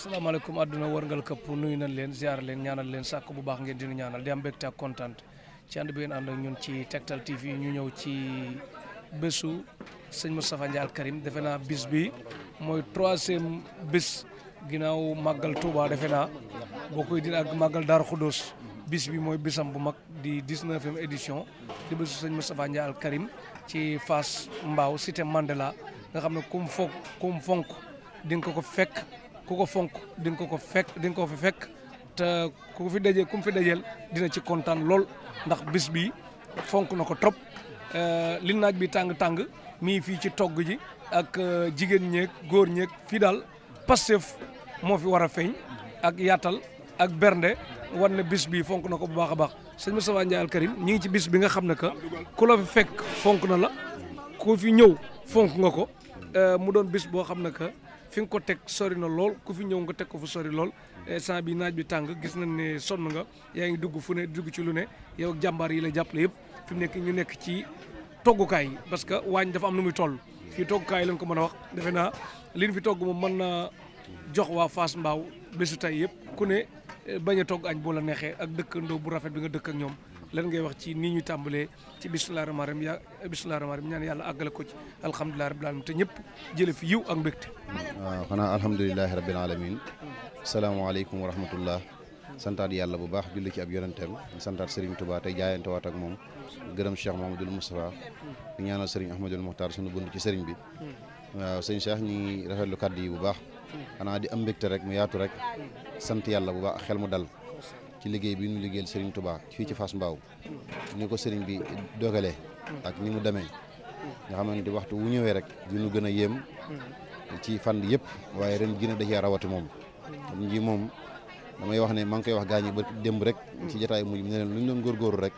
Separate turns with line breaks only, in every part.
asalaamaaleykum àdduna warngal këpp nuyu nañ leen ziar leen ñaanal leen sàkk bu baax ngeen dinu ñaanal di am mbégte ak kontaan ci ànd bi ngeen ànd ak ñun ci Tektal TV ñu ñëw ci bésu sëñ Moustapha Ndiaye Al Karim defe naa bi mooy troisième bis ginnaaw màggal Touba defe boo koy dina ak màggal Daaru bis bi mooy bisam bu mag di dix-neuvième édition di bésu sëñ Moustapha Ndiaye Al ci Fass Mbao cité Mandela nga xam ne kum fonk kum fonk di ko ko fekk ku ko fonk di nga ko ko fekk di nga ko fi fekk te ku fi dajee ku mu dina ci kontaan lool ndax bis bi fonk na ko trop euh, li naaj bi tàng-tàng mii fii ci togg ji ak euh, jigéen ñeeg góor ñeeg fii daal Pastef moo fi war a feeñ ak yaatal ak bernde war na bis bi fonk na ko bu baax a baax sëñ Moustapha Ndiaye Al Karim ñi ngi ci bis bi nga xam ne que ku la fi fekk fonk na la ku fi ñëw fonk nga ko euh, mu doon bis boo xam na que fi nga ko teg sori na lool ku fi ñëw nga teg ko fu sori lool instant mm. eh, bi naaj bi tàng gis nañ ne sonn nga yaa ngi dugg fu ne dugg ci lu ne yow ak jàmbaar yi la jàppale yëpp fi mu nekk ñu nekk ci toggukaay yi parce que waañ dafa am nu muy toll mm. fii toggukaay lañ ko mën a wax defe naa liñ fi togg moom mën naa jox waa Fass mbaaw bésu tey yëpp ku ne eh, bañ a togg añ boo la neexee ak dëkkandoo bu rafet bi nga dëkk ak ñoom lan ngay wax ci nii ñu tàmbalee ci bisimilah rahmaani rahiim ya bisimilah rahmaani rahiim ñaan yàlla àggale ko ci alhamdulilah rabbil alamin te ñëpp jële fi yiw ak
waaw xanaa alhamdulilah rabbil alamin salaamaaleykum wa rahmatullah santaat yàlla bu baax julli ci ab yonenteem santaat Serigne Touba tey jaayante waat ak moom gërëm Cheikh Mouhamadoul Moustapha di ñaanal Serigne Ahmadoul Mokhtar sunu bunt ci Serigne bi waaw sëñ Cheikh ñu ngi rafetlu kàddu bu baax xanaa di am mbégte rek mu yaatu rek sant yàlla bu baax xel mu dal ci liggéey bi ñu liggéeyal Serigne Touba fii ci Fass Mbao ni ko Serigne bi dogalee ak ni mu demee nga xamante waxtu wu ñëwee rek dinu gën a yéem ci fànn yëpp waaye ren gën a rawati moom xam ji moom damay wax ne maa ngi koy wax gaañi ba démb rek ci jataay mujj bi ne leen lu ñu doon góor góorgóorlu rek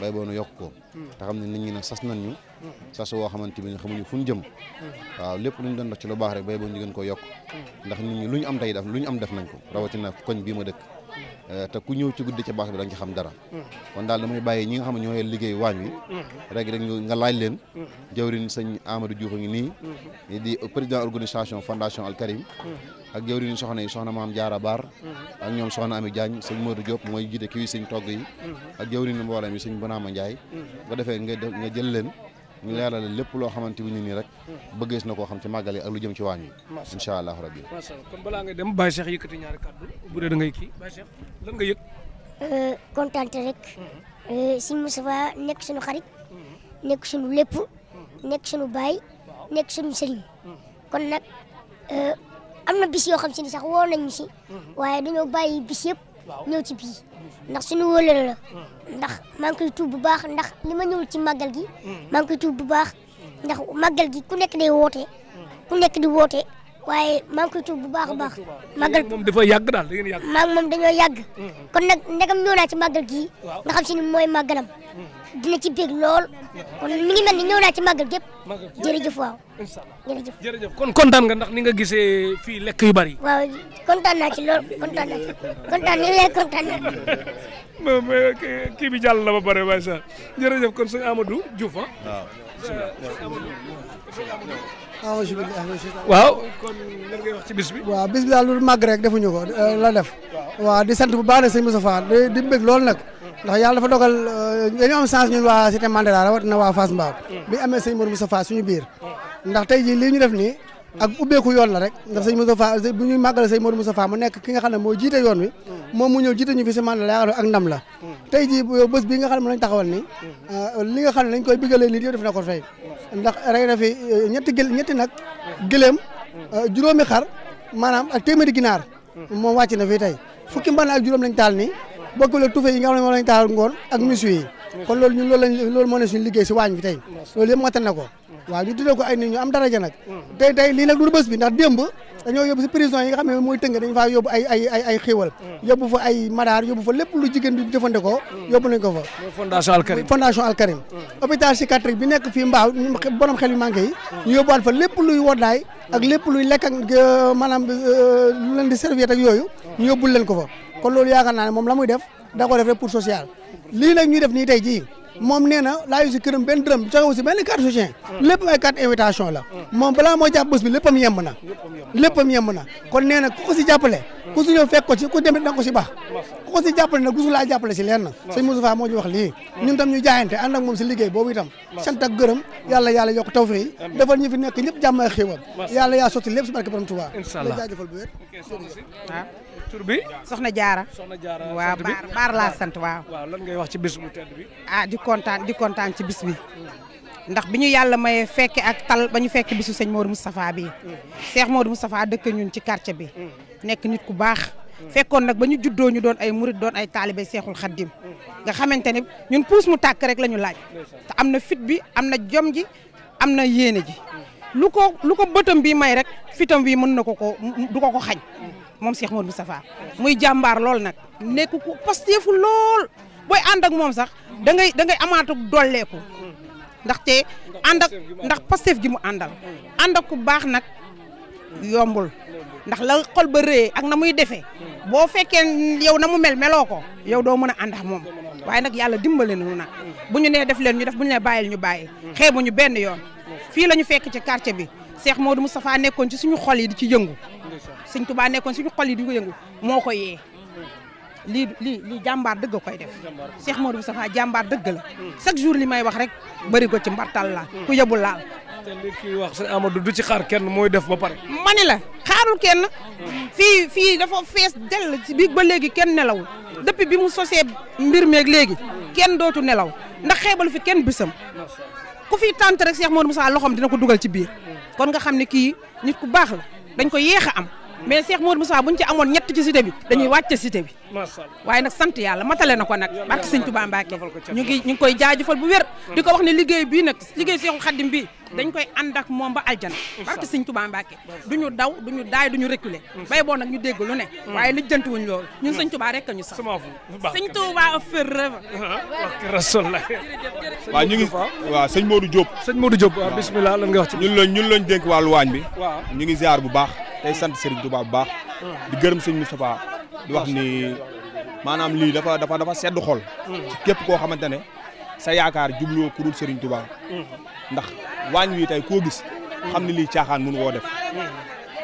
bay boo nu yokk ko te xam ne nit ñi nag sas nañ ñu sas woo xamante bi ne xamuñu fu ñu jëm waaw lépp lu ñu doon def ci lu baax rek bay boo ñu gën yokk ndax nit ñi lu ñu am tey def lu ñu am def nañ ko rawatina koñ bii ma dëkk Euh, te ku ñëw ci guddi ca baax bi da ci xam dara kon daal damay bàyyi ñi nga xam ne ñooy liggéey waañ wi rek rek nga laaj leen jawrin sañ Amadou Diouf a ngi nii di président organisation fondation Al Karim ak jawrin soxna yi soxna maam Diarra Baar ak ñoom soxna Ami Diagne sëñ Modou Diop mooy jiite kii sëñ togg yi ak jawrin mboolem yi sëñ Bonaama Ndiaye ba defee nga jël leen ñu leerale lépp loo xamante bi ni nii rek bëggees na koo xam ci màggal yi lu jëm ci waañ yi incha allahu rabbi
kon balaa ngay dem Baye Cheikh yëkkati ñaari kàddu bu dee da ngay kii Baye Cheikh lan nga yëg
euh, kontaante rek mhm. euh, Sëñ Moustapha nekk suñu xarit mhm. nekk suñu lépp mhm. nekk suñu baay nekk kon nag euh, am na bis yoo xam si ni sax woo nañu si waaye dañoo bàyyi bis yëpp ñëw ci ndax suñu wóolal la ndax maa ngi koy tuub bu baax ndax ni ma ñëwul ci màggal gi mm. maa ngi koy tuub bu baax ndax màggal gi ku nekk day woote ku nekk di woote waaye maa ngi bu baax a baax. màggal moom dafa
yàgg daal da ngeen yàgg. maa
moom yàgg. Mm-hmm. kon nag ndegam ñëw naa ci màggal gii. nga xam si ne mooy màggalam. Mm-hmm. dina ci bég lool. Mm-hmm. kon mi ngi mel ni ñëw naa ci màggal gépp. jërëjëf waaw. incha
jërëjëf kon kontaan nga ndax ni nga gisee fii lekk yu bari.
waaw kontaan naa ci lool kontaan naa ci kontaan ni naa. kii
bi jàll na ba pare waaye sax kon sëñ Amadou Diouf ah.
waaw kon lan ngay wax ci bis bi. waaw bis bi daal lu màgg rek defuñu ko eh, la def. waaw di sant bu baax ne sëñ Moussa Fall di di bëgg loolu nag. ndax yàlla dafa dogal eh, dañoo am chance ñun waa cité Mandela rawatina waa Fass Mbao. Mm. bi amee sëñ Mor Moussa Fall suñu biir. ndax tey jii def nii. ak ubbeeku yoon la rek ndax sëñ Moustapha bu ñuy màggale sëñ Modou Moustapha mu nekk ki nga xam ne moo jiite yoon wi moom mu ñëw jiite ñu fi si man la ak ndam la tey jii bés bi nga xam ne lañ taxawal ni euh, li nga xam ne lañ koy bigalee nit yow def na ko ndax rey na fi euh, ñetti ñetti nag gëléem euh, juróomi xar maanaam ak téeméeri ginaar moo wàcc na fii tey fukki mban ak juróom lañ taal ni boo ak tufe yi nga xam ne moom lañ taal ngoon ak misu kon loolu ñun loolu lañ moo ne suñu liggéey si waañ bi tey loolu yëpp matal na ko waaw ñu tuddee ko ay nit ñu am daraja nag tey tey lii nag du bés bi ndax démb dañoo yóbbu si prison yi nga xam ne mooy tënk dañu faa yóbbu ay ay ay ay xéewal fa ay madaar yóbbu fa lépp lu jigéen du jëfandikoo yóbbu nañ ko fa fondation Alkarim hôpital psychiatrique bi nekk fii mbaaw borom xel yu manqué yi ñu yóbbuwaat fa lépp luy woddaay ak lépp luy lekk ak euh, maanaam euh, lu leen di serviette ak yooyu ñu yóbbul leen ko fa kon loolu yaakaar naa ne moom la muy def da ko def pour social lii nag ñuy def nii tey jii moom nee na laayu si këram benn dërëm joxe aussi benn carte soutien lépp ay carte invitation la moom balaa moo jàpp bés bi yemb na léppam yemb na kon nee na ku ko si jàppale ku si ñëw fekk ko si ku demit da nga ko si baax ku ko si jàppale nag gusu laa jàppale si lenn sëñ Moustapha moo ñu wax lii ñun tam ñu jaayante ànd ak moom si liggéey boobu itam sant ak gërëm yàlla yàlla yokk tawfeex yi defal ñu fi nekk ñëpp jàmm ak lépp si barke borom Tuubaa jaajëfal bu wér
tur bi soxna Jaara soxna Jaara waaw baar baar laa sant waaw. waaw lan ngay wax ci bis bu tedd bi. ah di kontaan di kontaan ci bis bi. ndax bi ñu yàlla maye fekke ak tal ba ñu fekk bisu sëñ Modou Moustapha bii. Cheikh Modou safaa dëkk ñun ci quartier bi. nekk nit ku baax. fekkoon nag ba ñu juddoo ñu doon ay murit doon ay taalibe Seexul Xaddim nga xamante ne ñun puus mu tàkk rek la ñu laaj. te am na fit bi am na jom ji am na yéene ji. lu ko lu ko bëtam bii may rek fitam bii mën na ko ko du ko ko xañ. moom seex Cheikh Modou safaa muy jàmbaar lool nag nekk ku pasteefu lool booy ànd ak moom sax dangay ngay da ngay amaatu dolleeku ndaxte ànd ak ndax pasteef gi mu àndal ànd ak ku baax nag yombul ndax la xol ba rëyee ak na muy defee boo fekkee yow na mu mel meloo ko yow doo mën a ànd ak moom waaye nag yàlla dimbale nu nag bu ñu nee def leen ñu def bu ñu nee bàyyil ñu bàyyi xeebu ñu benn yoon fii la ñu fekk ci quartier bi Cheikh Modou Moustapha nekkoon ci suñu xol yi di ci yëngu sëñ Tuubaa nekkoon suñu xol yi di ko yëngu moo ko yee lii lii jàmbaar dëgg koy def Cheikh sax a jàmbaar dëgg la chaque jour li may wax rek bëri ko ci mbartal la ku yebul laa
te li kii wax ci xaar kenn mooy def ba pare
mani la xaarul kenn fii fii dafa fees dell ci biir ba léegi kenn nelaw depuis bi mu sosee mbir meeg léegi kenn dootu nelaw ndax xeebal fi kenn bisam ku fi tànt rek Cheikh Modou Moustapha loxoom dina ko dugal ci biir kon nga xam ne kii nit ku baax la dañ ko yéex a am mais Cheikh Modou Moussa buñ ci amoon ñett ci cité bi dañuy wàcc cité bi waaye nag sant yàlla matale na ko nag barke Sëñ Tuubaa Mbàkke ñu ngi ñu ngi bu wér di ko wax ne liggéey bi nag liggéey Cheikhul Khadim bi dañ koy ànd ak moom ba aljana barke sëñ Tuubaa du ñu daw ñu daay duñu reculer bay boo nag ñu dégg lu ne mm. waaye lijjanti wuñ loolu ñun sëñ Tuubaa rek ñu sax sëñ Tuubaa fër reva rasulullah waaw ñu ngi
waa sëñ
Modou Diop sëñ Modou Diop waaw
bismillah lan nga wax ci
ñun ñun lañ dénk wàllu waañ bi ñu ngi ziar bu baax tey sant sëriñ Tuubaa bu baax mm. di gërëm sëñ Moustapha di wax ni maanaam lii dafa dafa dafa sedd xol mm. ci képp koo
xamante ne sa yaakaar jubloo ku sëriñ Tuubaa ndax waañ wi tey koo gis
xam
ne lii caaxaan mënu woo def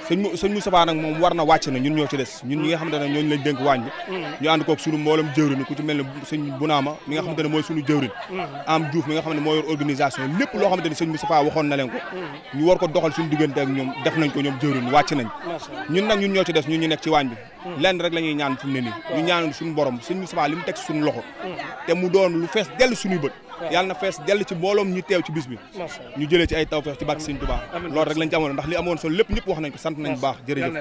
sëñ sëñ Moustapha nag moom war na wàcc na ñun ñoo ci des ñun ñi nga xamante ne ñooñu lañ dénk waañ bi mm. ñu ànd koog suñu mboolem jëwrin ku ci mel ne sëñ Bunaama mi nga mm.
xamante ne mooy suñu jëwrin mm. am Diouf mi ne moo yor organisation lépp loo xamante ne sëñ Moustapha waxoon na leen ko ñu ko doxal suñu diggante ñoom def nañ ko ñoom jëwrin wàcc nañ ñun ñun ñoo ci des ñun ñu nekk ci waañ bi lenn rek la ñuy ñaan fu mu ne nii ñu ñaan suñu borom sëñ Moustapha li mu teg suñu loxo te mu doon lu fees dell suñuy bët yàlla na fees dell ci mbooloom ñu teew ci bis bi ñu jëlee ci ay tawfeex ci bàkki Sëriñ Tuubaa loolu rek lañ ci amoon ndax li amoon solo lépp ñëpp wax nañ ko sant nañ baax jërëjëf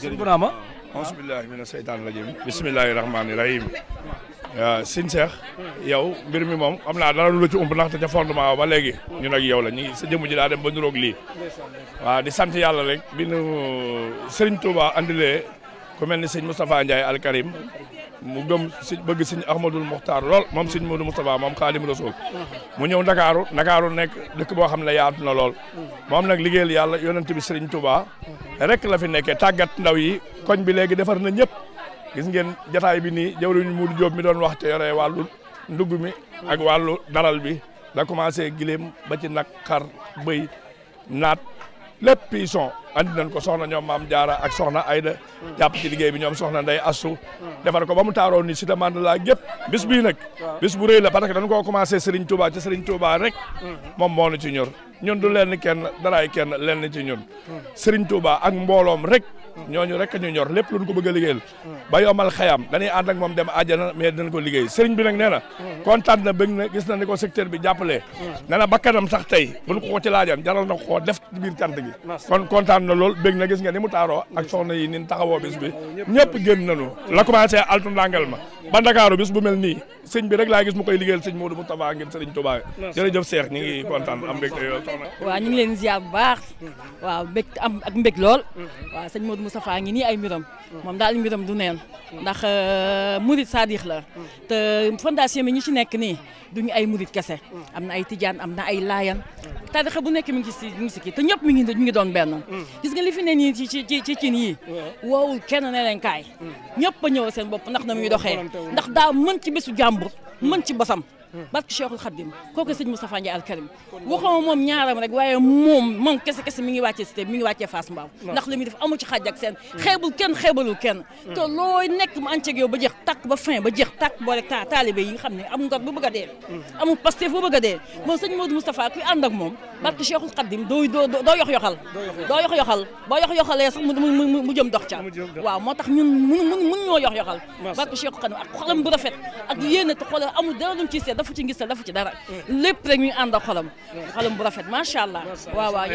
jërëjëf Bounama ah.
bismillahi mina seytaani rajim hmm. yow mbir mi moom xam naa dara lu la ci ump ndaxte ca fondement ba léegi ñun ak yow la ñu sa jëmm ji daa dem ba nuroog lii waaw di sant yàlla rek bi nu Sëriñ Tuubaa andilee ku mel ni sëñ Moustapha Ndiaye Al Karim mu gëm si bëgg sëñ Ahmadul Muxtaar lool moom sëñ Modou Moustapha moom Xaadim Rasul mu ñëw Ndakaaru Ndakaaru nekk dëkk boo xam ne yaatu na lool moom nag liggéeyal yàlla yonent bi sëriñ Touba rek la fi nekkee tàggat ndaw yi koñ bi léegi defar na ñëpp gis ngeen jataay bi nii jawriñ Muudu Jóob mi doon wax te yore wàllu ndugg mi ak wàllu daral bi la commencé giléem ba ci nag xar bëy naat lépp yi son andi nañ ko soxna ñoom maam jaara ak soxna Ayda. jàpp ci liggéey bi ñoom soxna nday assu defar ko ba mu taaroo ni si demande laa gépp bis bii nag bis bu rëy la parce que dañ koo commencé Serigne Touba ci Serigne Touba rek mhm. moom moo nu ci ñor ñun du lenn kenn daraay kenn lenn ci ñun seriñ Touba ak mbooloom rek ñooñu rek ñu ñor lépp luñ ko bëgg a liggéeyal ba yomal xayam dañuy ànd ak moom dem àjjana mais dinañ ko liggéey sëriñ bi nag nee na kontaan gis na ni ko secteur bi jàppalee mm. nee na bakkanam sax tey buñ ko ko ci laajan jaral na ko def ci biir cant gi kon kontaan na lool bëgg na gis nga ni mu taaroo ak soxna yi nin taxawoo bis bi ñëpp génn nañu la commencé altu ndàngal ma ba mel nii sëñ bi rek laa gis mu koy liggéeyal la Modou Moustapha ngir sëriñ Touba jërëjëf Cheikh ñu ngi kontaan am mbégte yow
soxna a ngi ni ay mbiram moom daal mbiram du neen ndax euh, murit saadix la te fondation bi ñi ci nekk nii duñu ay murit kese am na ay tijaan am na ay laayan tarixa bu nekk mi ngi si mi ngi te ñëpp mi ngi ñu ngi doon benn gis nga li fi ne nii ci ci ci cin yii woowul kenn ne leen kaay ñëpp a ñëw seen bopp ndax na muy doxee ndax daa mën ci bésu jàmbur man ci bosam barke Cheikhul Khadim kooku sëñ Moustapha Ndiaye alkarim waxuma ñaaram rek waaye moom moom kese kese mi ngi wàccee cité mi ngi wàccee Fass Mbao ndax li amu ci xaaj seen xeebul kenn xeebalul kenn mm. te looy nekk mu ànd ak ba jeex tàkk ba fin ba jeex tàkk boole ta taalibe yi nga xam ne ngor bu bëgg a dee mm. amul Pastef bu a dee mm. moom sëñ Modou Moustapha kuy ànd ak moom barke Cheikhul Khadim doo doo doo yox yoxal doo yox yoxal boo yox yoxalee sax mu jëm dox ca waaw moo tax dafa ci ngistal dafa ci dara lépp rek ñu ànd ak xolam xolam bu rafet macha allah waaw waaw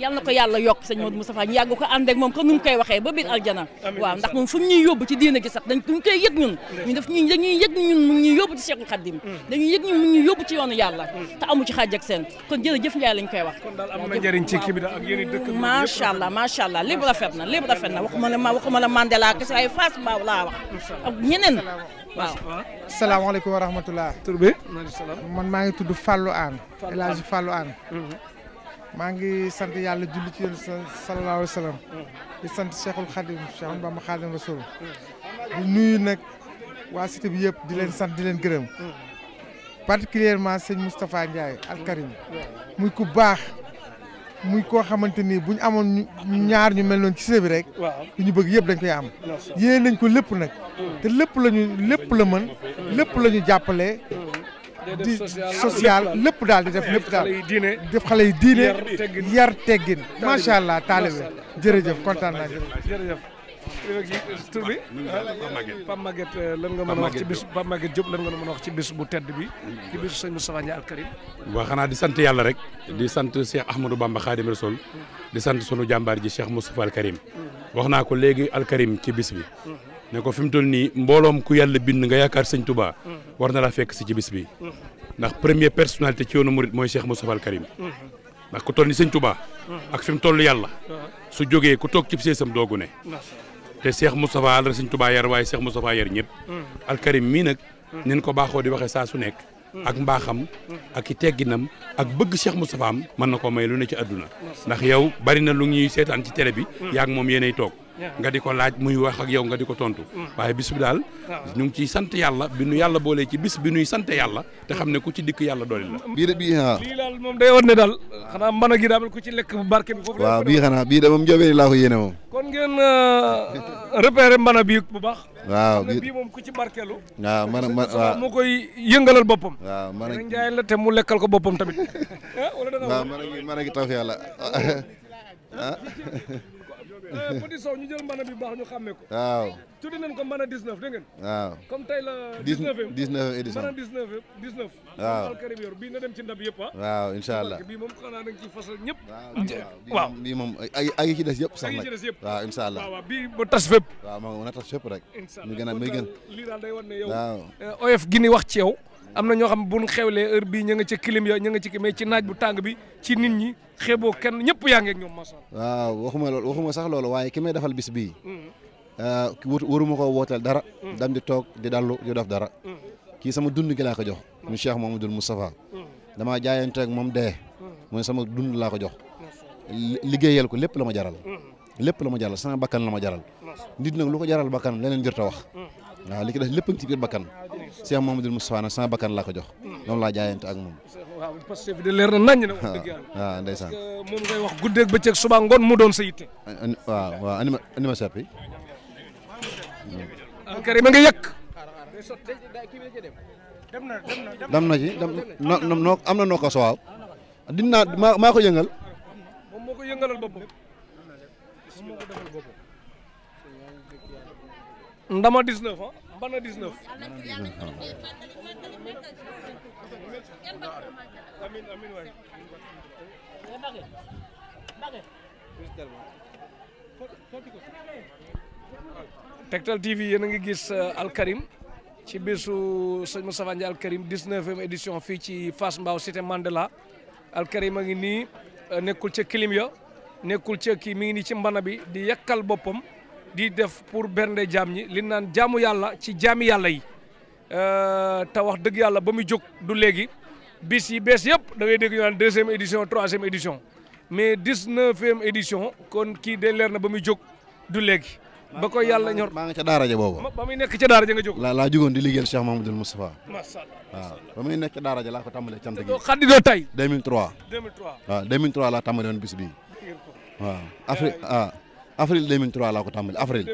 yal na ko yàlla yokk sëñ Modou Moustapha ñu yàgg ko ànd ak moom comme nu mu koy waxee ba biir aljana waaw ndax moom fu ñuy yóbbu ci diina gi sax dañ duñ koy yëg ñun ñu def ñu dañuy yëg ñun mu ngi ñuy yóbbu ci Cheikhul Khadim mm. yëg ñun mu ci yoonu yàlla te amu ci xaaj ak seen kon jërëjëf Njaay lañ koy wax kon daal
am na njëriñ ci
allah macha allah lépp rafet na lépp rafet na waxuma la waxuma la Mandela kese
ay Fass Mbao laa wax
waaw
salaamaaleykum wa rahmatulah. tur bi man maa ngi tudd Fallou Anne. El Hadj Fallou Anne. Mhm. maa ngi sant yàlla julli ci yéen sallallahu alayhi mhm. di sant Cheikhul Khadim Cheikh Bamba Khadim Rasoul. Mhm. di nuyu nag waa cité bi yëpp di leen sant di leen gërëm. particulièrement sëñ Moustapha Ndiaye Al Karim muy ku baax. muy koo xamante ni bu ñu amoon ñaar ñu mel noonu ci sébi rek. lu ñu bëgg yëpp dañ koy am. yéene nañ ko lépp nag. Hmm. te lépp la ñu lépp la mën. lépp la ñu jàppale.
Hmm.
di social lépp
daal di def lépp daal def xale yi diine yar teggin macha allah taalibe jërëjëf kontaan naa
jërëjëf. tur bi Pape eh, lan nga mën a wax ci bis Pape Maguette Diop lan ci bis bu tedd bi ci bisu sëñ Moustapha Ndiaye Al Karim
xanaa di sant yàlla rek di sant Cheikh Ahmadou Bamba Khadim Rasoul di sant sunu jàmbaar ji Cheikh Moustapha Al wax naa ko léegi Al ci bis bi ne ko fi mu toll nii mbooloom ku yàlla bind nga yaakaar sëñ tubaa war na laa fekk si ci bis bi ndax première personnalité ci yoonu murit mooy Cheikh Moustapha Al Karim ndax ku toll ni sëñ ak fi mu toll yàlla su jógee ku toog ci sam doogu ne te Cheikh Moustapha la Sëñ Tuubaa yar waaye Cheikh Moustapha yar ñëpp. Mm. alkarim mii nag. nin ko baaxoo di waxee saa su nekk. Mm. ak mbaaxam. Mm. ak i tegginam ak bëgg Cheikh Moustapha am na ko may lu ne ci àdduna. ndax yow bari na lu ñuy seetaan ci télé bi. yaa ngi moom yéenay toog. nga di ko laaj muy wax ak yow nga di ko tontu. Mm. waaye bis bi daal. ñu ngi ciy sant yàlla bi nu yàlla boole ci bis bi nuy sant yàlla. te xam ne ku ci dikk yàlla doole la.
bii de bii ah.
moom
day wan ne daal. xanaa mën gi daal ku ci lekk
bu barke bi. foofu
waaw bii xanaa bii de moom Ndiobéni laa ko yéene moom.
kon ngeen euh, repérer mbana bi bu baax. waaw bii moom ku ci barkeelu. waaw man man waaw koy yëngalal boppam.
waaw
te mu lekkal ko boppam tamit. Ah, wala da waaw man
ak man ak yàlla ah. Eh,
Petit Sow ñu jël mbana bi baax ñu xàmmee ko. waaw tuddi nañ ko mbana 19 dégg ngeen. waaw comme tey la. 19 waaw alkarim yor bii na dem ah. waaw incha allah moom xanaa da
waaw moom ay ay ci des yëpp sax nag. waaw incha allah waaw tas fépp. waaw ma nga tas fépp rek. incha allah ñu lii daal day wan yow. waaw eh, OF gi ni wax ci yow. am na ñoo
xam bu ñu xewlee heure bii ñu nga ci clim ya ñu nga ci mais ci naaj bu tàng bi ci nit ñi xeeboo kenn ñëpp yaa ngi ñoom macha
Allah. waaw waxuma loolu waxuma sax lool waaye ki may defal bis bii. Mm. Ah, wut waruma ko wooteel dara. Mm. dam di toog di dallu di def dara. Mm. kii sama dund gi laa ko jox. mu Cheikh Mamadou Moustapha. damaa jaayante ak moom dee. mooy sama dund laa ko jox. liggéeyal ko lépp la ma jaral. lépp la ma jaral sama bakkan la ma jaral. nit nag lu ko jaral bakkan leneen jërta wax. ko def lépp ci biir bakkan. Cheikh Mamadou Moustapha nag sama bakkan laa ko jox moom laa jaayante ak moom
waaw parce que de leer na naññ na wax dëgg yàlla waaw ndeysaan moom ngay wax
guddeeg bëccëg suba ngoon mu doon sa yitte waaw waaw anima anima ma nga yëkk dam na ci dam maa ko yëngal
ndama
mbana 19. amiin amiin
Tektal TV yéen a ngi gis euh, Alkarim ci bisu sëñ Moustapha Ndiaye Alkarim 19e édition fii ci Fass Mbao cité Mandela Alkarim a ngi nii euh, nekkul ca kilim ya nekkul ca kii mi ngi nii ci mbana bi di yakkal boppam. di def pour bernde jaam ñi li naan jaamu yàlla ci jaami yàlla yi euh, te wax dëgg yàlla ba mu jóg du léegi bis yi bees yëpp da ngay dégg ñu naan deuxième édition troisième édition mais dix-neuvième édition kon kii de leer na ba mu jóg du léegi. ba ko yàlla ñor maa nga
ca daara ja boobu ba muy nekk ca daara ja nga jóg la laa jógoon di liggéeyal Cheikh Mamadou Moustapha macha Allah waaw ba muy nekk ca daara ja laa ko tàmbalee cant gi xaddi doo tey 2003
2003 waaw
2003 laa tàmbalee woon avril 2003 ko tàmbali avril.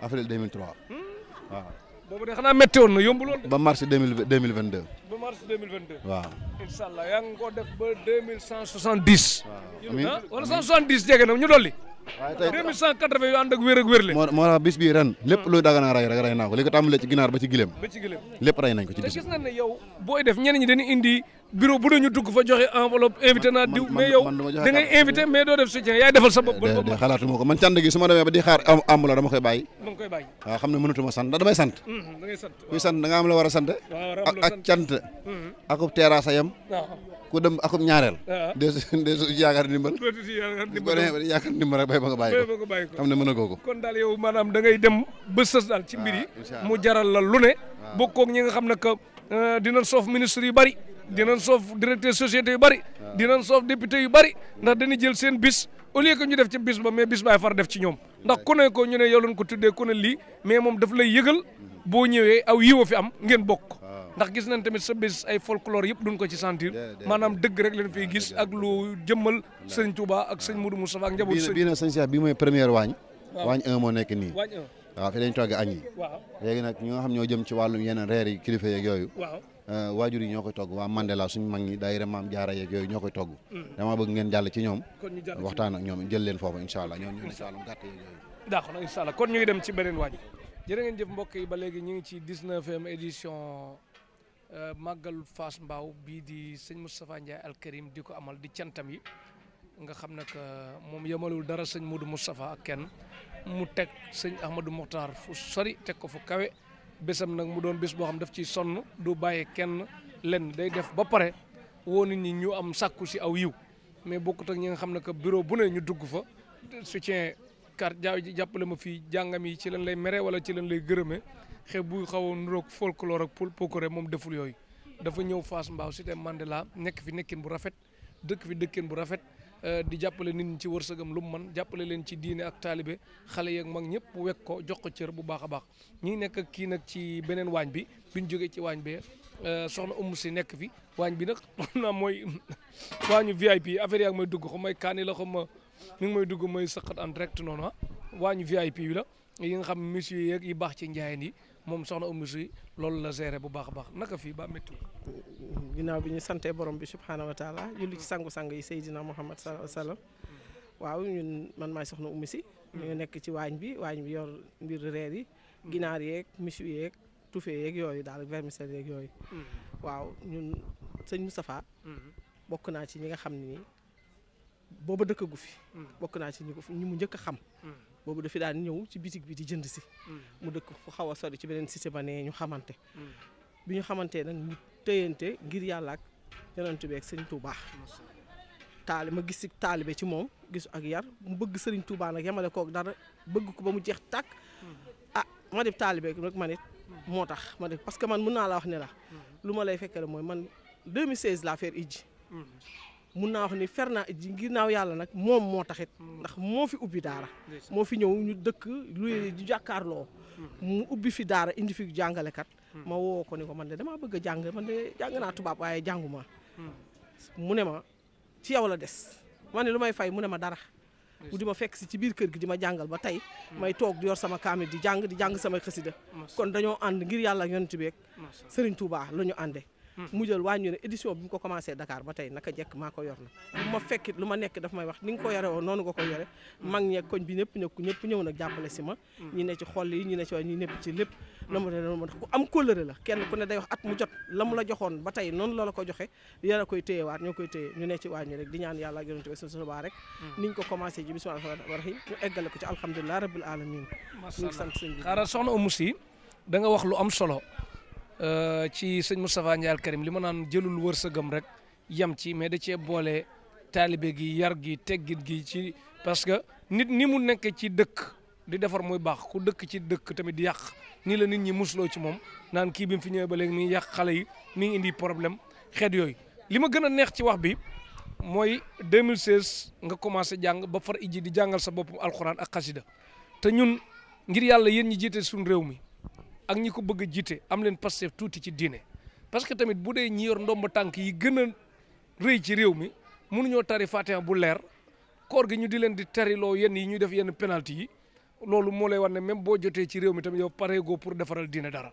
avril 2003 hmm? waaw.
boobu de xanaa métti woon na yombul woon ba
mars deux mille vingt deux.
ba mars deux mille vingt deux. waaw. incha yaa ngi def ba deux mille cent soixante dix. waaw amiin ah, wala cent soixante dix jege na ñu dolli.
waaye tey 2180 yu ànd ak wér ak wér le moo tax bis bii ren lépp luy daganaa rey rek rey naa ko li ko tàmbalee ginaar ba ci gileem ba ci nañ ko ci bis
ne yow booy def ñenn ñi dañuy indi bureau bu dañu dugg fa joxe enveloppe invité naa diw mais yow da ngay invité doo def soutien yaay defal sa bopp de
xalaatu ma koy bàyyi
dama
koy ne mënatuma sant sant
mm-hmm, da sant
kuy sant da am la war a sant ak cant mm-hmm. akub teeraasa yam ku dem akum ñaareel deesu ah. deesu yaakaar ndimbal dootusi ko yaakaar bay ba nga bàyyi ko xam ne mën a googu
kon daal yow maanaam da
dem ba
sës daal ci mbir ah, mu jaral la lu ne ah. bokkoog ñi nga xam ne dina euh, dinañ soof ministre yu bari dinañ soof directeur société yu bari dinañ soof député yu bari ndax dañuy jël seen bis au lieu que ñu def ci bis ba mais bis baay far def ci ñoom ndax ku ne ko ñu ne yow lañ ko tuddee ku ne lii mais moom daf la yëgal mm-hmm. boo ñëwee aw yiwa fi am ngeen bokk ndax gis nañ tamit sa bés ay folklore yëpp duñ ko ci sentir maanaam dëgg rek leen fiy ah, gis ak lu jëmmal sëñ Touba ak sëñ ah. Modou Moustapha ak njaboot sëñ bii nag
sëñ waañ waañ un moo nekk nii waaw fi lañ toggee añ yi léegi nag ñi nga xam ñoo jëm ci wàllum yeneen reer kilifa yooyu euh, waajur yi ñoo koy togg waa Mandela suñu mag ñi daayira maam jaara yeeg ñoo koy togg mm. dama bëgg ngeen jàll ci ñoom waxtaan ak ñoom jël leen foofu incha allah ñoom ñoo ci wàllum gàtt yeeg yooyu
d'accord incha allah kon ñu ngi dem ci beneen waañ jërë ngeen jëf mbokk ba léegi ñu ngi ci 19e édition Euh, màggal Fass mbaaw bii di sëñ Moustapha Ndiaye alkarim di ko amal di cantam yi nga xam ne que moom yemalul dara sëñ Modou Moustapha ak kenn mu teg sëñ Ahmadou Mokhtar fu sori teg ko fu kawe bésam nag mu doon bés boo xam daf ci sonn du bàyyee kenn lenn day def ba pare woo nit ñi ñu am sàkku si aw yiw mais bokkut ak ñi nga xam ne que bureau bu ne ñu dugg fa soutien kar jaaw ji jàppale ma fii jàngam yi ci lan lay mere wala ci lan lay gërëme xew bu xaw a nuroog folklore ak pol pokore moom deful yooyu dafa ñëw Fass Mbao Cité Mandela nekk fi nekkin bu rafet dëkk fi dëkkin bu rafet euh, di jàppale nit ñi ci wërsëgam lu mu man jàppale leen ci diine ak taalibe xale yeeg mag ñëpp wekk ko jox ko cër bu baax a baax ñi nekk ak kii nag ci beneen waañ bi bi ñu jógee ci waañ bee euh, soxna Oumou si nekk fi waañ bi nag xam naa mooy waañu VIP affaire yaa ngi may dugg xam la ma mi ngi may dugg may sëqat en direct noonu ah waa ñu VIP la yi nga xam monsieur yeeg yi baax ci njaayeen yi moom soxna Oumou Sy loolu la géré bu baax a baax naka fii ba métti
ginnaaw bi ñu santee borom bi subhaanahu wa taala julli ci sangu-sang yi Seydina Muhammad sallallahu alayhi wa sallam waaw ñun man maay soxna Oumou Sy ñu nekk ci waañ bi waañ bi yor mbir reer yi ginaar yeeg michu yeeg tufe yeeg yooyu daal vermicelle yeeg yooyu hmm. waaw ñun sëñ Moustapha hmm. bokk naa ci ñi nga xam ne nii booba dëkkagu fi. Hmm. bokk naa ci ñu ko ñu mu njëkk xam. Hmm. boobu dafi daan ñëw ci bitig bi di jënd si. Hmm. mu dëkk fu xaw a ci beneen cité ba nee ñu xamante. bi ñu xamantee nag ñu tëyante ngir yàlla ak yonent bi ak sëñ Touba. taali ma gis si taalibe ci moom gisu ak yar mu bëgg sëriñ Touba nag yemale kook dara bëgg ko ba mu jeex tàkk. ah ma def taalibe rek man it moo tax ma def parce que man mun naa la wax ne la. lu ma lay fekkale mooy man 2016 laa faire iji. mun naa wax ni Fernand ginnaaw yàlla nag moom moo taxit hmm. ndax moo fi ubbi daara moo fi ñëw ñu dëkk lu hmm. jàkkaarloo hmm. mu ubbi fi daara indi fi jàngalekat ma woo ko ni ko man de damaa bëgg a jàng man de jàng naa tubaab waaye jànguma mu ne ma ci yow la des ma ne lu may fay mu ne ma dara bu di ma fekk si ci biir kër gi di ma jàngal ba tey may toog di yor sama kaami di jàng di jàng samay xasida kon dañoo ànd ngir yàlla yonent bi ak Sëriñ Tuubaa la ñu àndee mu jël wàññi ne édition bi mu ko commencé dakaar ba tey naka jekk maa ko yor na bu ma fekkit lu ma nekk daf may wax ni nga ko yore woon noonu nga ko yore mag ñeeg koñ bi ñëpp ñëpp ñëpp ñëw nag si ma ñi ne ci xol yi ñi ne ci ñi nepp ci lépp la ma ma ku am la kenn ku ne day wax at mu la mu la joxoon ba tey noonu la ko joxe yéen a koy téyewaat ñoo koy téye ñu ne ci wàññi rek di ñaan yàlla rek hmm. ko commencé ci bismillah ko ci alhamdulilah rabbil alamin ñu ngi sant sëñ bi xaaral soxna
Oumou Sy da nga wax lu am solo Euh, ci sëñ Moustapha Ndiaye al Karim li ma naan jëlul wër wërsëgam rek yem ci mais da cee boole taalibe gi yar gi teggit gi ci parce que nit ni mu nekk ci dëkk di defar muy baax ku dëkk ci dëkk tamit di yàq nii la nit ñi musloo ci moom naan kii bi mu fi ñëwee ba léegi mi yàq xale yi mi ngi indi problème xeet yooyu. li ma gën a neex ci wax bi mooy 2016 nga commencé jàng ba far iji di jàngal sa boppam alxuraan ak xasida te ñun ngir yàlla yéen ñi jiite suñu réew mi. ak ñi ko bëgg jiite am leen Pastef tuuti ci diine parce que tamit bu dee ñi yor ndomb tànk yi gën a rëy ci réew mi mënuñoo tari Fatiha bu leer koor gi ñu di leen di tariloo yenn yi ñuy def yenn penalti yi loolu moo lay wan ne même boo jotee ci réew mi tamit yow pareegoo pour defaral diine dara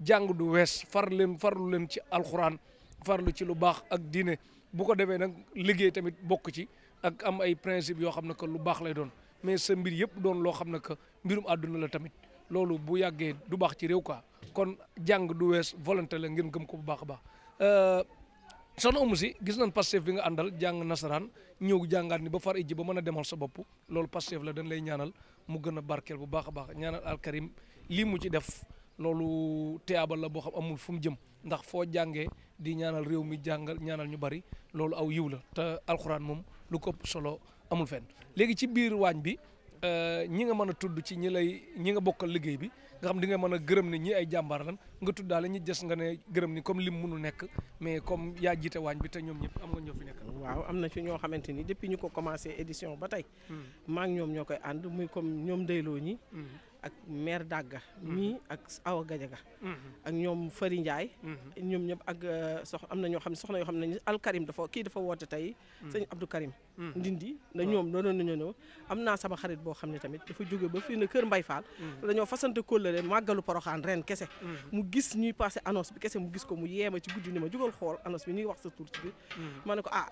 jàng du wees far leen farlu leen ci alxuraan farlu ci lu baax ak diine bu ko defee nag liggéey tamit bokk ci ak am ay principe yoo xam ne que lu baax lay doon mais sa mbir yëpp doon loo xam ne que mbirum àdduna la tamit loolu bu yàggee du baax ci réew quoi kon jàng du wees volonté la ngeen gëm ko bu baax a baax euh, soxna Oumou si gis nañ Pastef bi nga àndal jàng nasaraan ñëw jàngaat ni ba far ijji ba mën a demal sa bopp loolu Pastef la dañ lay ñaanal mu gën a barkeel bu baax a baax ñaanal alkarim lii mu ci def loolu teyaabal la boo xam amul fu mu jëm ndax foo jàngee di ñaanal réew mi jàngal ñaanal ñu bari loolu aw yiw la te alxuraan moom lu ko solo amul fen léegi ci biir waañ bi Euh, ñi nga mën a tudd ci ñi lay ñi nga bokk liggéey bi nga xam di nga mën a gërëm ni ñi ay jàmbaar lan nga tudd tuddaale ñi des nga ne gërëm ni comme lim mënu nekk mais
comme yaa jiite waañ bi te ñoom ñëpp am nga ñoo fi nekk. waaw am na fi ñoo xamante ni depuis ñu ko commencé édition ba tey. Hmm. maak ñoom ñoo koy ànd muy comme ñoom Ndeyloo ñi. Hmm. ak maire Dagga. Mm-hmm. mii ak Awa Gadiaga. Mm-hmm. ak ñoom Fari Ndiaye. Mm-hmm. ñoom ñëpp ak euh, sox am na ñoo xam ne soxna yoo xam ne Al Karim dafa kii dafa woote tey. sëñ Abdou Karim. ndindi na ñoom doon nañu ñëw am naa sama xarit boo xam ne tamit dafa jóge ba fii na Kër Mbay Fall. dañoo fasante kóllëre màggalu poroxaan ren kese. mu gis ñuy passé annonce bi kese mu gis ko mu yeema ci guddi ni ne ko ah,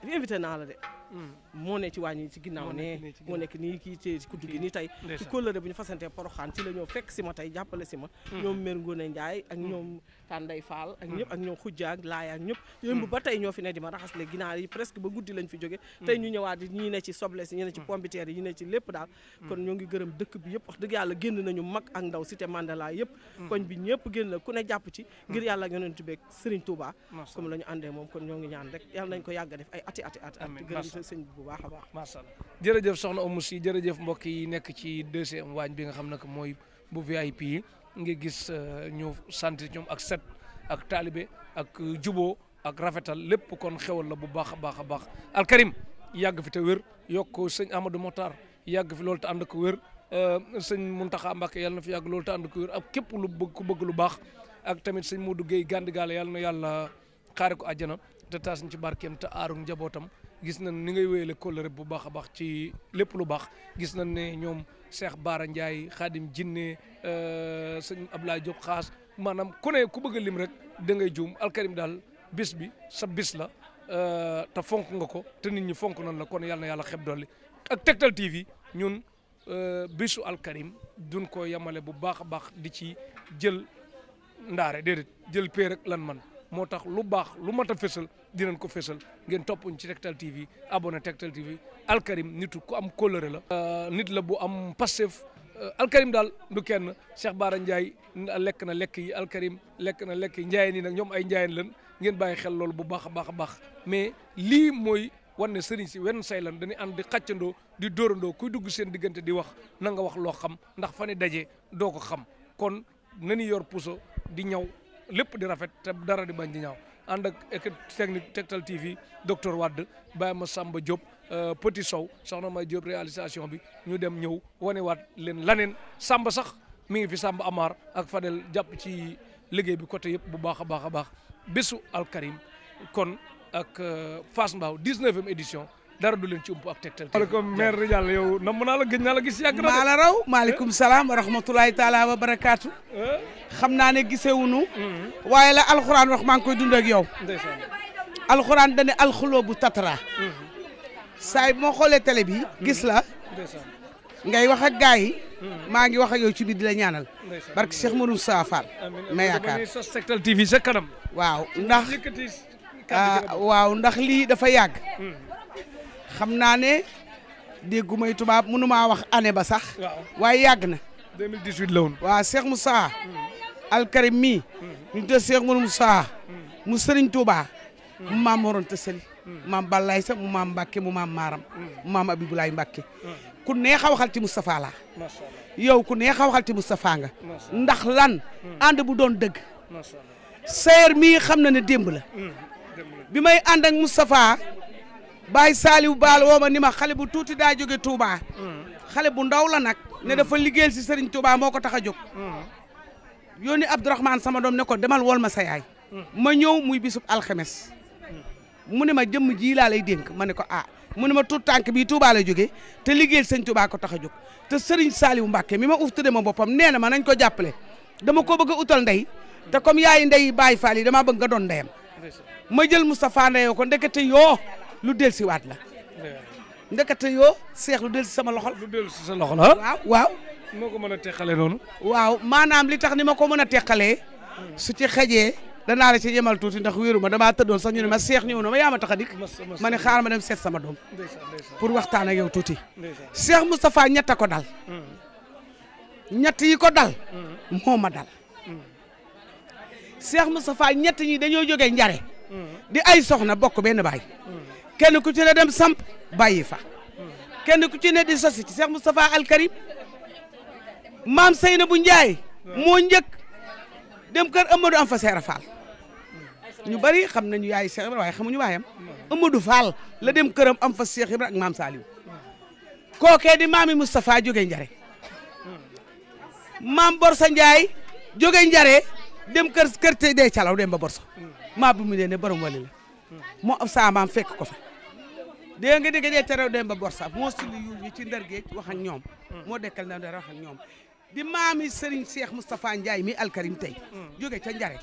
ne ci wàññi ci ginnaaw ne moo nekk nii kii ci kuddu gi nii tey ci kóllëre bu ñu fasante poroxaan la ñoo fekk si ma tey jàppale si ma hmm. ñoom Mère Ngoné Ndiaye ak hmm. ñoom Tànday Fall ak mhm. ñëpp ak ñoom xujja ak laaya ak ñëpp mhm. ba tey ñoo fi ne di ma raxasle ginaar yi presque ba guddi lañ fi jóge mhm. tey ñu ñëwaat di ñii ne ci soble si ñi ne ci pombiteer yi ñi ne ci lépp daal kon ñoo ngi gërëm dëkk bi yëpp wax dëgg yàlla génn nañu mag ak ndaw cité Mandela yëpp koñ bi ñëpp génn na ku ne jàpp ci ngir yàlla yonent beeg Serigne Touba comme la ñu àndee moom kon ñoo ngi ñaan rek yàlla nañ ko yàgg def ay ati ati at at gërëm sëñ bu baax a baax masha Allah
jërëjëf soxna Oumou Sy jërëjëf mbokk yi nekk ci deuxième waañ bi nga xam ne mooy bu VIP yi nga gis euh, ñu sant ñoom ak set ak taalibe ak juboo ak rafetal lépp kon xewal la bu baax a baax a baax alkarim yàgg fi te wér yokk sëñ Amadou Mokhtar yàgg fi loolu te ànd ko wér euh, sëñ Mountakha Mbacké yàlla na fi yàgg loolu te ànd ko wér ak képp lu bëgg ku bëgg lu baax ak tamit sëñ Modou Guèye Gandigaale yàlla na yàlla xaare ko àjjana te taas ñu ci barkeem te aaru njabootam gis nañ ni ngay wéyale kóllëre bu baax a baax ci lépp lu baax gis nañ ne ñoom Cheikh Baara Ndiaye Khadim Jinne euh, sëñ Abdoulaye Diop Xaas maanaam ku ku bëgg a lim rek da ngay juum alkarim daal bis bi sa bis la euh, te fonk nga ko te nit ñi fonk nan la kon yàlla na yàlla xeb dolli ak Tektal TV ñun euh, bisu alkarim duñ ko yemale bu baax a baax di ci jël ndaare déedéet jël pee lan man moo tax lu baax lu mat a dinañ ko fésal ngeen toppuñ ci Tektal TV a Tektal TV Alkarim nitu ku am kóllëre la. Euh, nit la bu am Pastef euh, Alkarim daal du kenn Cheikh Bara Ndiaye lekk na lekk yi Alkarim lekk na lekk yi Ndiaye nii nag ñoom ay Ndiaye lan ngeen bàyyi xel loolu bu baax a baax baax mais lii mooy. wan ne sëriñ si wenn say lan dañuy ànd di xàccandoo di dóorandoo kuy dugg seen diggante di wax nanga wax loo xam ndax fa ne daje doo ko xam kon nañu yor puso di ñaw lépp di rafet te dara di bañ di ñaaw ànd ak équipe technique Tektal TV docteur Wade Baye Massamba Diop euh, Petit Sow soxna May Diop réalisation bi ñu dem ñëw waat leen laneen Samba sax mi ngi fi Samba Amar ak Fadel jàpp ci liggéey bi côté yëpp bu baax a baax a baax bésu alkarim kon ak euh, Fass Mbao 19e édition dara du leen ci ump ak tegtal. maaleykum maire
Ridial yow namm
naa la gis yàgg na. maa la raw maaleykum
salaam wa rahmatulahi taala wa barakaatu. xam naa ne wunu hmm. waaye la alxuraan wax maa ngi koy dund ak yow. ndeysaan alxuraan dañu alxuloo bu tatra. Hmm. saa yi moo xoolee télé bi. Hmm. gis la. ngay wax ak gars yi. maa ngi wax ak yow ci biir di la ñaanal. barke Cheikh Mouroum Saa Fall. ma yaakaar
sos Tektal TV sa kanam. waaw ndax
ah, waaw ndax lii dafa yàgg. xam naa ne déggumay tubaab mënumaa wax année ba sax. waaye yàgg na. 2018 la woon. waaw Cheikh Moussa. alkarim mii. ñu tuddee Cheikh Moussa. mu Serigne mu maam Moroon Tassali. maam Balaye sax mu maam Mbacke mu maam Maram. mu maam Abibulaay Mbacke. ku neex a waxal ci Moustapha laa. yow ku neex a waxal ci Moustapha nga. ndax lan. Hmm. ànd bu doon dëgg. macha allah xam na ne hmm. démb la. bi may ànd ak Moustapha. Baye Saliou Baal woo ma ni ma xale bu tuuti daa jóge Touba. xale bu ndaw la nag. ne dafa liggéeyal si Serigne Touba moo ko tax a jóg. yónni Abdourahmane sama doom ne ko demal wol ma sa yaay. ma ñëw muy bisub alxemes. mu ne ma jëmm jii laa dénk ma ne ko ah mu ne ma tuut tànk bii Touba la jóge te liggéeyal sañ Touba ko tax a jóg te Serigne Saliou Mbacke mi ma uf ma boppam nee na ma nañ ko jàppale dama ko bëgg a utal ndey te comme yaayi ndey Baye Fall yi damaa bëgg doon ndeyam ma jël Moustapha ndeyoo ko ndekete yoo lu dellusiwaat la. ndekete yoo seex lu dellusi sama loxo la. lu dellusi sa loxo la waaw waaw. moo ko mën a teqalee noonu. waaw maanaam li tax ni ma ko mën a teqalee. su ci xajee danaar la ci yemal tuuti ndax wéeru ma damaa tëddoon sax ñu ma seex ñëw na ma yaa tax a dikk ma ne xaar ma dem seet sama doom. pour waxtaan ak yow tuuti. seex Moustapha ñett ko dal.
Mm.
ñett yi ko dal. Mm. moo ma dal. Mm. seex Moustapha ñett ñi dañoo jógee njare di ay soxna bokk benn baay. kenn ku ci ne dem samp bàyyi fa kenn ku ci ne di sosi ci Cheikh Moustapha Al Karim maam Seynabou Ndiaye moo njëkk dem kër Amadou am fa Seera Fall ñu bari xam nañu yaay Cheikh Ibrahima waaye xamuñu waayam Amadou Fall la dem këram am fa Cheikh Ibrahima ak maam Saliou kookee di maami Moustapha jóge njare maam Borsa Ndiaye jóge njare dem kër kër te dee calaw dem ba Borsa maa bu mu dee ne borom wali la moo saamaam fekk ko dégg nga de dee teraw de ba borsa moo sili yu ñu ci ndar géej wax ak ñoom hmm. moo dekkal na dara ak ñoom di maami Serigne Cheikh Moustapha Ndiaye mi alkarim tey hmm. jóge ca njare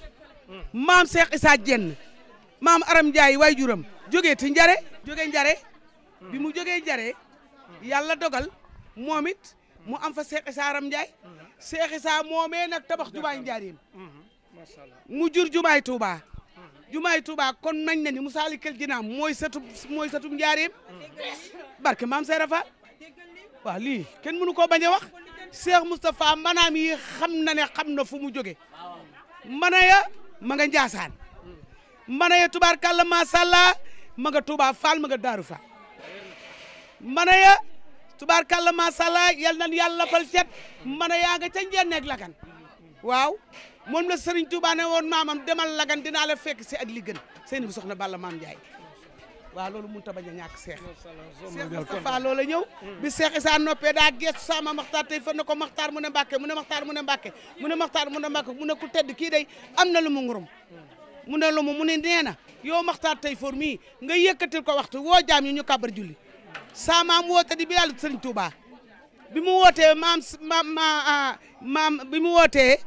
hmm. maam Cheikh Issa Dieng maam Aram Ndiaye waay juram jógee ti njare jóge njare bi mu jógee njare yàlla dogal moom it mu am fa Cheikh Issa Aram Ndiaye Cheikh Issa moomee nag tabax jumaay njaareem mu jur jumaay Touba jumaay Touba kon nañ ne ni Massalikul Jinaan mooy satu mooy satu njaareem barke maam Seyra Fall waaw lii kenn mënu ko bañ a wax Cheikh Moustapha manam yi xam na ne xam na fu mu joge mana ya ma nga Njaasaan mana ya tubaarkàlla masàllaa ma nga Touba Fall ma Daaru Fall mana ya tubaarkàlla masàllaa yal nan yàlla fal cet mana yaa nga ca njeenneeg lakan waaw moom la Serigne Touba ne woon maamam demal lagan dinaa la fekk si ak li gën seen bu soxna Balla maam Ndiaye waaw loolu mun a bañ a ñàkk seex
seex Moustapha
ñëw mm. bi seex Isaa noppee daa geestu saama maxtaar tey fan na ko maxtaar mu ne mbàkke mu ne maxtaar mu ne mbàkke mu ne maxtaar mu ne mbàkke mu ne ku tedd kii day am na lu mu ngurum mm. mu ne lu mu mu ne na yow maxtaar tey for mi nga yëkkatil ko waxtu woo jaam yi ñu kàbbar julli saa maam woote di bilaal Serigne Touba bi mu wootee maam maam ah, maam bi mu wootee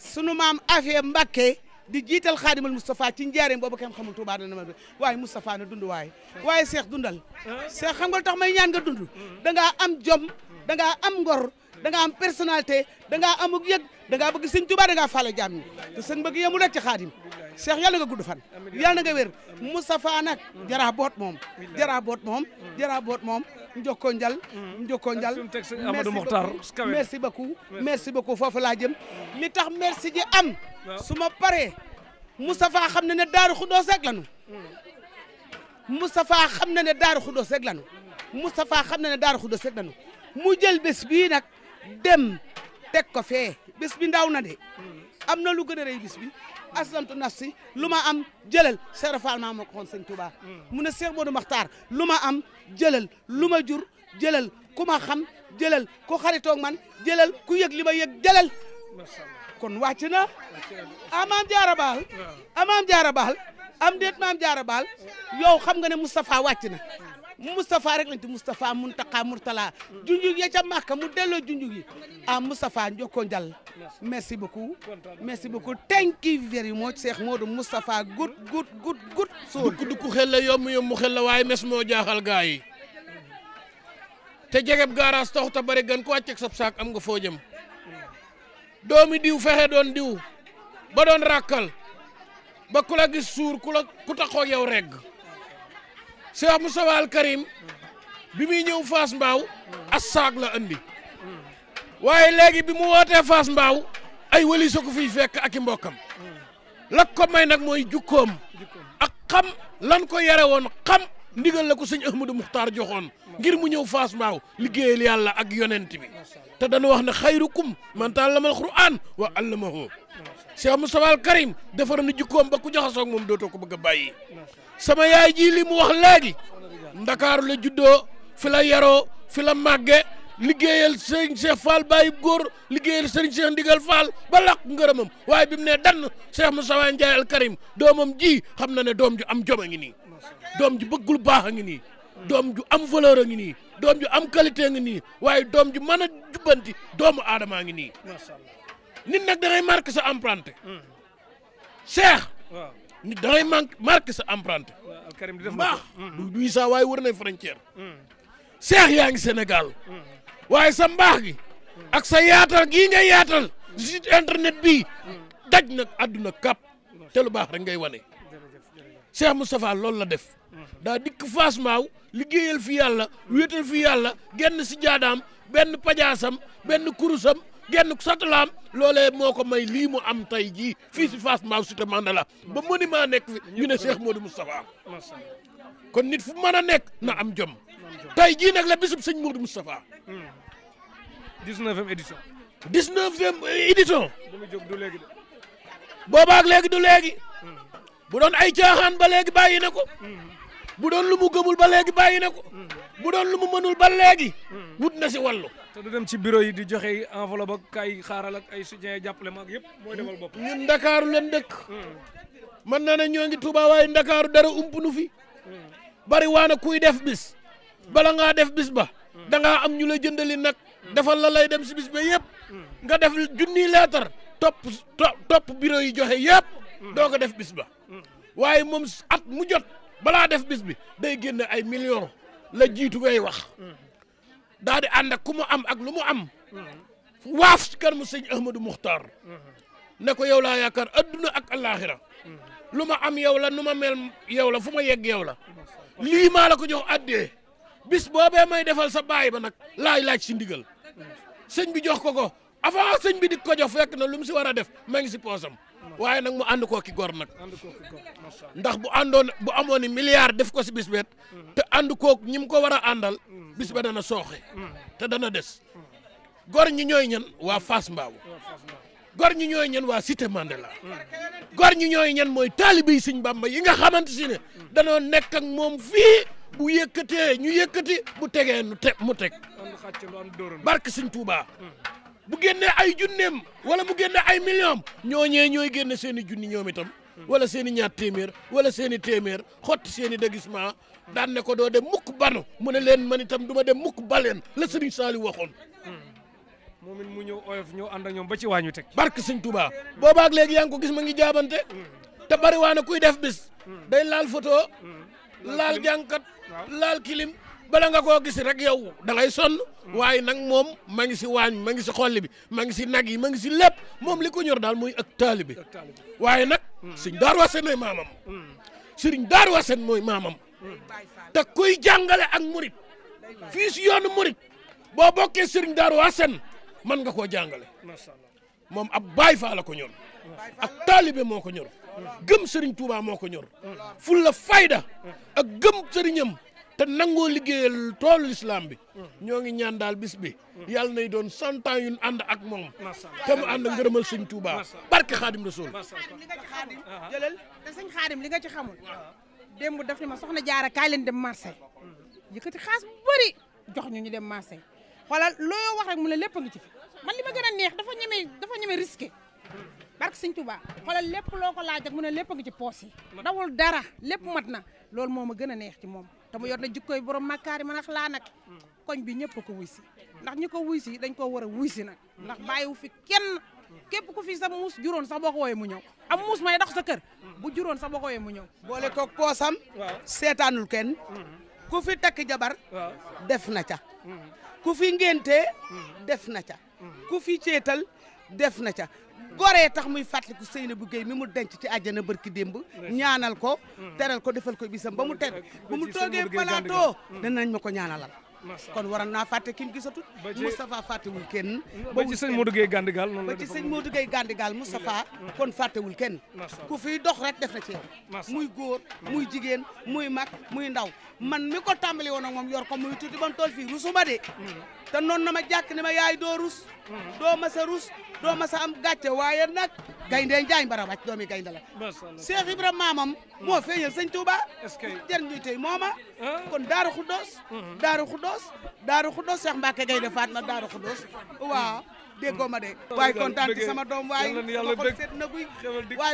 sunu maam Afia Mbakke di jiital xaadimal Moustapha ci njaareem boobu kenn xamul Touba dana ma waaye Moustapha na dund waaye waaye Cheikh dundal
Cheikh xam nga tax may ñaan nga dund
dangaa am jom dangaa am ngor danga am personnalité dangaa amuk yëg dangaa bëgg sëñ Touba dangaa faale jaam ñi te sëñ bëgg yemul rek ci Cheikh yàlla nga gudd fan yàlla nga wér Moustapha nag jara boot moom jara boot moom jara boot moom njoko njal mm-hmm. njoko njal Amadou Mokhtar merci beaucoup merci beaucoup foofu laa jëm li tax merci ji am su ma paree Moustapha xam ne ne Daaru Xuddoos rek lanu mm. Moustapha xam na ne Daaru Xuddoos rek lanu xam na ne Daaru Xuddoos rek lanu mu jël bés bii nag dem teg ko fee bés bi ndaw na de mm. am na lu gën a rëy bi aslamtu nafsi lu ma am jëlal Cheikh Rafal maa ma ko xoon sëñ Touba hmm. mu ne Cheikh Modou Makhtar lu ma am jëlal lu ma jur jëlal ku ma xam jëlal ku xaritoo man jëlal ku yëg li ma yëg jëlal kon wàcc na a ah, maam jaara baal
a
ah, maam jaara am jaara baal hmm. yow xam nga ne Moustapha wàcc na Moustapha rek lañ ti Moustapha Mountakha Mourtala junjug a ca Màkka mu delloo junjug yi ah Moustapha njoko njal merci beaucoup merci beaucoup thank you very much Cheikh Modou Moustapha good good good good so dukk dukk xel yomb yomb xel waaye mes moo jaaxal gaa yi
te jegeb gaaraas taxu ta bëri gën ko wàcceg sab saak am nga foo jëm doomi diw fexe doon diw ba doon ràkkal ba ku la suur ku la ku taxoo yow regg Cheikh Moustapha Al Karim bi muy ñëw Fass Mbaaw as la andi waaye léegi bi mu wootee Fass Mbaaw ay wëli su fiy fekk ak i mbokkam la ko may nag mooy jukkoom ak xam lan ko yare woon xam ndigal la ko sëñ Ahmadou Muxtaar joxoon ngir mu ñëw Fass Mbaaw liggéeyal yàlla ak yonent bi te dañu wax ne xayrukum man ta'allamal Qur'aan wa 'allamahu Cheikh Moustapha Al Karim defar na jukkoom ba ku joxasoog moom dootoo ko bëgg a bàyyi sama yaay ji li mu wax léegi ndakaaru la juddoo fi la yaroo fi la màgge liggéeyal sëriñ Cheikh Fall bàyyi góor liggéeyal sëriñ Cheikh Ndigal Fall ba lakk ngërëmam waaye bi mu ne dann Cheikh Moussa Ndiaye al Karim doomam ji xam na ne doom ju am jom a nii doom ju bëggul baax a ngi nii doom ju am valeur nii doom ju am qualité a nii waaye doom ju mën a jubbanti doomu aadama ngi nii nit nag da mark marqué sa empreinte ni da ngay manqué marqué sa empreinte. waaw Karim di def baax. du duy saa waaye wër nañ frontière. seex yaa ngi Sénégal. waaye sa mbaax gi. ak sa yaatal gi ngay yaatal. site internet bii. daj nag àdduna kap te lu baax rek ngay wane. Cheikh Moustapha loolu la def. daa dikk Fass Maaw liggéeyal fi yàlla wéetal fi yàlla genn si jaadaam benn pajaasam benn kurusam genn satalaam loolee moo ko may lii mu am tey jii fii si Fass Mbao Cité Mandela ba maa nekk fi ñu ne Cheikh Modou Moustapha kon nit fu man a nekk na am jom tey ji nag la bisub sëñ Modou Moustapha. 19e hmm. édition. 19e édition. boobaak léegi du léegi. Hmm. bu doon ay caaxaan ba léegi bàyyi na ko. Hmm. bu doon lu mu gëmul ba léegi bàyyi na ko. bu doon lu mu mënul ba léegi.
wut na si wàllu. te du dem ci bureau yi di joxe enveloppe ak ay xaaral ak ay soutien jàppale ma ak yëpp
mooy demal bopp. ñun
ndakaaru leen dëkk. man naa ne ñoo ngi Touba waaye ndakaaru dara ump nu fi. bari waana kuy def bis. bala ngaa def bis ba. da am ñu la jëndali nag. defal la lay dem si bis ba yëpp. nga def junniy leetar. topp topp bureau yi joxe yëpp. doo ko def bis ba. waaye moom at mu jot. balaa def bis bi day génne ay millions la jiitu ngay wax daa di ànd ak ku mu am ak lu mu am waaf ci kanamu sëñ Ahmadou Muxtaar ne ko yow laa yaakaar adduna ak allaaxira lu ma am yow la nu ma mel yow la fu ma yegg yow la lii maa la ko jox addee bis boobee may defal sa baay ba nag laaj laaj si ndigal sëñ bi jox ko ko avant sëñ bi di ko jox fekk na lu mu si war a def maa ngi si poosam waaye nag mu ànd koo ki gor nag ndax bu àndoon bu amoon i milliard def ko si bis mm-hmm. te ànd koo ñi ko war a àndal mm-hmm. bis ba dana sooxe mm-hmm. te dana des gor ñi ñooy ñan waa Fass Mbao gor ñi ñooy ñan waa Cité la gor ñi ñoo yi ñan mooy taalibe yi Sëñ Bàmba yi nga xamante si ne danoo nekk ak moom fii bu yëkkatee ñu yëkkati bu tegee nu te mu teg barke Sëñ Tuubaa bu génnee ay junneem wala mu génne ay millions ñooñee ñooy génne seen i junni ñoom itam wala seen i ñaar téeméer wala seeni téeméer xotti seen i déguisement daan ne ko doo dem mukk banu mu ne leen man itam du ma dem mukk baleen la Serigne Saliou waxoon.
moom it mu ñëw oyof ñëw ànd ak ñoom ba ci waa ñu teg. barke Sëñ Touba
boobaak léegi yaa ngi ko gis ma ngi jaabante mm. te bari waa na kuy def bis. Mm. day laal foto mm. laal jànkat laal kilim. bala nga koo gis rek yow da ngay waaye nag moom ma ngi si waañ maa ngi si xolli bi maa ngi si nag yi ma ngi si lépp moom li ko ñor daal mooy ak taalibe waaye nag sëñ daar wasen mooy sëriñ daar wasen mooy maamam te kuy jàngale ak murit fii si yoonu boo bokkee sëriñ daar wasen mën nga koo jàngale moom ab baay faa la ko ñor ak taalibe moo ko ñor gëm sëriñ Touba moo ko ñor ful la fayda ak gëm sëriñam te nangoo liggéeyal toolu lislaam bi ñoo ngi ñaan daal bis bi yàlla nay doon cent ans yu ànd ak moom te mu ànd ngërëmal sëñ Touba
barke xaadim rasul li nga ci xaadim jëlal te sëñ xaadim li nga ci xamul démb daf ni ma soxna jaara kaay leen dem marché yëkkati xaas bu bëri jox ñu ñu dem marché xoolal loo wax rek mu ne lépp a ngi ci fi man li ma gën a neex dafa ñeme dafa ñeme risqué barke sëñ Touba xoolal lépp loo ko laaj rek mu ne lépp a ngi ci poose yi dawul dara lépp mat na loolu moo ma gën a neex ci moom te yor na jikkooy borom makkaari man ax laa nag koñ bi ñëpp ko wuy si ndax ñi ko wuy si dañ ko war a wuy si nag ndax bàyyiwu fi kenn képp ku fi sa muus juróon sax boo ko mu ñëw am muus may dox sa kër bu juróon sax boo ko wooyee mu ñëw boole ko poosam
seetaanul kenn ku fi takk jabar
mm-hmm. mm-hmm.
def na ca ku fi ngénte def na ca ku fi ceetal def na ca goree tax muy fàttaliku Seynabou Gueye mi mu denc ci àjjana barki démb ñaanal ko mm-hmm. teral ko defal ko bisam ba mu ter bu mu toogee plateau mm. danañ ma ko ñaanalal kon waroon naa fàtte kim gisatut Moustapha fàttewul kenn mm. ba ci sëñ Modou Gueye Gandigal ba ci sëñ Modou Gueye Gandigal Moustapha mm. kon fàttewul kenn ku fiy dox rek def na ci yow muy góor muy jigéen muy mag muy ndaw man mi ko tàmbali woon ak moom yor ko muy tuuti ba mu toll fii rusuma de te noonu na ma jàkk ne ma yaay doo rus doo masa rus doo masa am gàcce waaye nag gayndee njaañ bara wàcc doomi gaynde la i Ibra maamam moo feeñal sëñ Touba jër ñuy tey mooma ah. kon daar Xuddoos Daaru Xuddoos mm-hmm. Daaru Xuddoos Cheikh Mbacke Gaynde Fatma Daaru Xuddoos waaw déggoo ma de waaye kontaan ci sama doom waaye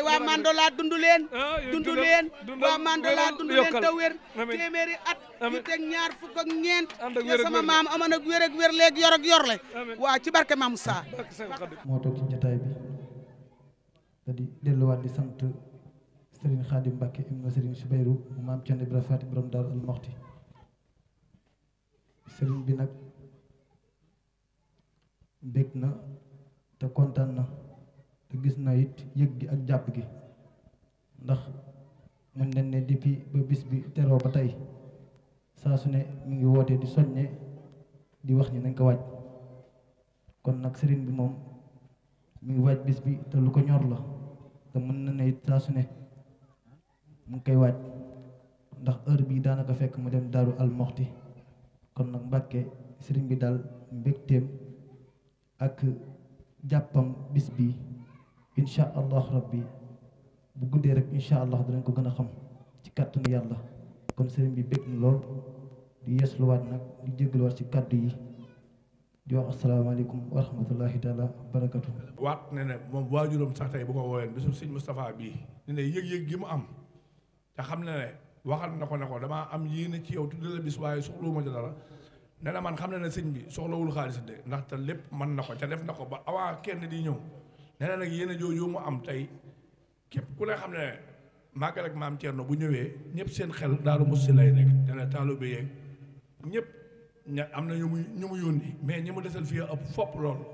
waa Mandola dund leen ah, dund leen waa Mandola dund leen te wér téeméeri at di teg ñaar fukk ak ñeent ya sama maam amoon wér ak wér léegi yor ak yor le waaw ci barke maam Moussa
moo toog ci jotaay bi da delluwaat di sant Serigne Khadim Mbacke ibnu Serigne Soubeyru maam Thierno Ibra Faty borom Daaru Al Moxti bi nag bég na te kontaan na te gis na it yëg gi ak jàpp gi ndax mën nañ ne depuis ba bis bi teroo ba tey saa su ne mu ngi woote di soññe di wax ni nañ ko waaj kon nag sëriñ bi moom mu ngi waaj bis bi te lu ko ñor la te mën na ne it saa su ne mu ngi koy waaj ndax heure bii daanaka fekk mu dem daaru almoxti kon nag mbàkke sëriñ bi daal mbégteem ak jàppam bis bi incha allah rabbi bu guddee rek incha allah danañ ko gën a xam ci kàttanu yàlla kon sëriñ bi bég na lool di yeesluwaat nag di jégaluwaat ci kàddu yi di wax asalaamaaleykum wa rahmatullahi taala wa barakatu
waat ne ne moom waajuram sax tey bu ko woowee bisu sëñ Moustapha bii ne ne yëg-yëg gi mu am te xam ne ne waxal na ko ne ko damaa am yéene ci yow tudd la bis waaye soxluwuma ci dara nee man xam na ne sëñ bi soxlawul xaalis de ndax te lépp man na ko ca def na ko ba avant kenn di ñëw nee na nag yéen a jooju mu am tey képp ku la xam ne màggal ak maam Thierno bu ñëwee ñëpp seen xel Daaru Musti lay nekk nee na taalibe yeeg ñëpp ña am na ñu mu ñu mu yónni mais ñi mu desal fii ëpp fopp loolu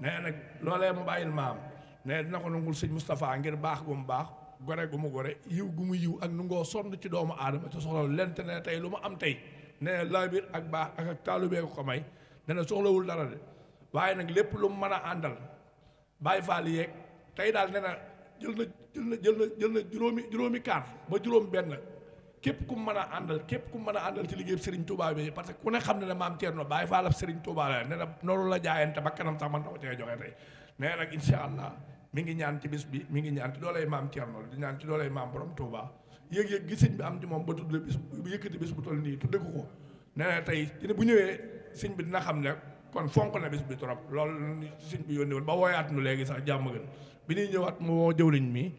nee nag loolee mu bàyyil maam nee dina ko nangul sëñ Moustapha ngir baax gu mu baax gore gu mu gore yiw gu mu yiw ak nu ngoo sonn ci doomu aadama te soxla lenn te ne tey lu mu am tey nee laa biir ak baax ak ak taalubee ko may dana soxlawul dara de waaye nag lépp lu mu man a àndal bàyyi faal yeeg tey daal nee na jël na jël na jël na jël na juróomi juróomi kaar ba juróom benn képp ku mën a àndal képp ku mën a àndal ci liggéey Serigne Touba bi parce que ku ne xam ne ne maam Thierno Baye Fall ab Serigne Touba la ne noonu la jaayante ba kanam sax man na ko cee joxe tey nee nag incha allah mi ngi ñaan ci bis bi mi ngi ñaan ci doolay maam Thierno di ñaan ci doolay maam borom yëg-yëg gi sëñ bi am ci moom ba tudd bis bu yëkkati bis bu toll nii tudde ko ko nee na tey dina bu ñëwee sëñ bi dina xam ne kon fonk na bis bi trop loolu sëñ bi yónni léegi sax jàmm gën bi ñuy ñëwaat mu woo jëwriñ mi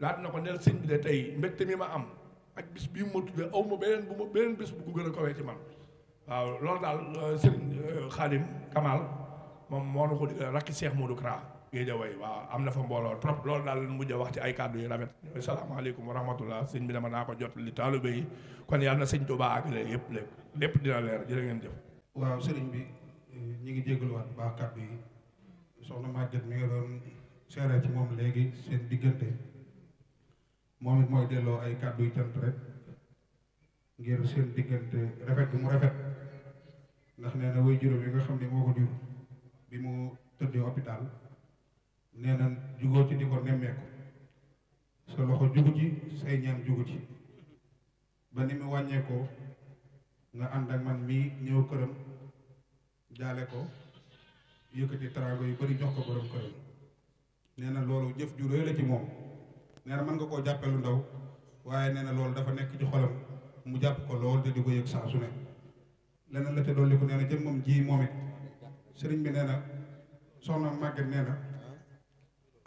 laat na ko neel sëñ bi de tey mbégte mi ma am ak bis bii ma tudde aw ma beneen bu ma beneen bis bu ko gën a kawee ci man waaw loolu daal euh, sëriñ Xaadim euh, Kamal moom moo nu ko digal euh, rakki Cheikh Modou Kara Géejawaay waaw am na fa mbooloo trop loolu daal mujj wax ci ay kàddu yu rafet ñooy salaamaaleykum wa rahmatullah sëñ bi dama naa ko jot li taalube yi kon yàlla na sëñ Tuubaa àggale yëpp lépp lépp dina leer jërë ngeen jëf.
waaw sëriñ bi ñu ngi jégaluwaat bu baax kàddu yi soxna Maguette mi nga doon seere ci moom léegi seen diggante moom it mooy delloo ay kàddu yu cant rek ngir seen diggante rafet bi mu rafet ndax nee na way juróom yi nga xam ne moo ko jur bi mu tëddee hôpital. nee na jugoo ci di ko nemmeeku sa loxo jugu ci say ñaan jugu ba ni mu wàññeekoo nga ànd ak man mii ñëw këram jaale ko yëkkati tarago yu bari jox ko borom këram nee loolu jëf ju la ci moom nee na nga koo jàppee lu ndaw waaye nee na loolu dafa nekk ci xolam mu jàpp ko lool de di ko yëg saa su ne leneen la te dolli ko nee na jëmmam ji moom it sëriñ bi nee na soxna Maguette nee na.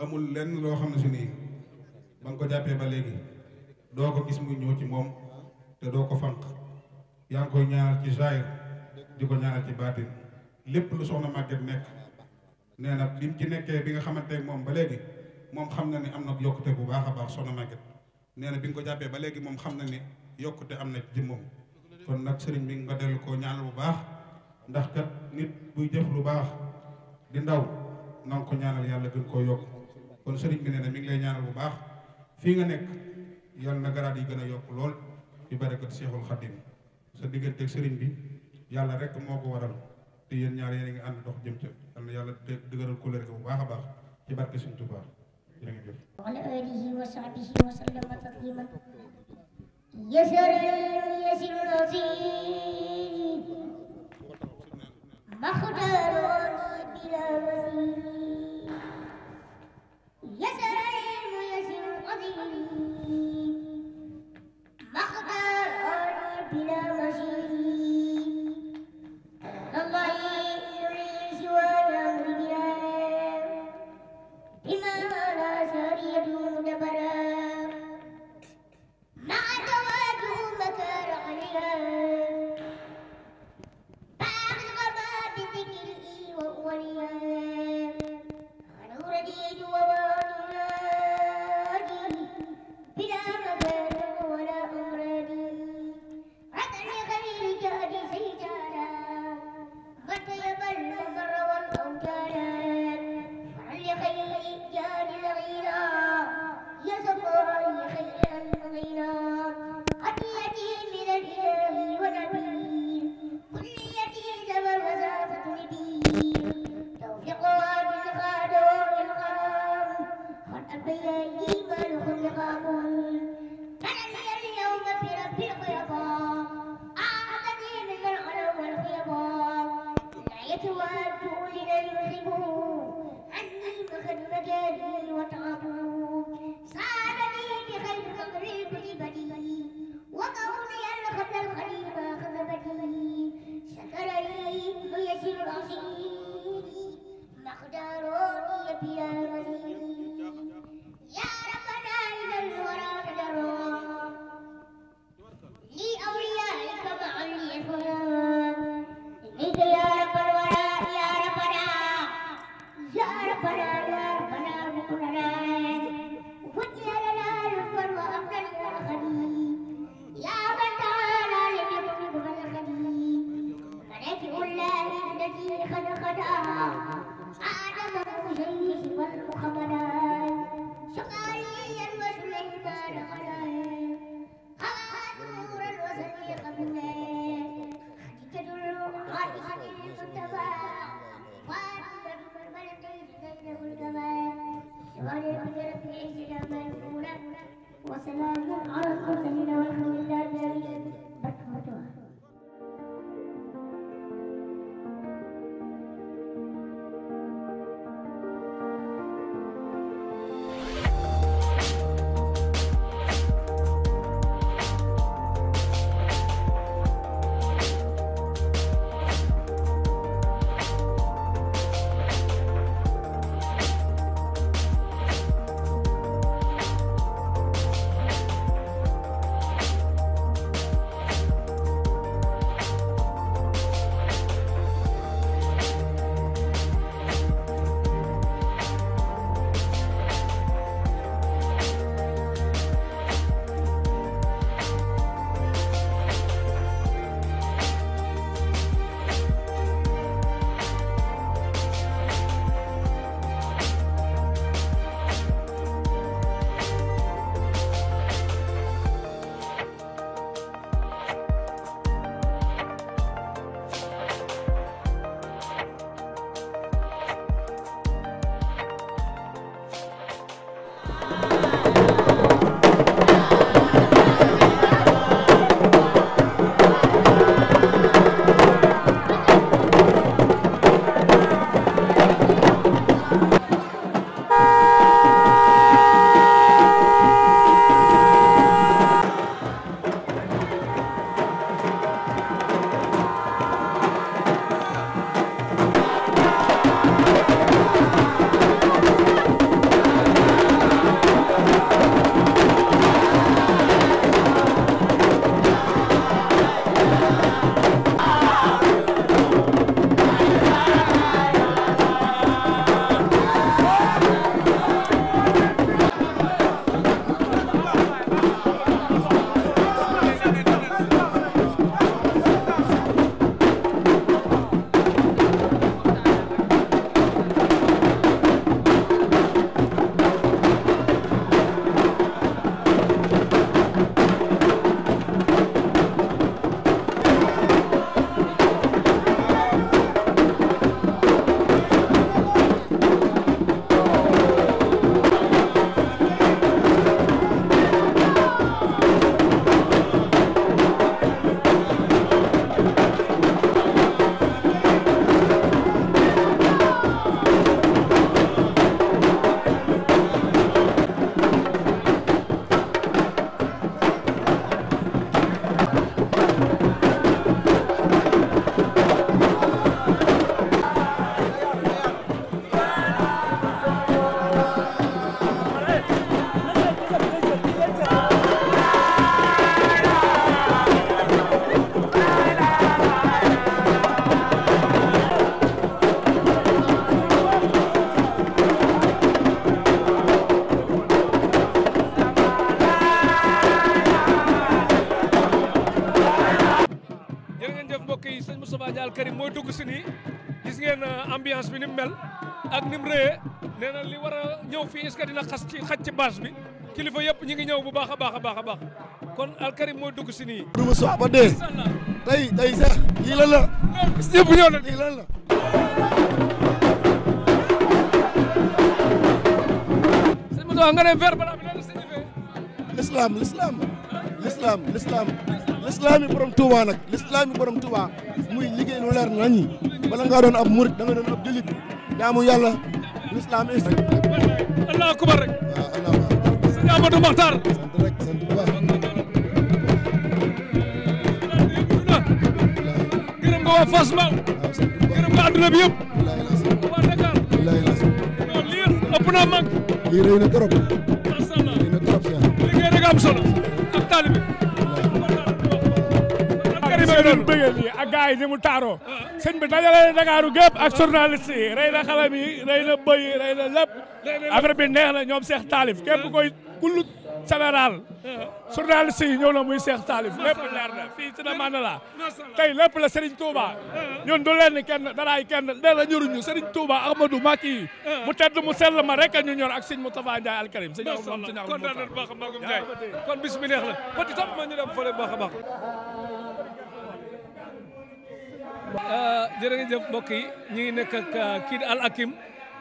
amul lenn loo xam ne su nii ba nga ko jàppee ba léegi doo ko gis muy ñëw ci moom te doo ko fanq yaa ngi koy ñaanal ci jaayir di ko ñaanal ci baatin lépp lu soxna màgget nekk nee na bi ci nekkee bi nga xamante ne moom ba léegi moom xam na ni am na yokkute bu baax a baax soxna màgget nee na bi nga ko jàppee ba léegi moom xam na ni yokkute am na ci moom kon nag sëriñ bi nga dellu koo ñaanal bu baax ndax kat nit buy jëf lu baax di ndaw na nga ko ñaanal yàlla gën koo yokk kon sëriñ bi nee na mi ngi lay ñaanal bu baax fii nga nekk yal na garaat yi gën a yokk lool di ko Seexul Xadim sa digganteeg sëriñ bi yàlla rek moo ko waral te yéen ñaar yéen a ngi ànd dox jëm ca yal na yàlla dëgëral ko leer bu baax a baax ci barke Sëriñ Tuubaa
مختار
بلا مزيد salaam
démarche bi kilifa yëpp ñi ngi ñëw bu baax a baax a baax a baax kon alkarim mooy dugg si nii.
du ma soo ba dee. tey tey sax lii lan la. ñëpp ñëw na lii lan la. sëñ Moussa nga ne verbe balaa bi lan la signifie. l'islam l'islam l'islam l'islam l'islam yi borom Touba nag l'islam yi borom Touba muy liggéey lu leer nañu bala ngaa doon ab murit da nga doon ab julit jaamu yàlla l'islam is. Allah akbar rek. Amadou Makhtar sant rek sant bu lii ëpp na
trop rëy
na
trop liggéey rek solo ak taalibe ak gars ak journaliste rey na xalam rey na bëy yi rey neex na ñoom Cheikh Talif képp koy bulut général journaliste yi ñëw na muy Cheikh Salif lépp leer na fii ci na Mandela tey lépp la Serigne Touba ñun du leen ni kenn daraay kenn dara ñoruñu Serigne Touba Ahmadou Maki mu tedd mu sell ma rek ñu ñor ak Serigne Moustapha Ndiaye Al Karim sëñ moom sëñ kontaan
nañu baax a
a baax euh, mbokk yi ñu ngi nekk ak euh,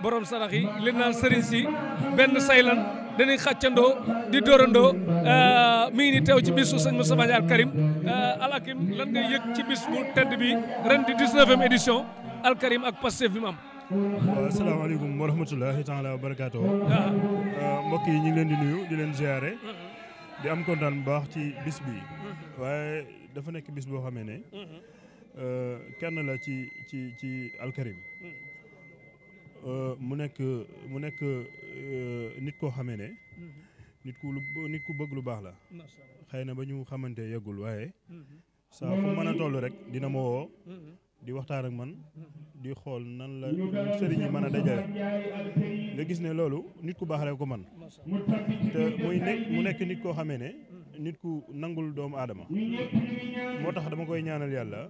borom sarax yi leen naan sëriñ si benn saylan dañuy xàccandoo di dóorandoo euh, mi ni teew ci bisu sëñ Moustapha
euh,
ci bis bu tedd bi ren di 19e édition ak Pastef bi mu am
waaw asalaamaaleykum wa rahmatulahi taala wa barakaatu ah. euh, mbokk yi ñu ngi leen di nuyu di leen ziare ah. di am kontaan bu baax ci bis bi ah. waaye dafa nekk bis boo xamee ne kenn la ci ci ci Al Karim Euh, mu nekk mu nekk euh, nit koo xamee ne. Mm-hmm. nit ku lu nit ku bëgg lu baax la. xëy na ba ñu xamante yeggul waaye. Mm-hmm. saa fu mën a mm-hmm. toll rek dina ma woo. di waxtaan ak man di xool nan la sëriñ yi mën a dajale nga gis ne loolu nit ku baax rek ko man te muy nekk mu nekk nit koo xamee ne nit ku nangul doomu aadama moo tax dama koy ñaanal yàlla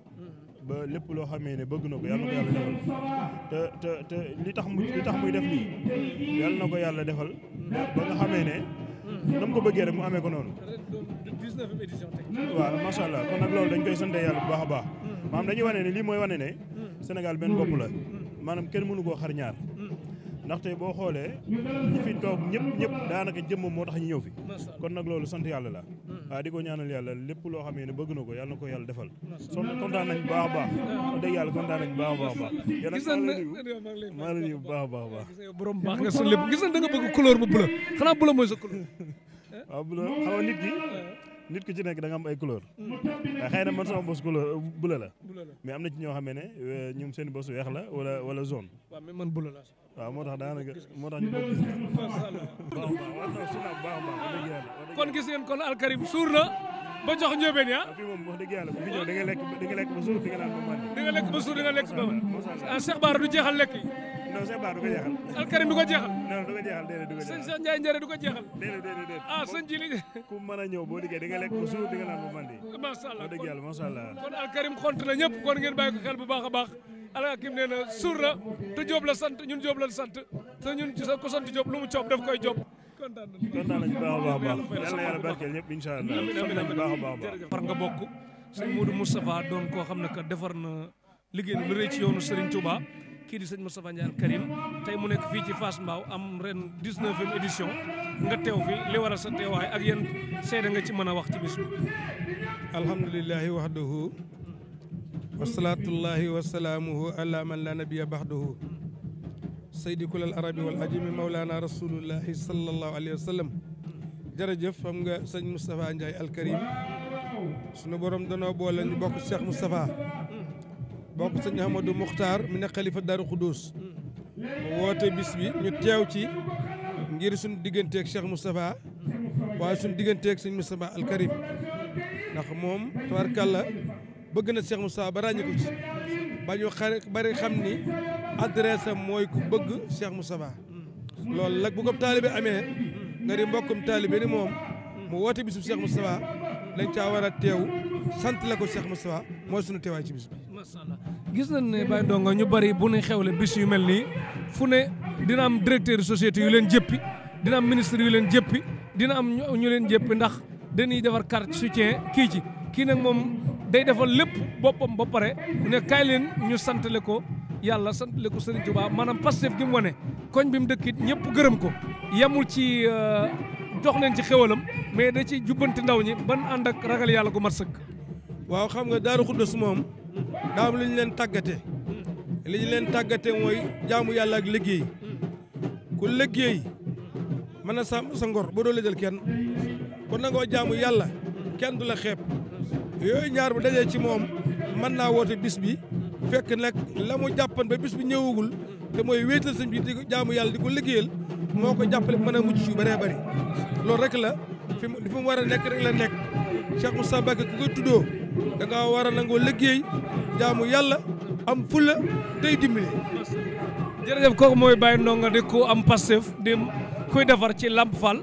ba lépp loo xamee ne bëgg na ko yàlla na ko yàlla defal te te li tax mu li tax muy def lii yàlla na ko yàlla defal ba nga xamee ne nam ko bëggee rek mu amee ko noonu waaw macha allah kon nag loolu dañ koy sante yàlla bu baax a baax maanaam dañuy wane ne lii mooy wane ne Sénégal benn bopp la maanaam kenn mënu koo xarñaar ndax boo xoolee ñi fi toog ñëpp ñëpp daanaka jëmm moo tax ñu ñëw fi kon nag loolu sant yàlla la waaw hmm. ah, di ko ñaanal yàlla lépp loo xamee ne bëgg ko yàlla na ko yàlla defal son kontaan nañ baax baax wax dëgg yàlla kontaan nañ baax baax baax gisan maa la nuyu baax baax baax borom baax nga sun lépp gisan da nga bëgg couleur bu bleu xanaa bleu mooy sa couleur waaw ah, bleu ki ci nekk da am ay couleur hmm. ah, xëy na man bos couleur euh, bleu la mais am na ci ñoo xamee ne euh, ñoom seen bos weex la wala wala zone waaw waaw moo tax daanaka moo tax ñu bokk gis
baax kon gis ngeen kon alkarim suur na ba jox njóobeen ya
ah? fii moom wax dëgg yàlla bu fi ñëw da nga lekk da nga lekk ba suur di lekk ba suur di lekk ba màndi ah, Cheikh Bara jeexal ko jeexal alkarim du ko jeexal non du ko jeexal déedéet ko jeexal sëñ Cheikh Ndiaye Ndiaye du ko jeexal déedéet déedéet déedéet ah sëñ ji li ku mën a boo liggéey di lekk ba suur di nga ba màndi
masha Allah kon alkarim xont na kon ngeen bàyyi ko xel bu baax a baax alaakim nee na suur na te Diop la sant ñun joob la sant sa ñun ko sant Diop lu mu coob daf koy Diop. kontaan
nañu kontaan nañu baax a baax a a baax a baax. nga
bokk sëñ Modou Moustapha doon koo xam ne que defar na liggéey lu rëy ci yoonu Serigne Touba kii di sëñ Moustapha Ndiaye al tey mu nekk fii ci Fass Mbao am ren 19e édition
nga
teew fi li war a sa teewaay ak yéen seede nga ci mën a wax ci bis bi. alhamdulilah wahdahu wasalaatullahi wasalaamuhu ala man la nabiya baxdahu saydi kulal arabi wal ajami mawlaana rasulullahi sallallahu alayhi wa sallam jërëjëf xam nga sëñ Moustapha Ndiaye alkarim sunu borom danoo boole ñu bokk Cheikh Moustapha bokk sëñ Ahmadou Muxtaar ne xalifa Daaru Xudus woote bis ñu teew ci ngir suñu digganteeg Cheikh Moustapha waaye suñu digganteeg sëñ Moustapha alkarim ndax moom tabarkàlla bëgg na Cheikh Moustapha ba ràññi ko ci ba ñu xare bari xam ni adresse am mooy ku bëgg mu Moustapha loolu nag bu ko taalibe amee nga di mbokkum taalibe ni moom mu woote bisu mu Moustapha lañ caa war a teew sant la ko mu Moustapha mooy sunu teewaay ci bis bi. macha gis nañ ne Baye donc ñu bari bu
xew xewle bis yu mel nii fu ne dina am directeur société yu leen jëppi dina am ministre yu leen jëppi dina am ñu leen jëppi ndax dañuy defar carte soutien kii ci kii day defal lépp boppam ba pare ne kaay ñu santale ko yàlla santale ko Serigne Touba maanaam Pastef gi mu wane koñ bi mu dëkkit ñëpp gërëm ko yemul ci euh, jox leen ci xéwalam mais da ci jubbanti ndaw ñi ban ànd ak ragal yàlla gu mat sëkk
waaw xam nga Daaru Xuddus moom daa am leen tàggate li leen tàggate mooy jaamu yàlla ak liggéey ku liggéey mën a sàmm sa ngor boo doo lëjal kenn kon nangoo jaamu yàlla kenn du la xeeb yooyu ñaar bu dajee ci moom man naa woote bis bi fekk nag la mu jàppan ba bis bi ñëwagul te mooy wéetal sëñ bi di jaamu yàlla di ko liggéeyal moo ko jàppale mën a mujj yu bëree bëri loolu rek la fi mu fi mu war a nekk rek la nekk Cheikh Moussa Mbacké ku ko tuddoo da war a nangoo liggéey jaamu yàlla am fula tey dimbale.
jërëjëf kooku mooy bàyyi Baye nga di ko am Pastef di koy defar ci làmp fal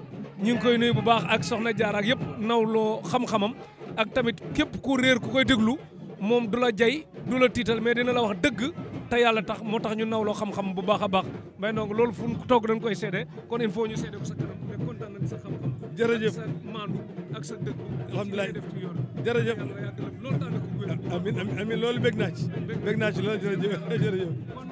ñu ngi koy nuyu bu baax ak Soxna Jaar ak yëpp naw loo xam-xamam. ak tamit képp ku réer ku koy déglu moom du la jay du la tiital mais dina la wax dëgg te yàlla tax moo tax ñu nawloo xam-xam bu baax a baax mais donc loolu fu toog dañ koy seede kon il faut ñu seede ko sa kanam mais
kontaan nañ sa xam-xam. jërëjëf sa maandu ak sa dëgg. alhamdulilah jërëjëf loolu daal ko amin loolu bég naa ci. bég naa ci loolu jërëjëf jërëjëf.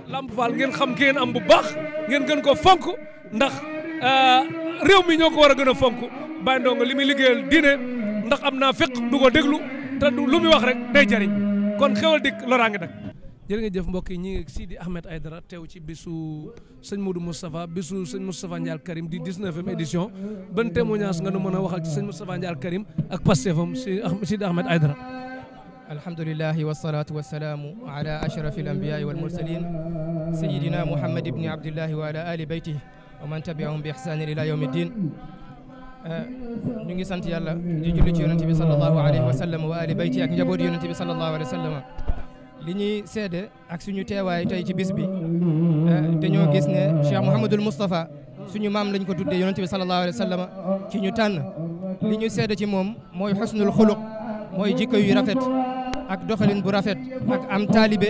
Lamp Fall ngeen xam ki am bu baax ngeen gën ko fonk ndax euh, réew mi ñoo ko war a gën a fonk Baye Ndongo li muy liggéeyal diine ndax am naa féq du ko déglu te du lu muy wax rek day jariñ kon xewal dikk loraange nag jërë ngeen jëf mbokk yi ñu ngi Sidi Ahmed Aidara teew ci bisu sëñ Modou Moustapha bisu sëñ Moustapha Ndial Karim di 19e édition ban témoignage nga nu mën a waxal ci sëñ Moustapha Ndial Karim ak pasteefam ah, Sidi Ahmed Aidara
alhamdulilahi wasalatu wasalaamu ala ashrafi alambiyaai walmursalin sayidina muhammad ibni abdillahi wa ala ali beytihi wa man tabiahum bi ihsanin ila yawmi ddin Euh, ñu ngi sant yàlla di julli ci yonente bi sallallahu alayhi wa sallam wa ali bayti ak njaboot yonente bi sallallahu alayhi wa sallam li ñuy seede ak suñu teewaay tey ci bis bi euh, dañoo gis ne Cheikh Mouhamadul Moustapha suñu maam lañ ko tuddee yonente bi sallallahu alayhi wa sallam ci ñu tànn li ñu seede ci moom mooy xusnul xuluq mooy jikko yu rafet ak doxalin bu rafet ak am taalibe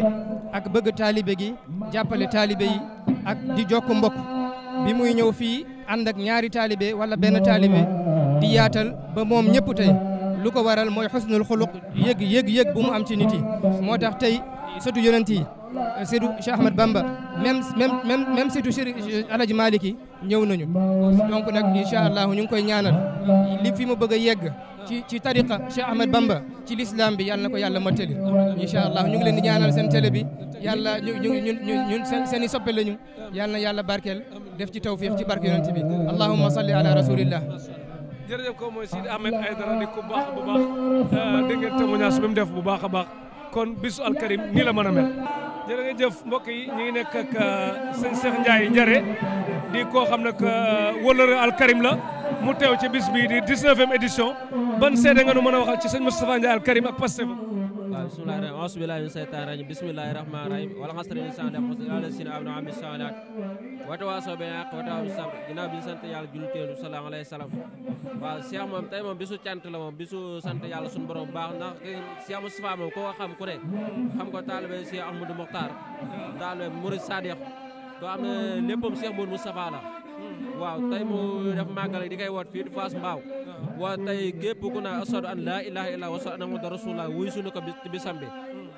ak bëgg taalibe gi jàppale taalibe yi ak di jokk mbokk bi muy ñëw fii ànd ak ñaari taalibe wala benn taalibe di yaatal ba moom ñëpp tey lu ko waral mooy xusnul xuluq yëg yëg yëg bu mu am ci nit yi moo tax tey sotu yonent yi Euh, Seydu Cheikh Ahmad Bamba même même même même Seydu Cheikh euh, Alaji Malick yi ñëw nañu donc nag incha allah ñu ngi koy ñaanal li fi mu bëgg a yegg ci ci tariqa Cheikh Ahmad Bamba ci l'islam bi yàlla na ko yàlla mottali incha allah ñu ngi leen ñaanal seen télé bi yàlla ñu ñu seen seen i soppe lañu yàlla na yàlla barkeel def ci tawfiq ci barke yonent bi allahumma salli ala rasulillah. Euh,
a kon bisu alkarim nii la mën a mel. jërëjëf mbokk yi ñu ngi nekk ak uh, sëñ Cheikh Ndiaye Njare di koo xam ne nag uh, wëllëre alkarim la mu teew ci bis bi di 19e édition ban seede nga nu mën a waxal ci sëñ Moustapha Ndiaye alkarim ak Pastef waaw
bismillahi rahim auzu billahi min seytaan rajim bismillahi rahmani rahim wal asri insan dem ala sina abna ami salat wata waa soo benn ak wata waa bi sab sant yàlla julteelu salaam alayhi salaam waaw Cheikh moom tey moom bisu cant la moom bisu sant yàlla suñu borom baax ndax Cheikh Moustapha moom ko xam ku ne xam ko taalibe Cheikh Ahmadou Mokhtar taalibe Mourid Sadiq ko am ne léppam Cheikh Moustapha la waaw tey mu def màggal di koy woot fii di Fass Mbao waa tey képp ku na asadu an laa ilaha a wa asadu anna rasulullah wuy sunu ko bisam bi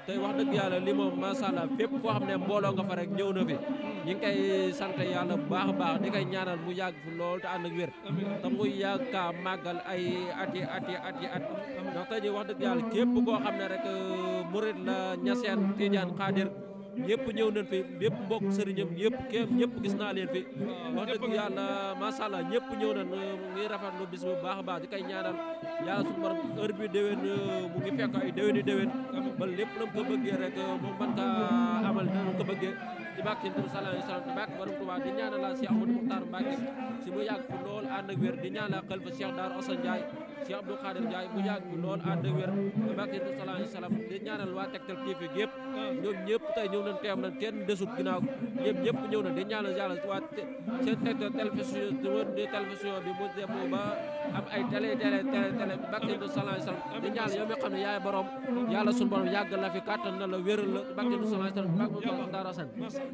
tey wax dëgg yàlla li moom macha allah fépp foo xam ne mbooloo nga fa rek ñëw na fi ñi ngi koy sant yàlla bu baax a baax di koy ñaanal mu yàgg fi lool te ànd ak wér te mu yàgg kaa màggal ay at yi at yi at tey ji wax dëgg yàlla képp koo xam ne rek murit la ñaseen tijaan xaadir ñëpp ñëw nañ fi ñëpp mbokk sëriñam ñëpp kenn ñëpp gis naa leen fi wax dëgg yàlla macha allah ñëpp ñëw nañ ngi rafetlu bis bu baax a baax di koy ñaanal yàlla suñu borom heure bi déwén mu ngi fekk ay déwéni déwén ba lépp nam ko bëggee rek moom man ka amal na ko bëggee ci bàkk seen tur sallallahu alayhi wa sallam ci bàkk borom Tuubaa di ñaanal la Cheikh Amadou Moukhtar Mbacke si mu yàgg fi lool ànd ak wér di ñaanal xalifa Cheikh Darou Assane Ndiaye Cheikh Abdou Khadir Ndiaye mu yàgg fi lool ànd ak wér ci bàkk seen tur sallallahu alayhi di ñaanal waa Tektal TV yëpp ñëw nañ teew nañ kenn desut ginnaaw ñëpp ñëpp ñëw nañ di ñaanal di télévision bi mu dem ba am ay télé télé télé télé bàkk seen tur sallallahu alayhi wa sallam di ñaanal yow mi xam ne yaay borom yàlla suñu borom la fi kàttan na la wéral la bàkk seen tur sallallahu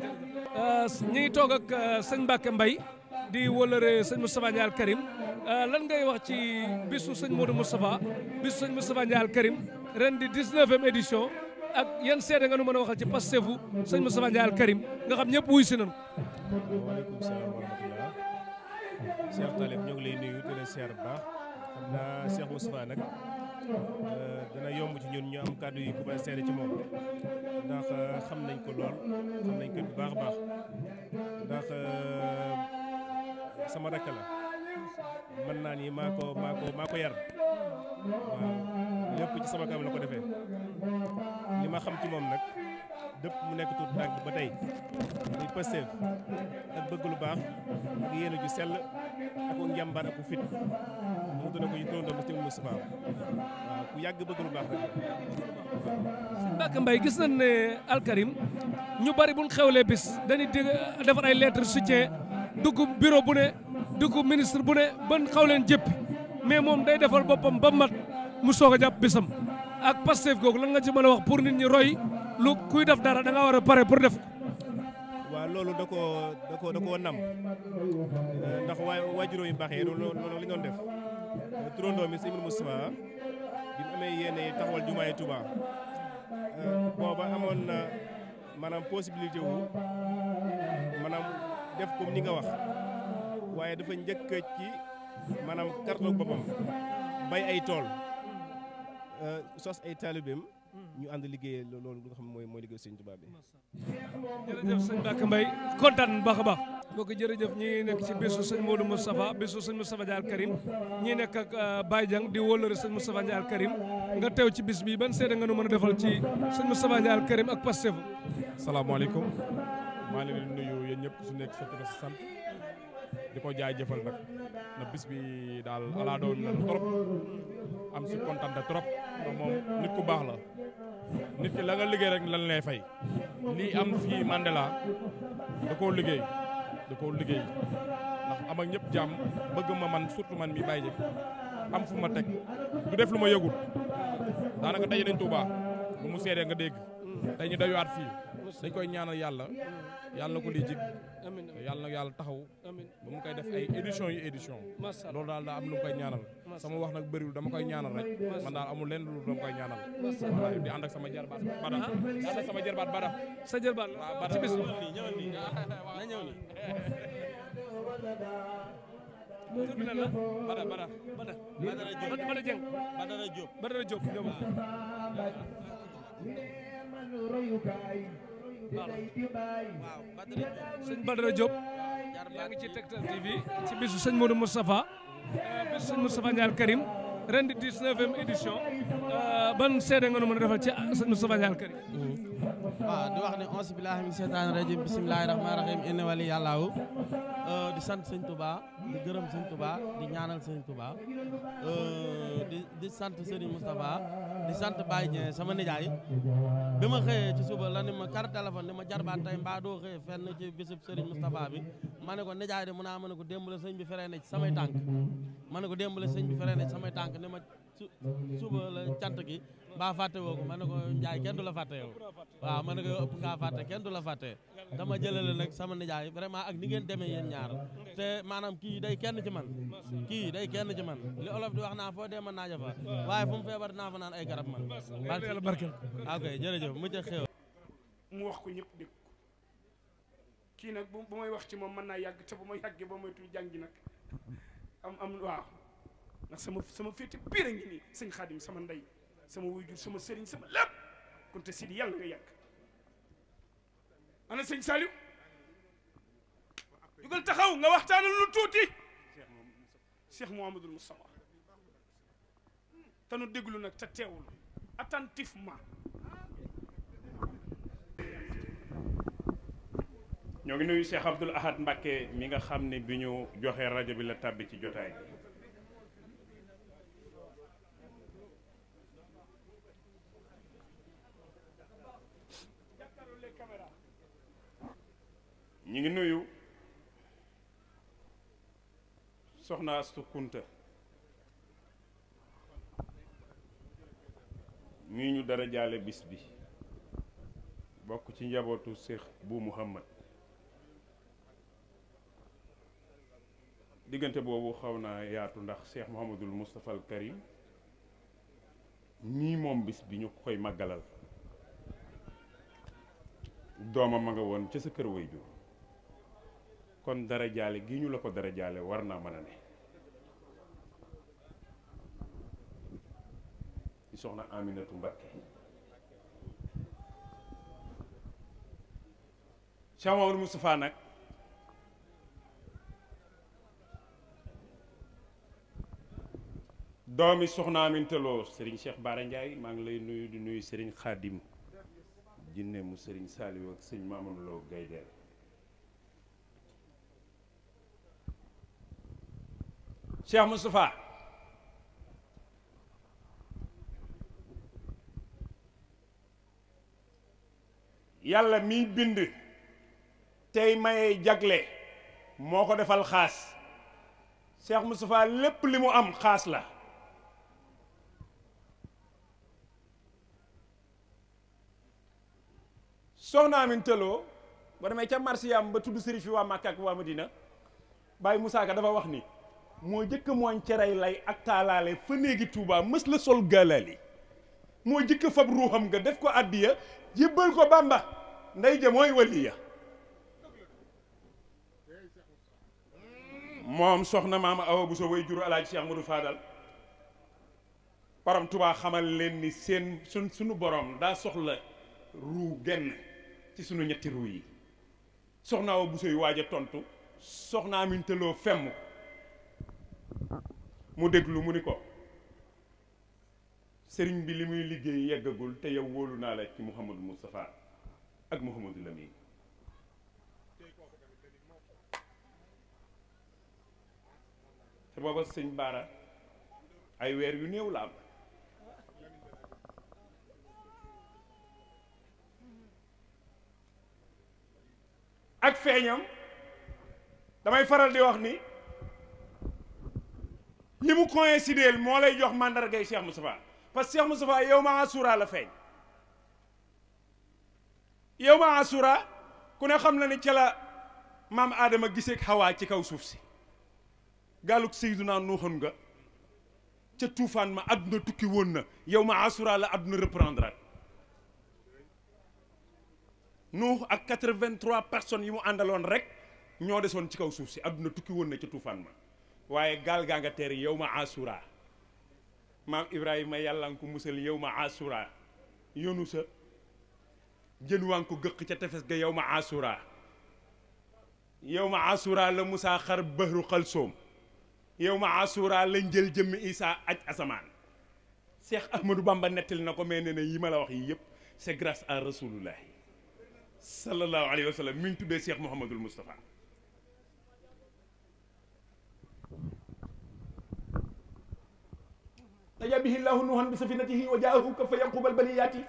Euh, ñi ngi toog ak euh, sëñ Mbacke Mbaye di wólëre sëñ Moustapha Ndiaye Al euh, lan ngay wax ci bisu sëñ Modou Moustapha bisu sëñ Moustapha Ndiaye Al ren di 19e édition ak yan seede nga nu mën a waxal ci Pastefu sëñ Moustapha Ndiaye Al Karim
nga xam ñëpp wuy si nañu. waaleykum salaam wa rahmatulah. Cheikh Talib ñoo ngi lay nuyu di la siyaar bu baax xam naa Cheikh Moustapha nag. Euh, dana yomb ci ñun ñu am kàddu yi ku may seede ci moom ndax euh, xam nañ ko lool xam nañ ko bu baax a baax ndax euh, sama rakk la. mën naa ni maa ko maa ko yar waaw lépp ci sama kanam la ko defee li ma xam ci moom nag dëpp mu nekk tuut tànk ba tey muy Pastef ak bëgg lu baax ak yéene ju sell ak njàmbaar ak fit mu dana ko yittoon dama ci Moustapha waaw ku yàgg bëgg baax rek.
Mbacké gis na
ne Al ñu bari buñ xewlee
bis dañuy defar ay lettres soutien. dugg bureau bu ne dugg ministre bu ne ban xaw leen jëppi mais moom day defal boppam ba mat mu soog a jàpp bisam ak Pastef googu lan nga ci mën a wax pour nit ñi roy lu kuy def dara da nga war a pare pour def
waa loolu da ko da koo da koo nam euh, ndax waa waajuró yu baax yi loolu loolu li ñu doon def turandoo si Ibn Moustapha bi mu amee yéene yi taxawal jumaay Touba euh, booba amoon na maanaam possibilité wu maanaam def comme ni nga wax waaye dafa njëkk ci maanaam kartoog boppam bay ay tool euh, sos ay taalibeem ñu ànd liggéey loolu nga xam mooy mooy liggéey sëñ Tuubaa bi jërëjëf sëñ Mbacke Mbaye kontaan baax a baax boo ko jërëjëf ñi nekk ci bésu sëñ Modou Moustapha bésu sëñ
Moustapha Ndiaye Al Karim ñi nekk ak euh, baajang di wóolare sëñ Moustapha Ndiaye Al Karim nga teew ci bis bi ban seede nga nu mën a defal ci sëñ Moustapha Ndiaye Al
ak Pastef asalaamaaleykum maa yéen ñëpp si nekk sotti ko sant di ko jaajëfal nag na bis bi daal alaa doon na am si kontaan trop ndax moom nit ku baax la nit ki la nga liggéey rek lan lay fay
lii am fii Mandela da koo liggéey
da koo liggéey ndax am ak ñëpp jàmm bëgg ma man surtout man mi am fu ma teg du def lu ma yëgul daanaka tey nañ Tuubaa bu mu seedee nga dégg tey ñu dayuwaat fii dañ koy ñaanal yàlla yàlla na ko li jig yàlla na yàlla taxaw ba mu koy def ay yu édition loolu daal daa am lu mu koy ñaanal sama wax nag bëriwul dama koy ñaanal rek man daal amul lenn dama koy ñaanal voilà di sama jarbaat bada ah? di ànd ak sama jarbaat bada sa jarbaat la ci bis bi lan la Bada Bada
Bada Bada Dieng waaw Badara sëñ Badara Diop
yaa ngi ci Tektal
TV
ci bisu sëñ Modou Moustapha
euh, bisu sëñ Moustapha Ndial Karim ren di 19e édition euh, ban seede nga nu mën a ci
sëñ Moustapha Ndial waaw di wax ne onze billahi min seytaani rajim bisimilahi rahmaani rahim inna wali yàllaahu euh, di sant sëñ tubaa di gërëm sëñ Touba di ñaanal sëñ Touba euh, di di sant Serigne Moustapha di sant Baye Dieng sama nijaay bi ma xëyee ci suba la ni ma carte téléphone ni ma jarbaat tey mbaa doo xëyee fenn ci bisub Serigne Moustapha bi ma ne ko nijaay de mu ma ne ko démb la sëñ bi feree na samay tànk ma ne ko démb la sëñ bi feree na samay tànk ni ma suba la cant gi mbaa fàtte woo ko ma ne ko Ndiaye kenn du la fàtte yow waaw ma ne ko ëpp ngaa fàtte kenn du la fàtte dama jëlale nag sama nijaay vraiment ak ni ngeen demee yéen ñaar te maanaam kii day kenn ci man kii day kenn ci man li olof di wax naa foo dee mën naa jafa waaye fu mu feebar naa fa naan ay garab man barke ok jërëjëf mu ca xew
mu wax ko ñëpp dégg ko kii nag bu may wax ci moom mën naa yàgg te bu ma yàggee ba moytu jàngi nag am am waaw ndax sama sama féete biir sama ndey sama wuyjur sama
sëriñ sama lépp kunte sidi yàlla nga yàgg ana sëñ Saliou dugal taxaw nga waxtaanal lu tuuti
Cheikh Mouhamadoul Moustapha te nu déglu nag te teewul attentivement ñoo ngi nuyu Cheikh Abdoul Ahad Mbacké mi nga xam ne bi ñu joxee rajo bi la tàbbi ci jotaay ñu ngi nuyu soxna Astu Kunta
mii ñu dara jaale bis bi
bokk ci njabootu Cheikh bu Muhammad diggante boobu xaw naa yaatu ndax seex Mouhamadul Moustapha al Karim nii moom bis bi ñu koy màggalal doomam ma nga woon ca sa kër wayjur kon dara jaale gi ñu la ko dara jaale war naa mën a ne di soxna Aminatu Mbakke Cheikh Moustapha nag doomi soxna amintaloo sëriñ Cheikh Bara maa ngi lay nuyu di nuyu sëriñ Xaadim jinne mu sëriñ Saaliw ak sëñ Maamam Loo Gaydeel Cheikh Moustapha yàlla miy bind tey maye jagle moo ko defal xaas Cheikh Moustapha lépp li mu am xaas la soxna Amin Tëloo ba demee ca marsiyaam ba tudd sëriñ fi waa Màkka ak waa Madina Baye Moussa Ka dafa wax ni moo jëkk mooñ ceray lay ak taalaale fa néegi Touba mës la sol galali moo jëkk fab ruuxam nga def ko àddiya jébbal ko Bàmba ndey ja mooy waliya moom soxna maama awa bu sa way juru alaaji Cheikh Modou Fadal borom Touba xamal leen ni seen sun sunu borom daa soxla ruu genn ci sunu ñetti ruu yi soxna awa bu say waaj tontu soxna amintaloo femm mu déglu mu ni ko sëriñ bi li muy liggéey yeggagul te yow wóolu naa la ci Mouhamadou Moustapha ak Mouhamadou Lamine te booba sëñ Baara ay weer yu néew la am ak feeñam damay faral di wax ni ñi mu coïncideel moo lay jox mandargay Cheikh Moustapha parce que Cheikh Moustapha yow ma asura la feeñ yow ma asura ku ne xam na ni ca maam Adama giseeg Hawa ci kaw suuf si gaalug Seydunaa Nuuxoon nga ca tuufaan ma àdduna tukki woon na yow ma asura la àdduna reprendre Nuux ak quatre vingt personnes yi mu àndaloon rek ñoo desoon ci kaw suuf si àdduna tukki woon na ca tuufaan ma waaye gaal gaa nga teer yow ma asura maam ibrahima yàlla nga ko musal yow ma asura yonu sa jën waa nga gëq ca tefes ga yow ma asura yow ma asura la musaa xar bëhru xalsoom yow ma asura la njël jëmmi isaa aj asamaan Cheikh Ahmadou Bamba nettali na ko mais nee na yi ma la wax yi yëpp c'est grâce à rasoulullahi sallallahu alayhi wa sallam mi ngi tuddee Cheikh Mouhamadul Moustapha najaa bihi llaahu nuuhan bi safinatihi wa jaahu ka fa yanquba albaliyaati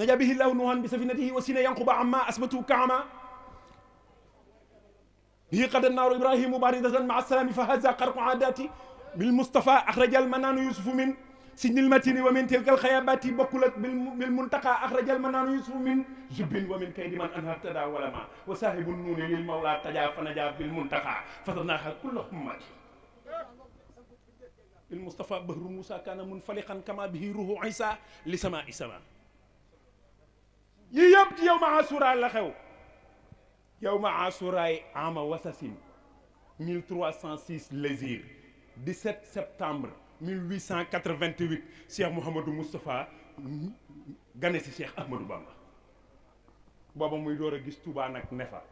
najaa bihi llaahu nuuhan bi safinatihi wa sina yanquba amma asbatu kaama bihi qada naaru ibrahimu baridatan maa salaami fa haza xarqu aadaati bil mustafa axraja almanaanu yusufu min sinil matini wa min tilka alxayabaati bokkul ak bil muntaqa axraja almanaanu yusufu min jubbin wa min kaydi man anha tada walama wa saahibu nuuni lil mawla tajaa fa najaa bil muntaqa fasadnaaha kulla hummati il Moustapha bahru Moussa Kaana mun falixan kama bihi ruhu Isa li sama isama yii yëpp ci yow ma asura la xew yow ma asuraay ama wasasin 1306 lésir 17 septembre 1888 Cheikh Mouhamadou Moustapha gane si Cheikh Ahmadou Bamba booba muy door a gis Touba nag ne fa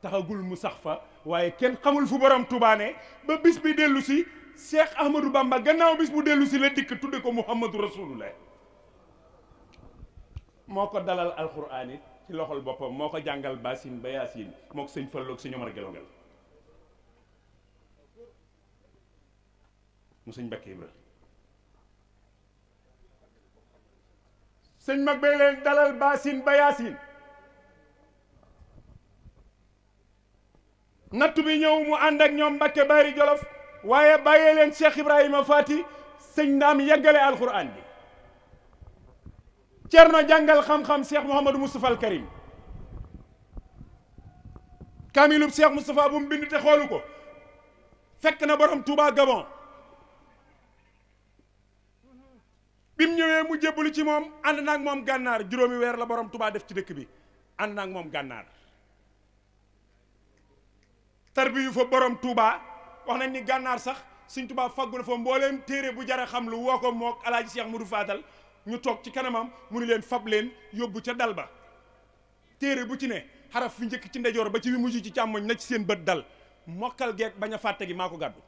taxagul mu sax fa waaye kenn xamul fu borom Touba ne ba bis bi dellu si. Cheikh Ahmadou Bamba gannaaw bis mu dellu si la dikk tudde ko Muhammadu Rasulullah moo ko dalal alxuraan ci loxol boppam moo ko jàngal basin ba yaasin moo ko sëñ Fallu ak sëñ mag bay leen dalal basin ba yaasin nattu bi ñëw mu ànd ak ñoom Mbàkke Bari Jolof waaye bàyyee leen Cheikh Ibrahima Fati sëñ ndaam yeggale alquran bi Cerno jàngal xam-xam Cheikh Mouhamadou Moustapha al Karim kaamilub Cheikh Moustapha bu mu bind te xoolu ko fekk na borom tuubaa Gabon bi mu ñëwee mu jébbalu ci moom ànd naag moom gànnaar juróomi weer la borom Touba def ci dëkk bi ànd naag moom gànnaar tarbi yu fa borom Touba. wax nañ ni gànnaar sax suñ tubaa faggu na fa mbooleem téere bu jara xam lu woo ko moog alaaji Cheikh Modou Fadal ñu toog ci kanamam mu ni leen fab leen yóbbu ca dal ba téere bu ci ne xaraf fi njëkk ci ndejoor ba ci wi mujj ci càmmoñ na ci seen bët dal mokkal geeg bañ a fàtte gi maa ko gàddu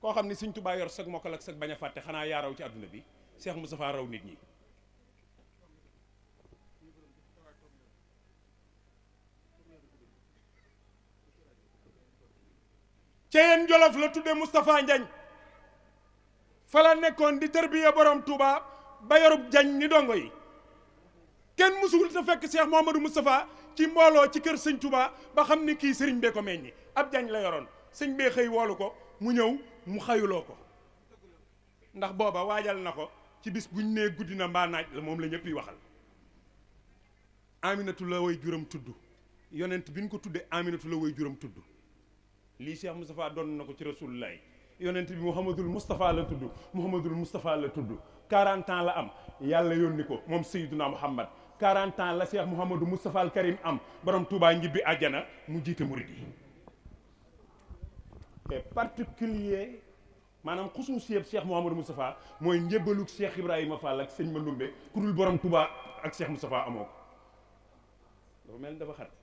koo xam ne suñ tubaa yor sag mokkal ak sag bañ a fàtte xanaa yaaraw ci àdduna bi seex mu Moustapha raw nit ñi Ceyeen Jolof la tudde Moustapha Njañ fa la nekkoon di tërbiya borom Touba ba yorub jañ ni dongo yi kenn musul te fekk Cheikh Mouhamadou Moustapha ci mbooloo ci kër sëñ tubaa ba xam ni kii sëriñ bee ko meññi ab jañ la yoroon sëñ bee xëy woolu ko mu ñëw mu xayuloo ko ndax booba waajal na ko ci bis buñ nee guddi na mbaa naaj la moom la ñëpp yi waxal Aminatu la way juram tudd yonent bi ñu ko tuddee Aminatu la way juram tudd lii Cheikh Moustapha doon na ko ci rasulullah yonent bi Mouhamadul Moustapha la tuddu Mouhamadul Moustapha la tudd 40 ans la am yàlla ni ko moom Seydina Mouhamad 40 ans la Cheikh Mouhamadou Moustapha al Karim am borom Touba njibbi àjjana mu jiite murid yi et particulier maanaam xusuus yëpp Cheikh Mouhamadou Moustapha mooy njëbbalug Cheikh Ibrahima Fall ak sëñ Maloumbe ku dul borom Touba ak Cheikh Moustapha amoo ko mel dafa xat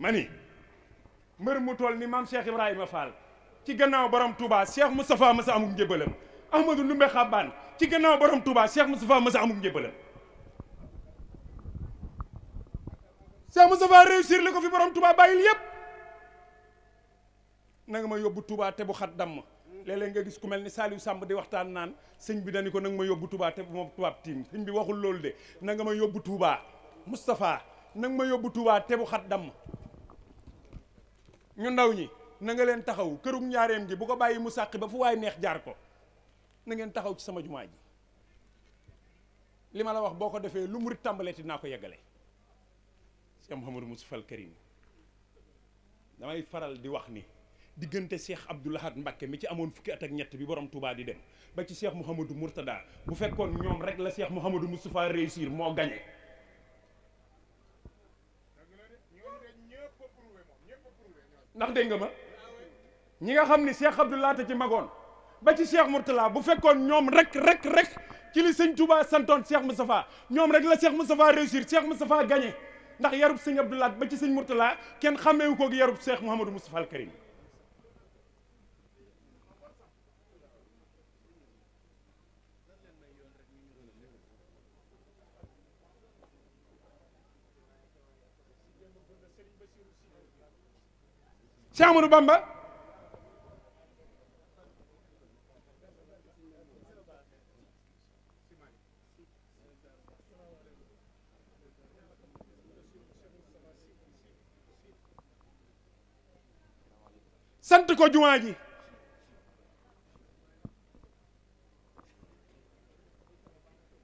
ma ni mbër mu toll ni maam Cheikh Ibrahima Fall ci gannaaw borom tubaa Touba Cheikh Moustapha Massa amuk njëbalam Ahmadou Ndumbe Xabbaan ci gannaaw borom tubaa Touba Cheikh ma Massa amuk njëbalam Cheikh Moustapha réussir li ko fi borom Touba bàyyil yépp nanga ma yóbbu tubaa te bu xat damm léeg nga gis ku mel ni Saliou Samb di waxtaan naan sëñ bi dañu ko nanga ma yóbbu tubaa te moom tubaab tiim sëñ bi waxul loolu de nanga ma yóbbu tubaa mustafaa nanga ma yóbbu Touba te damm ñu ndaw ñi na nga leen taxaw kërug njaareem gi bu ko bàyyi mu sàqi ba fu waay neex jaar ko na ngeen taxaw ci sama jumaa ji li ma la wax boo ko defee lu murit tàmbalee ti naa ko yeggale Cheikh Mouhamadou Moustapha al Karim damay faral di wax ni diggante Cheikh Abdou Lahad Mbacké mi ci amoon fukki at ak ñett bi borom Touba di dem ba ci Cheikh Mouhamadou Mourtada bu fekkoon ñoom rek la Cheikh Mouhamadou Moustapha réussir moo gañe ndax dégg nga ma ñi nga xam ni Cheikh Abdou Lahat ci magoon ba ci Cheikh Mourtala bu fekkoon ñoom rek rek rek ci li sëñ Touba santoon Cheikh Moustapha ñoom rek la Cheikh Moustapha réussir Cheikh Moustapha gagné ndax yarub sëñ Abdou Lahat ba ci sëñ Mourtala kenn xameewu ko ak yarub seex Mouhamadou Moustapha al Karim Cheikh Amadou Bamba sant ko jumaa ji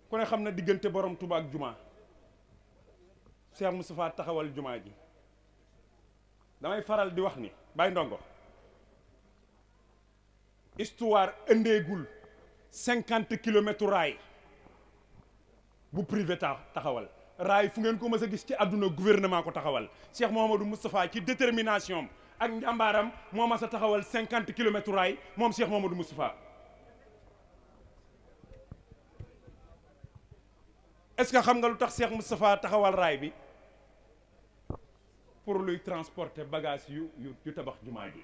kone xam na diggante borom tubaak ak jumaa Cheikh Moustapha taxawal jumaa ji damay faral di wax ni Baye Ndongo histoire ëndeegul cinquante kilomètres raay bu privé ta taxawal raay fu ngeen ko mës a gis ci àdduna gouvernement ko taxawal Cheikh Mouhamadou Moustapha ci détermination ak njàmbaaram moo mës a taxawal cinquante kilomètres raay moom Cheikh Mouhamadou Moustapha est-ce que xam nga lu tax Cheikh Moustapha taxawal raay bi pour luy transporter bagage yu yu tabax jumaa ji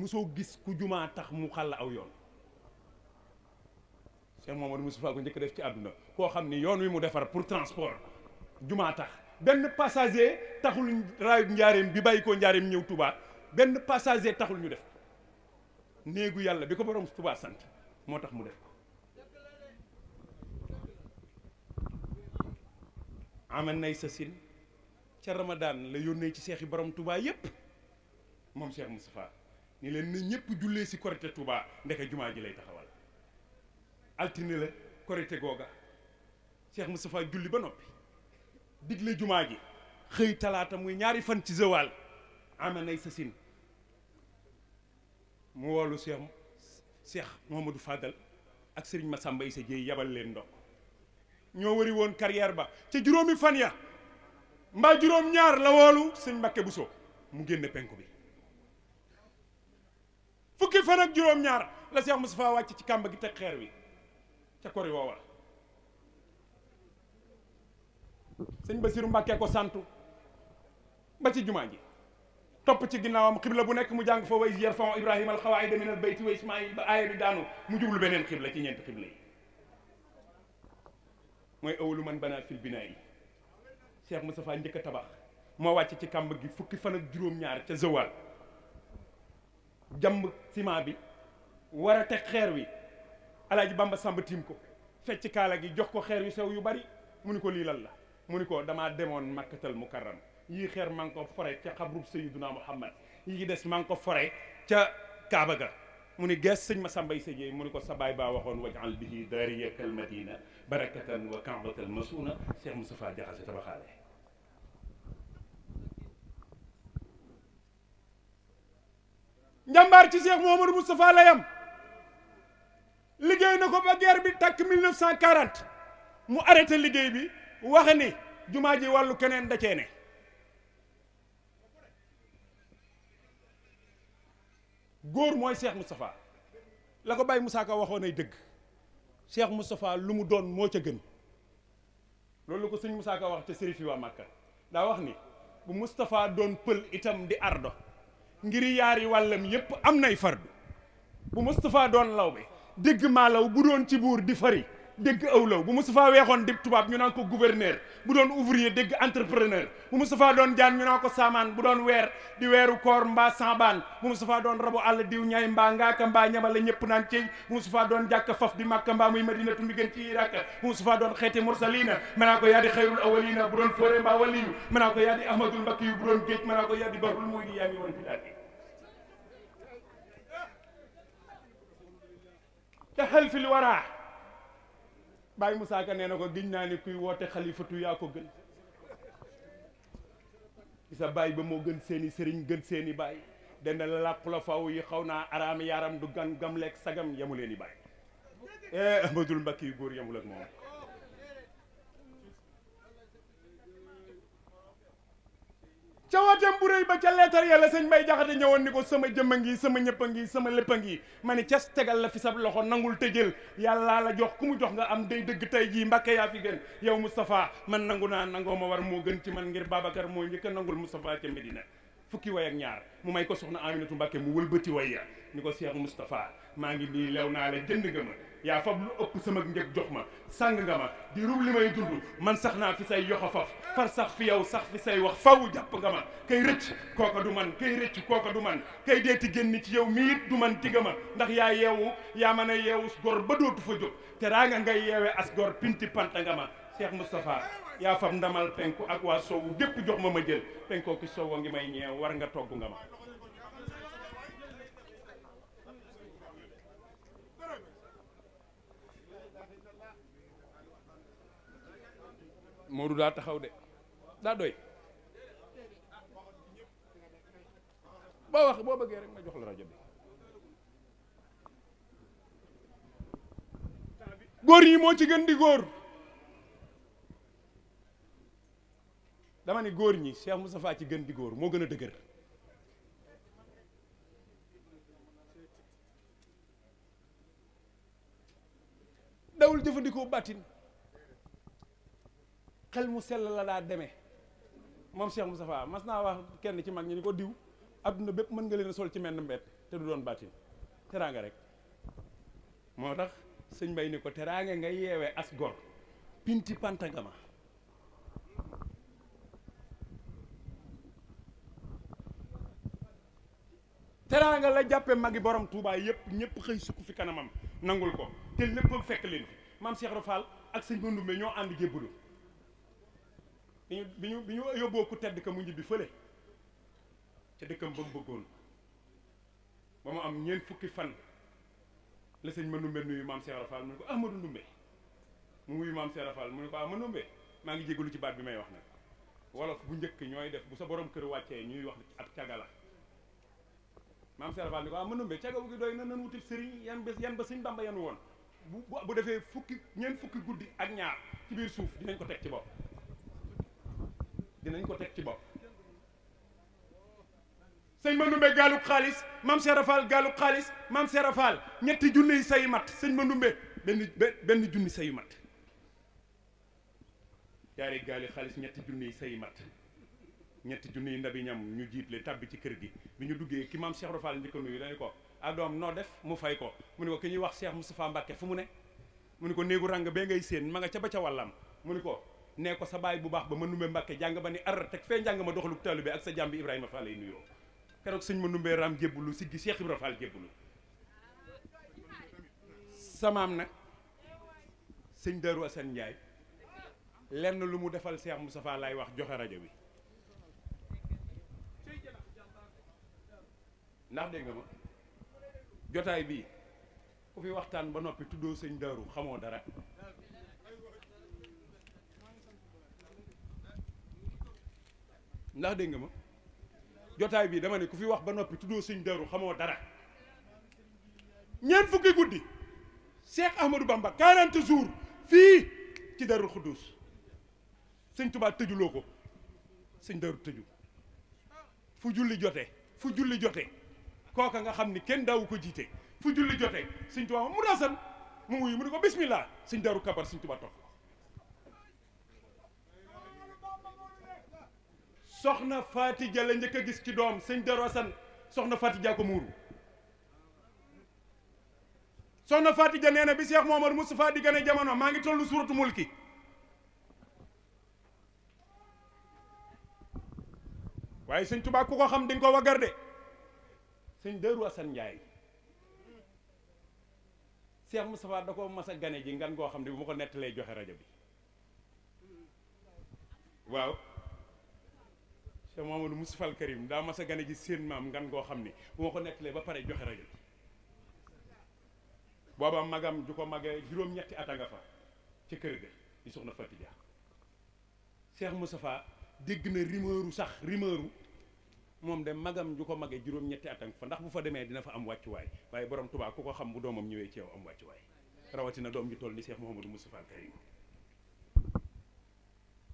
mosoo gis ku jumaa tax mu xàll aw yoon moom Cheikh Mamadou Moustapha ko njëkk def ci àdduna koo xam ni yoon wi mu defar pour transport jumaa tax benn passager taxul raayu njaareem bi bàyyikoo koo ñëw Touba benn passager taxul ñu def néegu yàlla bi ko borom Touba sant moo tax mu def ko aman nay sa sin ca Ramadan la yónnee ci seexi borom Touba yépp moom Cheikh Moustapha ni leen na ñëpp jullee si korite Touba ndeke jumaa ji lay taxawal altine la korite googa Cheikh Moustapha julli ba noppi digle jumaa ji xëy talaata muy ñaari fan ci Zawal amee nay sasin mu woolu Cheikh Cheikh Mouhamadou Fadal ak Serigne Massamba Issa Dieye yabal leen ndox ñoo wari woon carrière ba ca juróomi fan ya mbaa juróom-ñaar la woolu sëñ bu soo mu génne penku bi fukki fan ak juróom-ñaar la Cheikh Moustapha wàcc ci kàmba gi teg xeer wi ca kori woowa sëñ Basiru Mbàkke ko santu ba ci jumaa ji topp ci ginnaawam xibla bu nekk mu jàng fa way ziar fan ibrahima alxawaayida min al bayti wa ismail ba aaya bi daanu mu jublu beneen xibla ci ñeenti xibla yi mooy awalu man bana fil binaa yi Cheikh Moustapha njëkk a tabax moo wàcc ci kàmb gi fukki fan ak juróom-ñaar ca Zawal jàmb ciment bi war a teg xeer wi alaaji Bamba Samba tiim ko fecc kaala gi jox ko xeer yu sew yu bari mu ni ko lii lan la mu ni ko damaa demoon makkatal mukarram yii xeer maa ngi ko fore ca xabrub sayiduna muhammad yii des maa ngi ko fore ca kaaba ga mu ni gees sëñ ma sàmbay sëjee mu ni ko sa baay baa waxoon wajal bihi daariya kal madina barakatan wa kaabatal masuuna Cheikh Moustapha jaxase tabaxaale njàmbaar ci Cheikh Mouhamadou Moustapha layam liggéey na ko ba guerre bi takk 1940 mu arrêté liggéey bi wax ni jumaa ji wàllu keneen da cee ne góor mooy Cheikh Moustapha la ko Baye Moussa waxoon ay dëgg Cheikh Moustapha lu mu doon moo ca gën loolu ko suñ Moussa Ka wax ca sërifi waa Màkka daa wax ni bu Moustapha doon pël itam di ardo ngir yaari wàllam yépp am nay fardu bu Moustapha doon law bi dégg maalaw bu doon ci buur di fari dégg awlaw bu Moustapha weexoon di tubaab ñu naan ko gouverneur bu doon ouvrier dégg entrepreneur bu Moustapha doon jaan ñu naan ko saamaan bu doon weer di weeru koor mbaa sambaan bu Moustapha doon rabu àll diw ñaay mbaa ngaaka mbaa ñamale ñëpp naan cey bu Moustapha doon jàkka faf di màkka mbaa muy madinatu mi gën ci iraka bu Moustapha doon xeeti mursalina ma naa ko yaa di xayrul awalina bu doon foore mbaa waliyu ma naa ko yaa di ahmadul mbakki yu bu doon géej ma naa ko yaa di barul muy di yaa ngi woon fi daal te xel fi lu waraa Baye Moussa Ka nee na ko giñ naa ni kuy woote xalifatu yaa ko gën isa baay ba moo gën seeni sëriñ gën seeni baay dana la faw yi xaw naa araam yaaram du gan gam lekk sagam yamu leen i baay eh Ahmadul Mbakki yu góor yamul ak moom ca wooteem bu rëy ba ca leetar yàlla sëñ Mbay Jaxate ñëwoon ni ko sama jëmm a ngi sama ñëpp a ngi sama lépp a ngi ma ni cas tegal la fi sab loxo nangul tëjël yàllaa la jox ku mu jox nga am day dëgg tey jii Mbàkke yaa fi gën yow Moustapha man nangu naa nangoo ma war moo gën ci man ngir Babacar moo njëkk a nangul Moustapha ca Medina fukki way ak ñaar mu may ko soxna Aminatu Mbàkke mu wëlbati way ya ni ko Cheikh Moustapha maa ngi nii lew naa la jënd nga ma yaa fab lu ëpp sama njëg jox ma sàng nga ma di rub li may dund man sax naa fi say yoxo faf far sax fi yow sax fi say wax faw jàpp nga ma kay rëcc kooka du man kay rëcc kooka du man kay deeti génn ci yow miit du man tiga ma ndax yaa yeewu yaa man a yeewu gor ba dootu fa jóg te raa nga ngay yeewee as gor pinti panta nga ma Cheikh Moustapha yaa fab ndamal penku ak waa soowu gépp jox ma ma jël penkoo ki soowa ngi may ñeew war nga togg nga ma
Modou daa taxaw de daa doy boo wax boo
bëggee rek ma jox la rajo bi
góor yi moo ci gën di góor dama ne góor ñi Cheikh Moustapha ci gën di góor moo gën a dëgër dawul jëfandikoo bàttin xel mu sell la daa deme moom Cheikh Moustapha mas naa wax kenn ci mag ñi ni ko diw adduna bépp mën nga leen a sol ci menn mbett te du doon bàttin teraanga rek moo tax sëñ mbay ni ko teraanga nga yeewee as gor pinti pantagama la jàppe magi borom tuubaay yëpp ñëpp xëy sukk fi kanamam nangul ko te lépp fekk leen fi maam Cheikh Rafal ak sëñ Bandoumbe ñoo ànd jébbalu bi ñu bi ñu bi ñu yóbboo ku tedd ka mu ñibbi fële ca dëkkam ba mu bëggoon ba mu am ñeent fukki fan la sëñ ma numbe nuyu maam Cheikh Rafal mu ne ko Ahmadou mu wuyu ma numbe ah, maa ngi jégalu ci baat bi may wax nag wolof bu njëkk ñooy def bu sa borom kër wàccee ñuy wax ak cagala maam Cheikh Rafal ni ko ah ma numbe cagawu gi doy na nan wutil sëriñ yan bés yan ba sëñ Bamba yanu woon bu bu defee fukki ñeent fukki guddi ak ñaar ci biir suuf dinañ ko teg ci bopp dinañ ko teg ci bopp sëñ Mandumbe gaalu xaalis maam Serafal gaalu xaalis maam Serafal ñetti junni say mat sëñ Mandumbe benn benn junni say mat jaare gaali xaalis ñetti junni say mat ñetti junni ndabi ñam ñu jiitle tàbbi ci kër gi bi ñu duggee ki maam Cheikh Rafal njëkk a nuyu dañu ko ak ah, noo def mu fay ko mu ne ko ki ñuy wax seex Cheikh Moustapha Mbacke fu mu ne mu ne ko néegu ràng bee ngay séen ma nga ca ba ca wàllam mu ne ko nee ko sa baay bu baax ba ma numbe mbàkke jàng ba ni ar teg fee njàng ma doxaluk taalibe ak sa jàmb ibrahima fall lay nuyoo keroog sëñ ma numbee raam lu siggi Cheikh Ibra Fall jébbalu samaam nag sëñ Darou Assane Ndiaye lenn lu mu defal Cheikh Moustapha laay wax joxe rajo bi ndax dégg ma jotaay bii ku fi waxtaan ba noppi tuddoo sëñ Darou xamoo dara ndax dégg nga ma jotaay bii dama ne ku fi wax ba noppi tuddoo sëñ daru xamoo dara ñeent fukki guddi Cheikh Ahmadou Bamba 40 jours fii ci Daarul Xuddus sëñ Tuubaa tëjuloo ko sëñ Daaru tëju fu julli jotee fu julli jotee kooka nga xam ni kenn daawu ko jiite fu julli jotee sëñ Tuubaa mu rasan mu wuyu mu ne ko bismillah sëñ Daaru kabar sëñ Tuubaa toog soxna Faati Ja la njëkk a gis ci doom sëñ Darosan soxna Faati Ja ko muuru soxna Faati Ja nee na bi Cheikh Mouhamadou Moustapha di gën jamono maa ngi tollu suuratu mulki waaye sëñ Tuubaa ku ko xam di nga ko wagar de sëñ Dëru Asan Njaay Cheikh Moustapha da ko mas gane ji ngan goo xam ne bu ma ko nettalee joxe rajo bi waaw Cheikh Mamadou Moustapha al Karim daa mas a gane gi seen maam ngan goo xam ne bu ko nettalee ba pare joxe rajo magam ju ko magee juróom nga fa ci kër soxna Fatidia Cheikh Moustapha dégg na rumeuru sax rumeuru moom de magam ju ko magee juróom-ñetti at fa ndax bu fa demee dina fa am wàccuwaay waaye borom Tuubaa ku ko xam bu doomam ñëwee ci yow am wàccuwaay rawatina doom ju toll ni Cheikh Mouhamadou Moustapha al Karim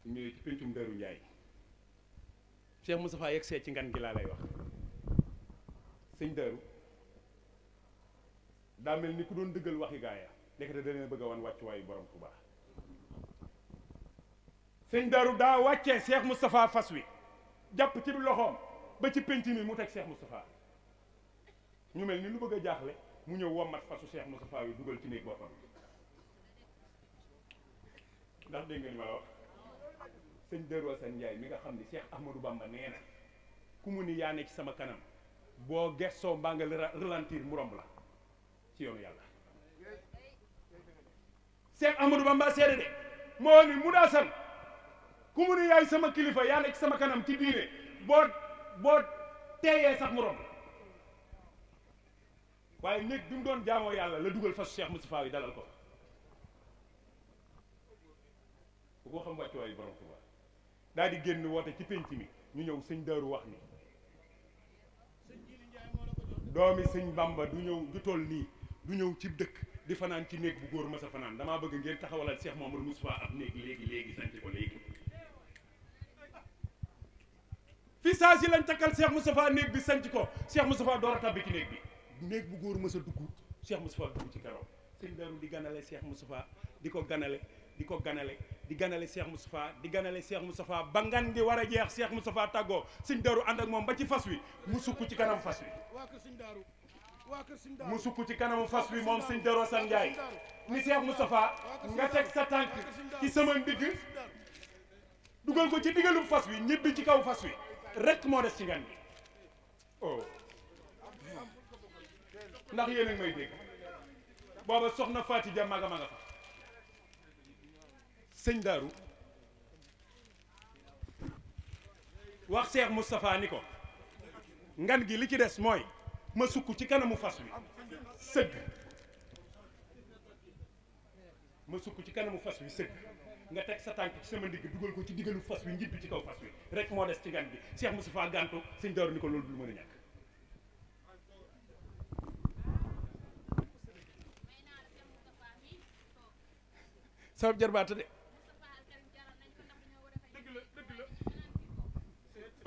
ñëwee ci pencum Daaru Njaay Cheikh Moustapha yegg see ci ngan gi laa lay wax sëñ Daaru daa mel ni ku doon dëggal waxi ya ndekete da bëgg a wan wàccuwaayu borom baax sëñ Daaru daa wàccee Cheikh Moustapha fas wi jàpp ci loxoom ba ci penc mi mu teg Cheikh Moustapha ñu mel ni lu bëgg a jaaxle mu ñëw wommat fasu Cheikh Moustapha wi dugal ci néeg boppam ndax dégg nga li wax sëñ Dero Assane Ndiaye mi nga xam ni Cheikh Ahmadou Bamba nee na ku mu ni yaa ne ci sama kanam boo gestoo mbaa nga ralentir mu la ci yoonu yàlla Cheikh Ahmadou Bamba seede de moo ni mu daa san ku mu ni yaay sama kilifa yaa ne ci sama kanam ci diine boo boo teeyee sax mu romb la waaye néeg bi mu doon jaamoo yàlla la dugal fas Cheikh Moustapha yi dalal ko bu daal di génn woote ci pénc mi ñu ñëw sëñ Daaru wax ni doomi sëñ Bamba du ñëw du toll nii du ñëw ci dëkk di fanaan ci néeg bu góor ma sa fanaan damaa bëgg ngeen taxawalal Cheikh Mamadou Moustapha ab néeg léegi léegi sanc ko léegi fi saa si lañ takkal Cheikh Moustapha néeg bi sanc ko Cheikh Moustapha door a tàbbi néeg bi néeg bu góor ma sa dugg Cheikh Moustapha dugg ci keroog sëñ Daaru di ganale Cheikh Moustapha di ko ganale di ko ganale di ganale Cheikh Moustapha di ganale Cheikh Moustapha ba ngan gi war a jeex Cheikh Moustapha tàggoo Sëñ Daaru ànd ak moom ba ci fas wi mu sukk ci kanam fas wi mu sukk ci kanamu fas wi moom Sëñ Daaru Asan Njaay ni Cheikh Moustapha nga teg sa tànk ci sama ndigg dugal ko ci diggalu fas wi ñibbi ci kaw fas wi rek moo des ci ngan gi oh ndax yéen a ngi may dégg booba soxna Faati Ja maga fa sëñ daaru wax Cheikh Moustapha ni ko ngan gi li ci des mooy ma sukk ci kanamu fas wi sëgg ma sukk ci kanamu fas wi sëgg nga teg sa tànk ci sama ndigg dugal ko ci diggalu fas wi njibbi ci kaw fas wi rek moo des ci ngan gi Cheikh Moustapha gàntu sëñ daaru ni ko loolu du mën a ñàkk sabab jarbaata de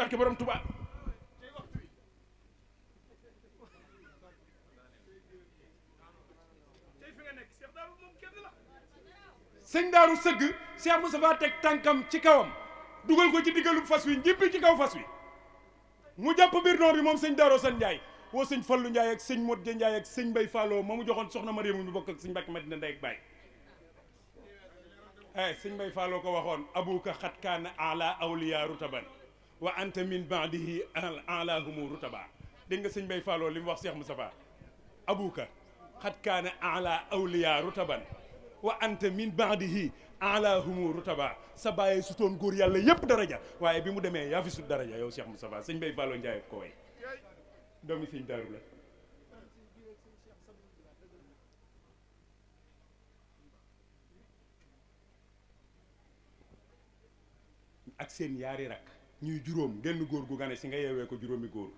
barke borom Tuubaa sëñ daaru sëgg Cheikh Moustapha teg tànkam ci kawam dugal ko ci diggalu fas wi njippi ci kaw fas wi mu jàpp biir noor bi moom sëñ daaroo seen Ndiaye woo sëñ Fallu Ndiaye ak sëñ Modou Dia Ndiaye ak sëñ Mbay Falloo ma mu joxoon soxna Mariam mu bokk ak sëñ Mbàkke Madina Ndey ak Baay ay eh, sëñ Mbay Falloo ko waxoon abuka xat kaana ala awliya wa anta min baadihi alahumu rutaba dégg nga sëñ bay falloo li mu wax Cheikh Moustapha abuka xat kaana ala awliya rutaban wa anta min baadihi alahumu rutaba sa bàyyee sutoon góor yàlla yépp daraja waaye bi mu demee yaa fi sut daraja yow Cheikh Moustapha bay falloo Ndiaye ko way doomi sëñ daaru la ak seen yaari rakk ñuy juróom genn góor gu gane si nga yeewee ko juróomi góor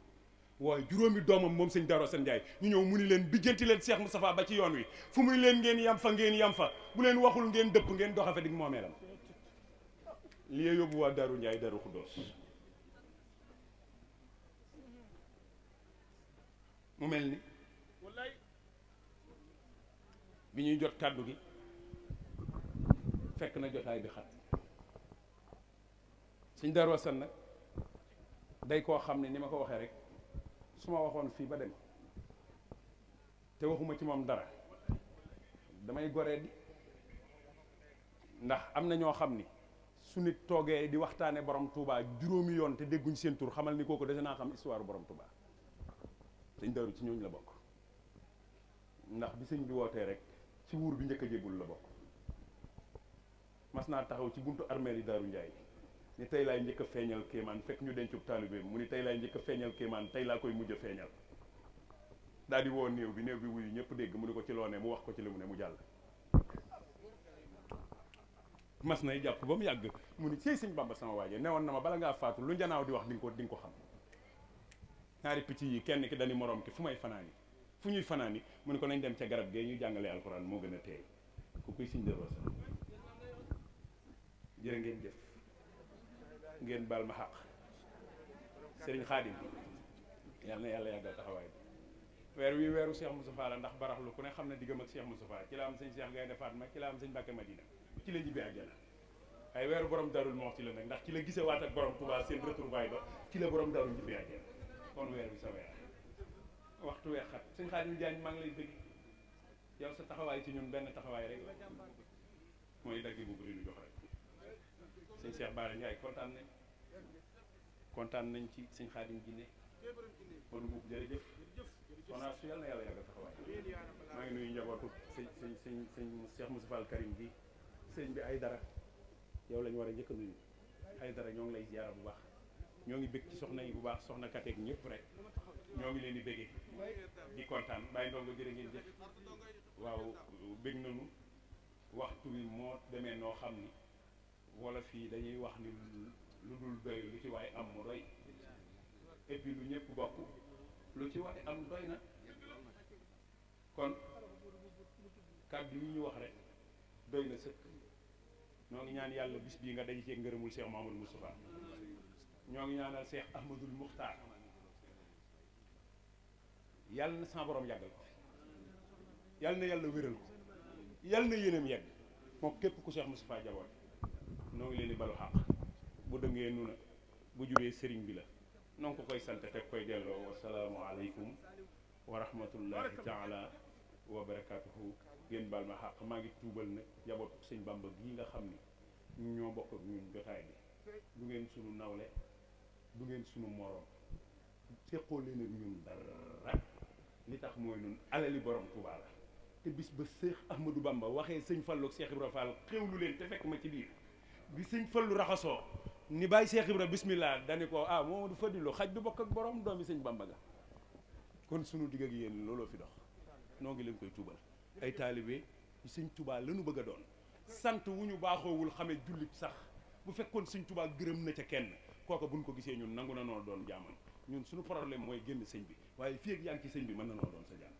waaye juróomi doomam moom sëñ Darou seen Ndiaye ñu ñëw mu ni leen bijjanti leen Cheikh Moustapha ba ci yoon wi fu mu ni leen ngeen yam fa ngeen yam fa bu leen waxul ngeen dëpp ngeen doxafe dig moomeelam liy yóbbu waa Darou Ndiaye Darou Khoudoss mu mel ni bi ñuy jot kàddu gi fekk na jotaay bi xat suñ Daaru Asan nag day koo xam ne ni ma ko waxee rek su ma waxoon fii ba dem te waxuma ci moom dara damay goree di ndax am na ñoo xam ni su nit toogee di waxtaane borom Touba juróomi yoon te dégguñ seen tur xamal ni koo ko dese naa xam histoire borom Touba sëñ Daaru ci ñooñu la bokk ndax bi sëñ bi wootee rek ci wuur bi njëkk a jébul la bokk mas naa taxaw ci buntu armeel yi Daaru Njaay ni tey laay njëkk a feeñal kéemaan fekk ñu dencub taalibe mu ni tey laay njëkk a feeñal kéemaan tey laa koy mujj a feeñal daldi woo néew bi néew bi wuyu ñëpp dégg mu ni ko ci loo ne mu wax ko ci li mu ne mu jàll mas nay jàpp ba mu yàgg mu ni sëy sëñ Bamba sama waaje newoon na ma bala ngaa faatu lu njanaaw di wax di nga ko di nga ko xam ñaari picc yi kenn ki dañu moroom ki fu may fanaani fu ñuy fanaani mu ni ko nañ dem ca garab gee ñu jàngalee alxuraan moo gën a teey ku siñ de ngeen jëf ngeen baal ma xaq sëriñ xaadim yal na yàlla yàggal taxawaay bi weer wi weeru Cheikh Moustapha la ndax baraxlu ku ne xam ne diggam ak Cheikh Moustapha ci la am sëñ Cheikh Gaynde Fatma ci la am sëñ Mbàkke Madina ci la ñibbee àjjana waaye weeru borom darul moxti la nag ndax ci la gisewaat ak borom Touba seen retrouvaille ba ci la borom darul ñibbee àjjana kon weer wi sa weer waxtu weer xat sëñ xaadim Jaañ maa ngi lay bëgg yow sa taxawaay ci ñun benn taxawaay rek la mooy dagg bu bëri ñu jox sëñ Cheikh Bara Ndiaye kontaan nañ kontaan nañ ci sëñ Xaadim Jinne kon bu jërëjëf
sonaas su yàlla na yàlla yàggal taxawaay
maa ngi nuyu njabootu sëñ sëñ sëñ sëñ Cheikh Moussa Al Karim bi sëñ bi ay dara yow lañu war a njëkk a ay dara ñoo ngi lay ziyaara bu baax ñoo ngi bëgg ci soxna yi bu baax soxna kateeg ñëpp rek ñoo ngi leen di bëggee di kontaan bàyyi ndongo jërë ngeen jëf waaw bëgg nañu waxtu wi moo demee noo xam ni wala fii dañuy wax ni lu dul doy lu ci waay am mu doy et lu ñëpp bokk lu ci waay am doy na kon kàddu yi ñu wax rek doy na sëkk ñoo ngi ñaan yàlla bis bii nga daje cee ngërëmul Cheikh Mamadou Moustapha ñoo ngi ñaanal Cheikh Ahmadul Muxtaar yàlla na sa borom yàggal ko yàlla na yàlla wéral ko yàlla na yéenam yàgg moom képp ku Cheikh Moustapha jaboot noo ngi leen di balu xàq bu dëngee nu na bu jubee sëriñ bi la noo ko koy sant teg koy delloo wasalaamu aleykum wa rahmatullahi taala wa barakatuhu ngeen maa ngi tuubal nag njabootu sëñ bàmba gii nga xam ni ñoo bokk ak ñun jotaay bi du ngeen sunu nawle du ngeen sunu moroom seqoo leen ak ñun dara li tax mooy nun alali borom Tuubaa la te bis ba Seex Ahmadou Bamba waxee sëñ Fallu ak Seex Ibra Fall xéwlu leen te fekk ma ci biir bi sëñ lu raxasoo ni bàyyi Cheikh Ibra bismillah dani ko ah moom du fadilu xaj du bokk ak borom doomi sëñ Bamba kon suñu digg ak yéen looloo fi dox noo ngi leen koy tuubal ay taalibe sëñ Tuubaa lañu bëgg doon sant wu ñu baaxoowul xamee jullit sax bu fekkoon sëñ Tuubaa gërëm na ca kenn kooka buñ ko gisee ñun nangu na noo doon jaamam ñun suñu problème mooy génn sëñ bi waaye fii ak yaa ci sëñ bi mën na noo doon sa jaam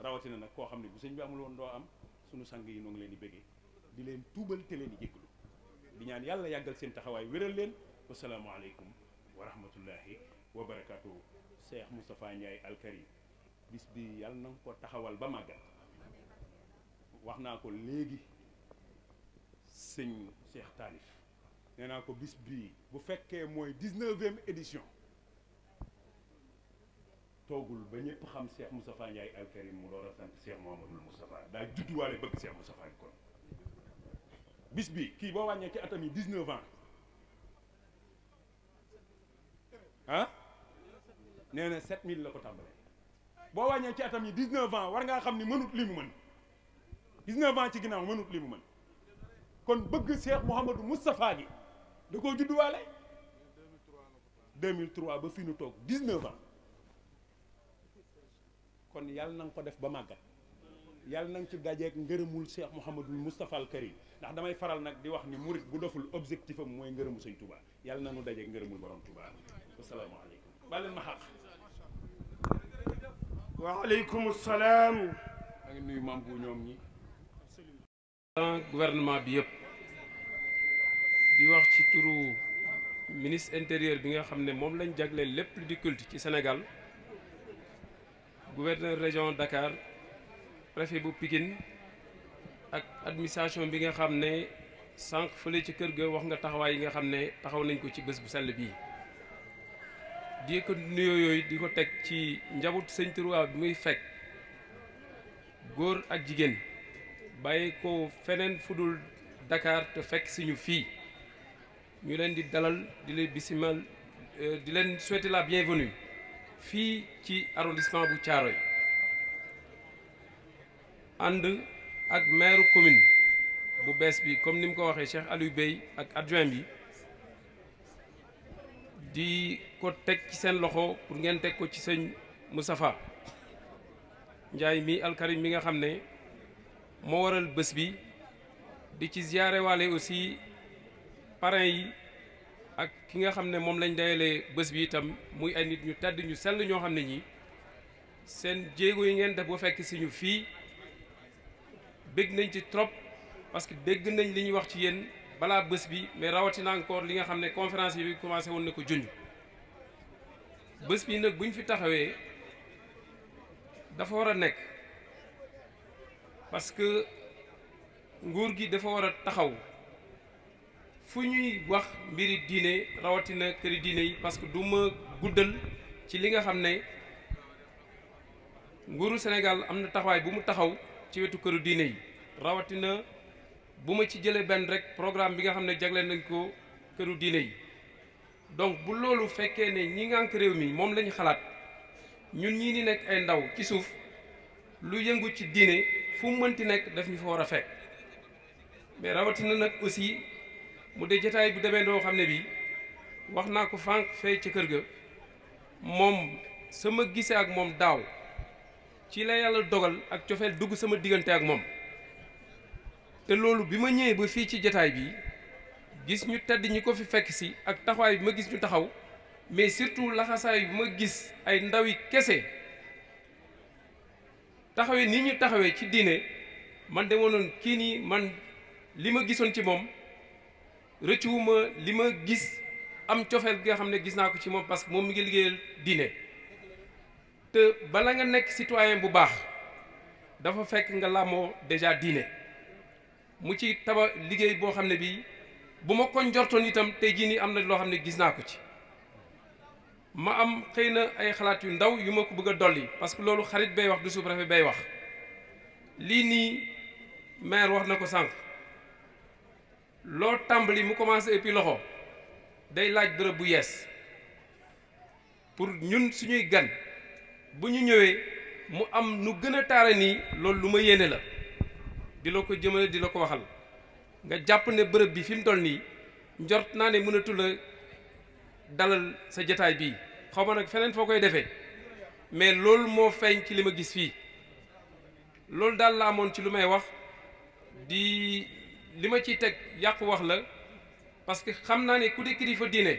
rawatina nag koo xam ne bu sëñ bi doo am sunu sang yi noo ngi leen di bëggee di leen tuubal te di ñaan yàlla yàggal seen taxawaay wéral leen wasalaamualeykum wa rahmatullahi wa barakaatu. Cheikh Moustapha Ndiaye Alkarim bis bi yàlla na nga ko taxawal ba màggal wax naa ko léegi sëñ Cheikh Taalif nee naa ko bis bi bu fekkee mooy dix-neuvième édition toogul ba ñëpp xam Cheikh Moustapha Ndiaye Alkarim mu door a sant Cheikh Mouhamadul Moustapha daa judduwaale bëgg Cheikh Moustapha kon bis bi kii boo wàññee ci atam yi 19 ans ah nee na 7000 la ko tàmbalee boo wàññee ci atam yi 19 ans war ngaa xam ni mënut li mu mën 19 ans ci ginnaaw mënut li mu mën kon bëgg Cheikh Mouhamadou Moustapha gi da koo judduwaale 2003 ba fii nu toog 19 ans kon yàlla na ko def ba màggat yàlla na nga ci dajeeg ngërëmul Cheikh Mouhamadou Moustapha al Karim ndax damay faral nag di wax ni murit bu doful objectif am mooy ngërëmu say tubaa yàlla na nu dajeeg ngërëmul borom Touba asalaamaaleykum
bàlleen ma xaq
waaleykum salaam maa ngi nuyu maam bu ñoom bi yëpp di wax ci turu ministre intérieur bi nga xam ne moom lañ jagleel lépp lu di culte ci Sénégal gouverneur région Dakar préfet bu Pikine ak administration bi nga xam ne sànq fële ci kër ga wax nga taxawaay yi nga xam ne taxaw nañ ko ci bés bu sell bii di ko nuyoo yooyu di ko teg ci njabootu sëñ Tuubaa bi muy fekk góor ak jigéen bàyyi ko feneen fudul Dakar te fekk suñu fii ñu leen di dalal di leen bisimal euh, di leen souhaiter la bienvenue fii ci arrondissement bu Thiaroye ànd ak meeru commune bu bees bi comme ni mu ko waxee Cheikh Aliou Bey ak adjoint bi di ko teg ci seen loxo pour ngeen teg ko ci sëñ Moustapha njaay mi alkarim mi nga xam ne moo waral bés bi di ci ziyaare aussi parrain yi ak ki nga xam ne moom lañ dayalee bés bi itam muy ay nit ñu tedd ñu sell ñoo xam ne ñi seen jéego yi ngeen def ba fekk si ñu fii bégg nañ ci trop parce que dégg nañ li ñuy wax ci yéen balaa bés bi mais rawatina encore li nga xam ne conférence yi commencé woon na ko junj bés bi nag buñ fi taxawee dafa war a nekk parce que nguur gi dafa war a taxaw fu ñuy wax mbiri diine rawatina këri diine yi parce que du ma guddal ci li nga xam ne nguuru Sénégal am na taxawaay bu mu taxaw ci wetu këru diine yi rawatina bu ma ci jëlee benn rek programme bi nga xam ne jagleel nañ ko këru diine yi donc bu loolu fekkee ne ñi ngànk réew mi moom lañu xalaat ñun ñi ni nekk ay ndaw ci suuf lu yëngu ci diine fu mu mënti nekk daf ñu fa war a fekk mais rawatina nag aussi mu de jataay bu demee doo xam ne bii wax naa ko fànq fee ca kër ga moom sama gisee ak moom daaw ci la yàlla dogal ak cofeel dugg sama diggante ak moom te loolu bi ma ñëwee ba fii ci jataay bi gis ñu tedd ñi ko fi fekk si ak taxawaay bi ma gis ñu taxaw mais surtout laxasaay bi ma gis ay ndawi kese taxawee nii ñu taxawee ci diine man de wonoon kii nii man li ma gisoon ci moom rëccuwuma li ma gis am cofeel gi xam ne gis naa ko ci moom parce que moom mi ngi liggéeyal diine te bala nga nekk citoyen bu baax dafa fekk nga làmmoo déjà diine mu ci taba liggéey boo xam ne bii bu ma ko njortoon itam tey jii nii am na loo xam ne gis naa ko ci ma am xëy na ay xalaat yu ndaw yu ma ko bëgg a dolli parce que loolu xarit bay wax du sous-préfet bay wax lii nii maire wax na ko sànq loo tàmbali mu commencé ëppi loxo day laaj bërëb bu yees pour ñun suñuy gan bu ñu ñëwee mu am nu gën a taara nii loolu lu ma yéene la di la ko jëmale di la ko waxal nga jàpp ne bërëb bi fi mu toll nii njort naa ne mënatu la dalal sa jataay bii xaw ma nag feneen foo koy defee mais loolu moo feeñ ci li ma gis fii loolu daal la amoon ci lu may wax di li ma ciy teg yàqu wax la parce que xam naa ne ku de kilifa diine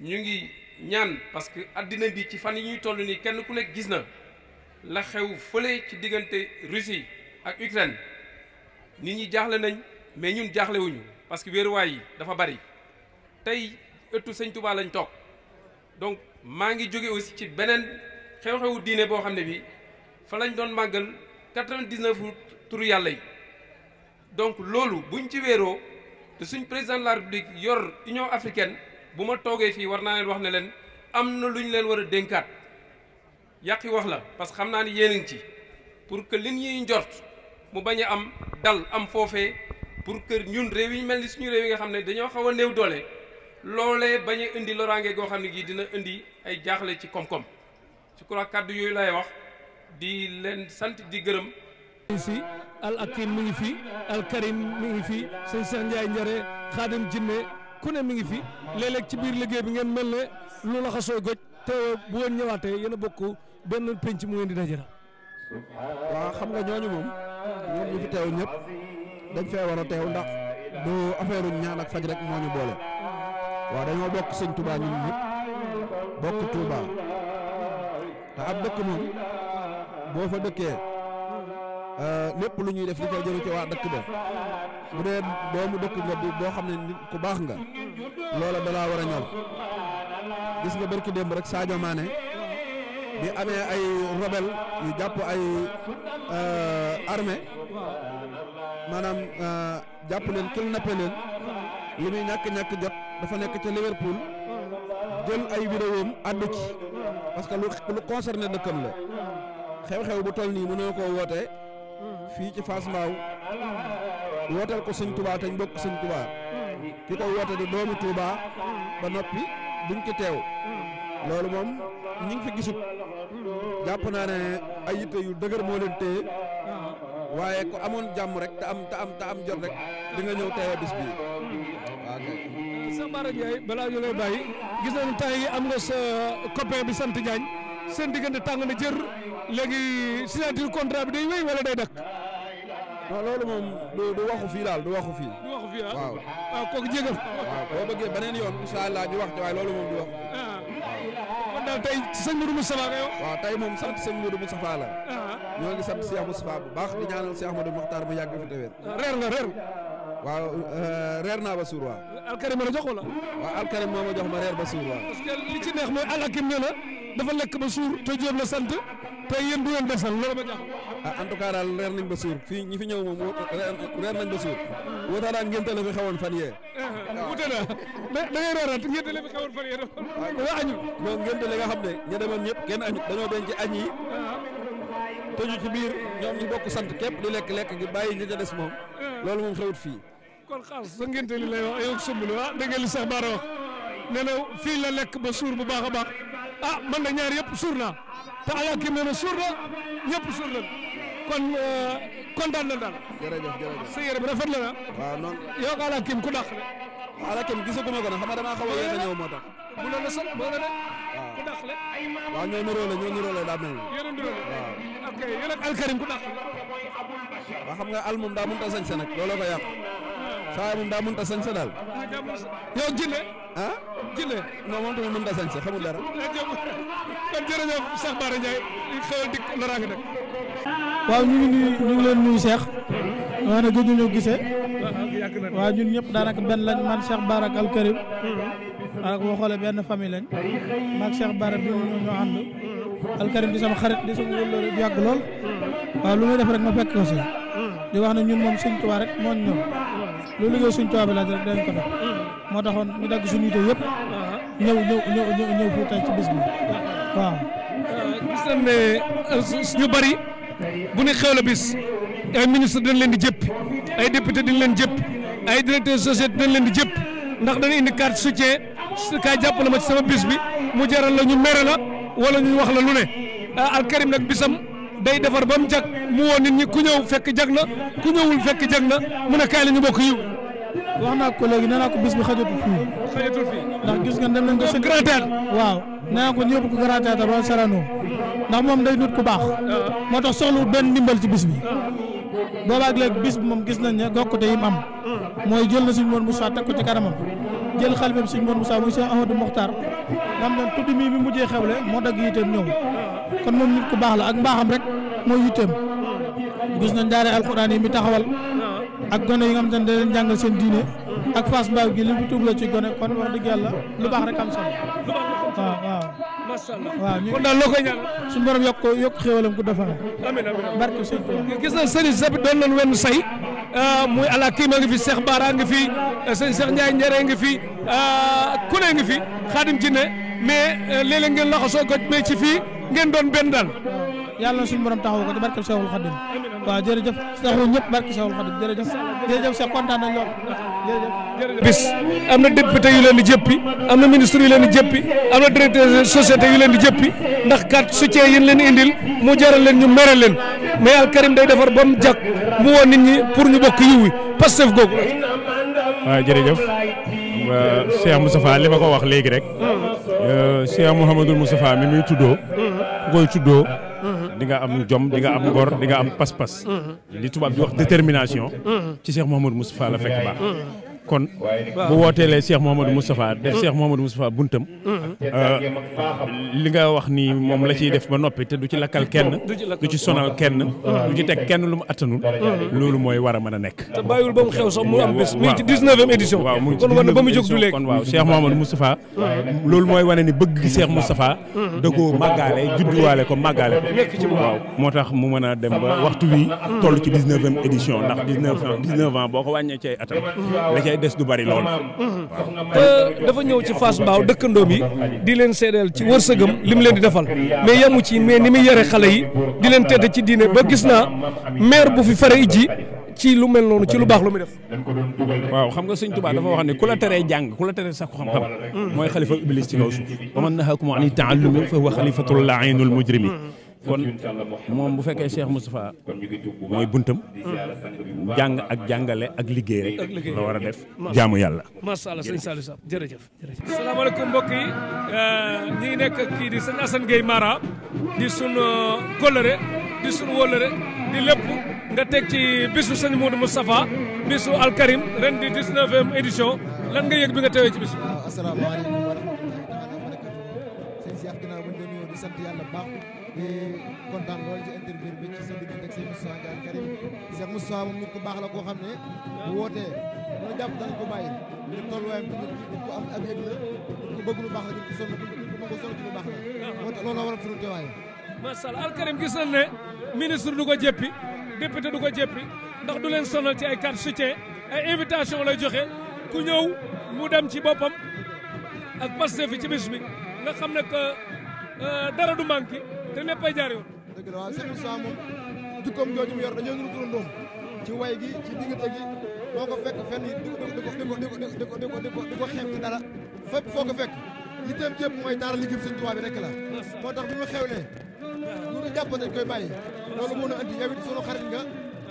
ñu ngi ñaan parce que addina bi ci fan yi ñuy toll nii kenn ku nekk gis na la xew fële ci diggante Russie ak Ukraine nit ñi jaaxle nañ mais ñun jaaxlewuñu parce que wéeruwaay yi dafa bari tey ëttu sëñ Touba lañ toog donc maa ngi jóge aussi ci beneen xew-xewu diine boo xam ne bi fa lañ doon màggal quatre-vingt-dix-neuf turu yàlla yi donc loolu buñ ci weeroo te suñ président de la république yor Union africaine bu ma toogee fii war naa leen wax ne leen am na lu ñu leen war a dénkaat yàqi wax la parce que xam naa ni yéen ci pour que li ñuy njort mu bañ am dal am foofee pour kër ñun réew yi mel ni suñu réew yi nga xam ne dañoo xaw néew doole loolee bañ indi loraange goo xam ne gii dina indi ay jaaxle ci koom-koom je crois kàddu yooyu lay wax di leen sant di gërëm.
si al akim mi ngi fi al karim mi ngi fi sëñ Cheikh Ndiaye Njare xaadim jinne ku ne mi ngi fi léeg ci biir liggéey bi ngeen mel ne lu la xasooy goj te bu ngeen ñëwaatee yéen a bokk benn penc mu ngeen di
dajara waaw xam nga ñooñu moom ñoom fi teew ñëpp dañ fee war a teew ndax bu affaire ñaan ak faj rek moo ñu boole waaw dañoo bokk sëñ Touba ñun ñëpp bokk Touba dëkk moom boo fa dëkkee. Euh, lépp lu ñuy def di koy jëriñ ci waa dëkk ba bu dee doomu boo xam ne nit ku baax nga
loola balaa war a ñor
gis nga
barki démb rek Sadio Mané bi amee ay rebel yu jàpp ay euh, armée maanaam euh, jàpp leen kidnappé leen li muy ñàkk ñàkk jot dafa nekk ca Liverpool jël ay vidéom àddu parce que lu lu dëkkam la xew-xew bu toll nii mënoo koo wootee fii ci Fass Mbao wooteel ko sëñ Touba te ñu bokk sëñ Touba
ki ko woote di doomu Touba
ba noppi duñ ci teew loolu moom ñu ngi fi gisut jàpp naa ne ay yitte yu dëgër moo leen téye waaye ku amoon jàmm rek te am te am te am jot rek di ñëw teewe bis bii waaw kay sa balaa ñu lay bàyyi
gis nañu tay am nga sa bi sant Diagne seen diggante tàng na jër
léegi signature contrat bi day wéy wala day dakk non loolu moom du du waxu fii daal du waxu fii. du
waxu fii ah waaw.
waaw ah, kooku waaw boo bëggee beneen yoon incha allah ñu wax waaye loolu moom du wax.
Ah. kon
daal tey sëñ Modou Moustapha nga yow. waaw tey moom sant sëñ Modou Moustapha la. Ah. ñoo ngi sant Cheikh Moustapha bu baax di ñaanal Cheikh Modou Mokhtar bu yàgg fi te wér. reer nga reer. waaw euh, reer naa ba suur waaw. alkarim ma la jox wala. waaw alkarim moo ma jox ma reer ba suur waaw. parce li ci neex mooy alakim ne la dafa lekk ba suur te la sant te yéen du ngeen desal loolu ma jox. ah en tout cas daal reer nañ ba suur fii ñi fi ñëw moom reer nañ ba suur wóotaa daan ngénte la fi xewoon fan yee.
Eh, waaw da
ngay reeraat la fi xewoon fan yee ah. dafa. waaw añu. non ngénte la xam ne ña demoon ñëpp kenn añu dañoo denc añ yi. Ah. tëju ci ñoom ñu bokk sant képp di lekk lekk gi bàyyi ñi des moom eh. loolu moom xewut fii
kon xaas sa ngénte
li lay wax yow sumb la ah dégg nga li sax baara wax nee na
fii la lekk ba suur bu baax a baax ah man na ñaar yëpp suur naa te alaakim nee na suur na
ñëpp suur na kon euh, kontaan na daal. jërëjëf jërëjëf sa yére bi rafet la na. waaw noonu. ku dàq. waaw Alakim gisaguma ko nag xam nga a yéex a ñëw moo tax. bu loolu
sax moo la de.
waaw ku la.
daa a niróo la waaw. ok yéen ak Alkarim ku dàq la. nga al moom daa mënut a sañse nag looloo ko yàq. saa moom daa mënut a sañse daal. Ah, yow Kine non moom tamit mën na sañ sax xamul dara. kon jërëjëf Cheikh Bara Ndiaye xewal dikk
loraange nag. waaw ñu ngi nuyu ñu ngi leen nuyu Cheikh. waaw nag gëj nañoo gisee. waaw ñun ñëpp daanaka benn lañ man Cheikh Bara Alkarim. waaw boo xoolee benn famille lañ. maag Cheikh Bara bi ñu ñoo ànd. Alkarim di sama xarit di sama wëlloore bu yàgg lool. waaw lu muy def rek ma fekk si. di wax na ñun moom Sëñ Tuubaa rek moo ñëw. loolu liggéey suñ tubaab bi laaj de dañ ko def moo taxoon ñu dagg suñu yite yëpp ñëw ñëw ñëw ñëw fii tey ci bis bi waaw gis
nañ bari bu ne xew la bis ay ministre dañ leen di jëpp ay député dañ leen jëpp ay directeur société dañ leen di jëpp ndax dañu indi carte soutien kaay jàppale ma ci sama bis bi mu jaral la ñu mere la wala ñu wax la lu ne ah, Al Karim nag bisam
day defar ba mu jag mu woo nit ñi ku ñëw fekk jag na ku ñëwul fekk jag na mu ne kaay la ñu bokk yiw. wax naa ko léegi nee naa ko bis bi xajatul fii. ndax gis nga dem nañ ko. seen grand théâtre waaw nee naa ko ñëpp ko grand théâtre wala ndax moom day nut ku baax. Ah. moo tax soxlu benn ndimbal ci bis bi. boobaag léegi bis bi moom gis nañ ne gokkute yi mu am. Mm. mooy jël na suñu woon mu soit teg ko ci kanamam. jël xalifam sëñ Moon Moussa muy Cheikh Ahmadou Mokhtar nga xam ne tudd mii bi mujjee xewle moo dagg yitteem ñëw kon moom nit ku baax la ak mbaaxam rek mooy yitteem gis nañ daara alxuraan yi mi taxawal ak gone yi nga xam ne da leen jàngal seen diine ak Fass Mbaw gi li tuub la ci gone kon wax dëgg yàlla lu baax rek am solo waaw waaw
macha allah
waaw kon daal loo koy ñaan suñu
borom yokk ko yokk xéewalam
ku defar amiin amiin barke sëñ gis na sëriñ sabi doon nañu wenn say ah, muy ala ngi fi Cheikh Bara ngi fi ah, sëñ Cheikh Ndiaye Njare ngi fi ah, ku ne ngi fi
xaadim ci ne mais euh, léeg-léeg ngeen laxasoo goj mais ci fii ngeen doon benn daal yàlla na suñu borom taxaw ko ci barke Seexul Xadim waaw jërëjëf taxaw ñëpp barke Seexul Xadim jërëjëf Seex kontaan nañ am na député yu leen di jëppi am na ministre yu
leen di jëppi am na directeur société yu leen di jëppi ndax kat soutien yi leen indil mu jaral leen ñu mere leen mais Al day defar ba mu jàkk ñi pour ñu bokk yiw wi Pastef
googu waaw jërëjëf Cheikh Moustapha li ma ko wax léegi rek hmm. euh, Cheikh Mouhamadou Moustapha mi muy tuddoo hmm. ku koy tuddoo di nga am jom di am ngor di nga am pas-pas. Mm-hmm. li tubaab di wax détermination. Mm-hmm. ci Cheikh Mouhamadou Moustapha la fekk baax. Mm-hmm. kon bu wooteelee Cheikh Mouhamadou Moustapha def Cheikh Mouhamadou Moustapha buntam. Euh, li nga wax ni moom la ciy def ba noppi te du ci lakkal kenn. du ci sonal kenn. du ci teg kenn lu mu attanul. Mm-hmm. Mm-hmm. loolu mooy war a mën a nekk. te bàyyiwul ba mu
xew sax mu am bés. waaw mu ngi ci
19e ba mu jóg du léegi mm-hmm. mooy wane ni bëgg gi Cheikh Moustapha. da koo ko màggaale waaw moo tax mu mën a dem ba waxtu wi. toll ci 19e édition ndax 19 boo ko wàññee ci ay atam des du bari lool.
te dafa ñëw ci Fass Mbao dëkkandoom yi di leen seedeel ci wërsëgam li mu leen di defal mais yamu ci mais ni muy yore xale yi di leen tedd ci diine ba gis naa maire bu fi fere ijji ci lu mel noonu ci lu baax lu muy def.
waaw xam nga sëñ Tuubaa dafa wax ne ku la teree jàng ku la teree sax xam-xam. mooy xalifa iblis ci kaw suuf. wa man nahaakum ani taallumi fa huwa xalifatul lainul mujrimi kon moom bu fekkee Cheikh Moustapha mooy buntam. jàng ak jàngale
ak
liggéey rek. la war a def jaamu yàlla.
macha allah sëñ Saliou Samb jërëjëf jërëjëf. salaamaaleykum mbokk yi euh, nekk kii di sëñ Assane Gueye Mara di sunu euh, kóllëre di sunu wóllëre di lépp nga teg ci bisu sëñ Moudou Moustapha bisu Alkarim ren di 19e lan nga yëg bi nga teewee ci bisu.
kontaan lool ci interview bi ci sa diggante ak Cheikh Moustapha Karim Cheikh Moustapha moom nit baax la koo xam ne bu wootee dina jàpp danañ ko bàyyi ñu tolluwaayam nit ku am ab yëg la nit ku bëgg lu
baax la nit ku sonn ku ko sonn ci lu baax la moo tax loolu la waral sunu teewaay
du ko jéppi député du ndax du leen sonal ci ay carte soutien ay invitation lay joxe ku ñëw mu dem ci boppam ak Pastef fi ci bis bi nga xam ne que euh, dara du manqué te léppay jaar yoon.
dëgg la waaw Cheikh Moussa moom jukkoom jooju mu yor dañoo ñu turandoom ci way gi ci diggante gi boo ko fekk fenn it di ko di ko di ko di ko di ko xeeb ci dara fépp foo ko fekk itam jëpp mooy taaral liggéey Sëñ Tuubaa bi rek la moo tax bu ñu xewlee lu ñu jàpp dañ koy bàyyi loolu moo ñu andi yow it sunu xarit nga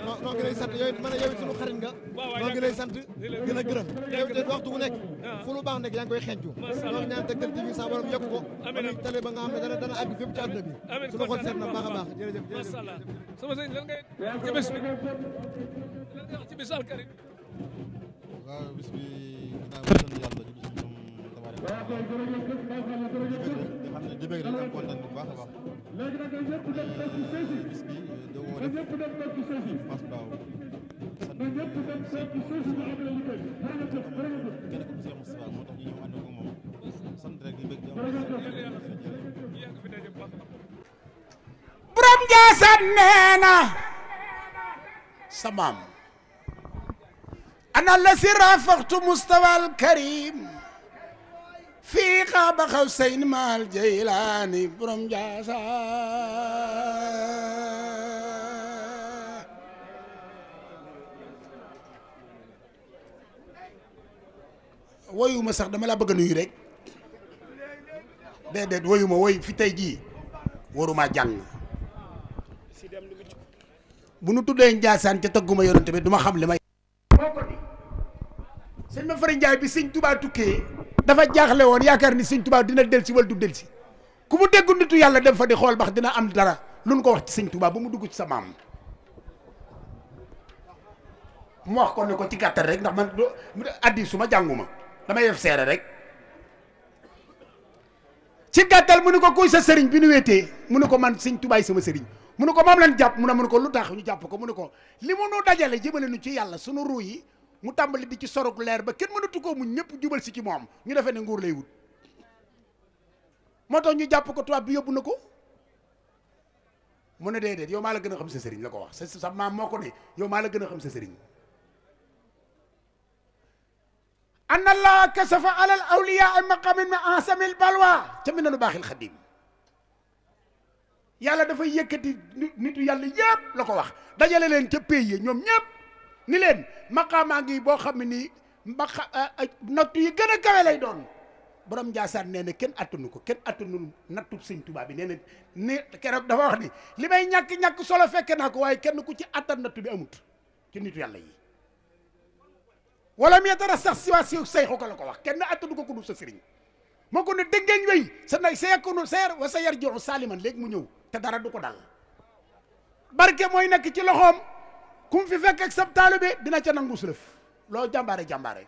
non noo ngi lay sant yow it ma ne yow it sunu xarit nga noo ngi lay sant di la gërëm yow it waxtu bu nekk ah. fu baax nekk yaa ngi koy xencu noo ngi ñaan Tektal TV sa borom yokk ko amiin télé ba nga xam ne dana dana àgg fépp ci àdduna bi sunu xol seet na a baax
baax a baax léegi nag ñëpp
ana la si rafaxtu Mustafa al fii xaaba xaw sayn maal jaylaani borom jaasa woyuma sax dama laa bëgg a nuyu rek déedéet woyuma woy fi tey jii warumaa jàng bu nu tuddee njaasaan ca tëgguma yonante bi duma xam li may sëñ ma fari njaay bi sëñ tubaa tukkee dafa jaaxle woon yaakaar ni sëñ Tuubaa dina del si wala du del si ku mu dégg nitu yàlla dem fa di xool bax dina am dara luñ ko wax ci sëñ Tuubaa ba mu dugg ci sa maam mu wax ko ne ko ci gàttal rek ndax man addi su ma jànguma damay def seere rek ci gàttal mu ne ko kuy sa sëriñ bi nu wéetee mu ne ko man sëñ Tuubaa sama seriñ mu ne ko moom lan jàpp mu ne mu ne ko lu tax ñu jàpp ko mu ne ko li mu nu dajale jëmale nu ci yàlla sunu ruu yi mu tàmbali di ci sorog leer ba kenn mënatu koo mu ñëpp jubal si ci moom ñu defee ne nguur lay wut moo tax ñu jàpp ko tubaab bi yóbbu na ko mu ne déedéet yow maa la gën a xam sa sëriñ la ko wax sa sa maam moo ko ne yow maa la gën a xam sa sëriñ an allah kasafa ala al awliyaa maqamin ma ansamil balwa ca mi nanu baaxil xadim yàlla dafay yëkkati nitu yàlla yëpp la ko wax dajale leen ca pays yi ñoom ñëpp ni leen maqaamaa ngi boo xam ne nii maqa euh, euh, nattu yi gën a kawe lay doon borom Ndiassane nee na kenn attanu ko kenn attanu nattu sëñ Tuubaa bi na ni keroog li may ñàkk-ñàkk solo fekke naa ko waaye kenn ku ci attan nattu bi amut ci nitu yàlla yi wala mu dara sax si waa si sayxu ko la ko wax kenn attanu ko ku du sa sëriñ moo ko ne dëggeeñ wey sa nay sa yekkunu wa sa yar joxu saaliman léegi mu ñëw te dara du ko dal barke mooy nekk ci loxoom kum fi fekk ak sab taalibe dina ca nangu sulëf loo jàmbaare jàmbaare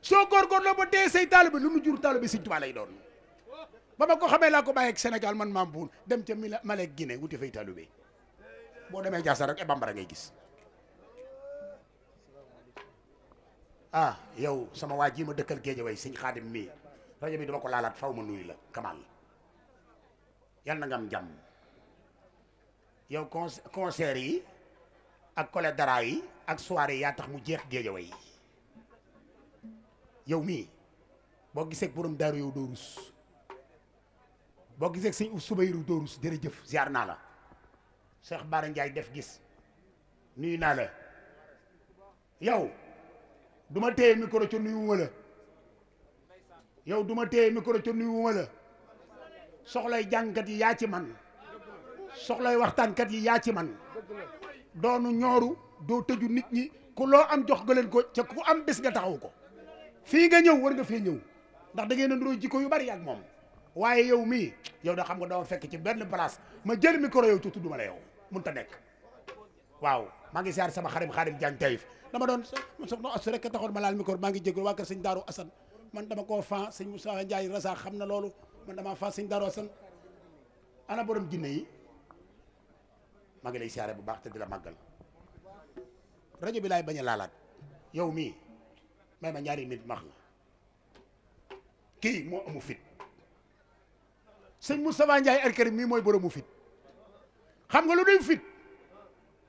soo góorgóorloo ba dee say taalibe lu mu jur taalibe Sëñ Tuubaa lay doon ba ma ko xamee laa ko bàyyeeg Sénégal man maam buun dem ca Malek Guinée wuti fay taalibe boo demee jaasa rek e bambara ngay gis ah yow sama waa ji ma dëkkal géej way sëñ xaadim mii rajo bi dama ko laalaat faw ma nuyu la kamal yal na nga am jàmm yow yi ak kole dara yi ak soirée yaa tax mu jeex géejawa yi yow mii boo gisee borom daaru yow doo rus boo gisee sëñ Subayru doo rus jërëjëf ziar naa la Cheikh Bara Ndiaye def gis nuyu naa la yow du ma téye micro ca nuyu yow du ma téye micro ca nuyu wuma la soxlay jàngkat yi yaa ci man soxlay waxtaankat yi yaa ci man doonu ñooru doo tëju nit ñi ku loo am jox nga leen ko ca ku am bés nga taxaw ko fii nga ñëw war nga fee ñëw ndax da ngeen a nuroo jikko yu bari ak moom waaye yow mii yow de xam nga dama fekk ci benn place ma jël micro yow ci ma la yow mun ta nekk waaw maa ngi aar sama xarim xarim jàng tayif dama doon soxna Astu rek taxoon ma laal micro maa ngi jégalu waa kër sëñ Daaru Asan man dama koo fan sëñ Moussa Ndiaye Rasa xam na loolu man dama fan sëñ Daaru Asan ana borom jinne yi mag ngi lay siyaare bu baax te di la màggal rajo bi laay bañ a laalaat yow mii may ma ñaari minute max la kii moo amu fit sëñ Moustapha Ndiaye alkarim mii mooy boromu fit xam nga lu duy fit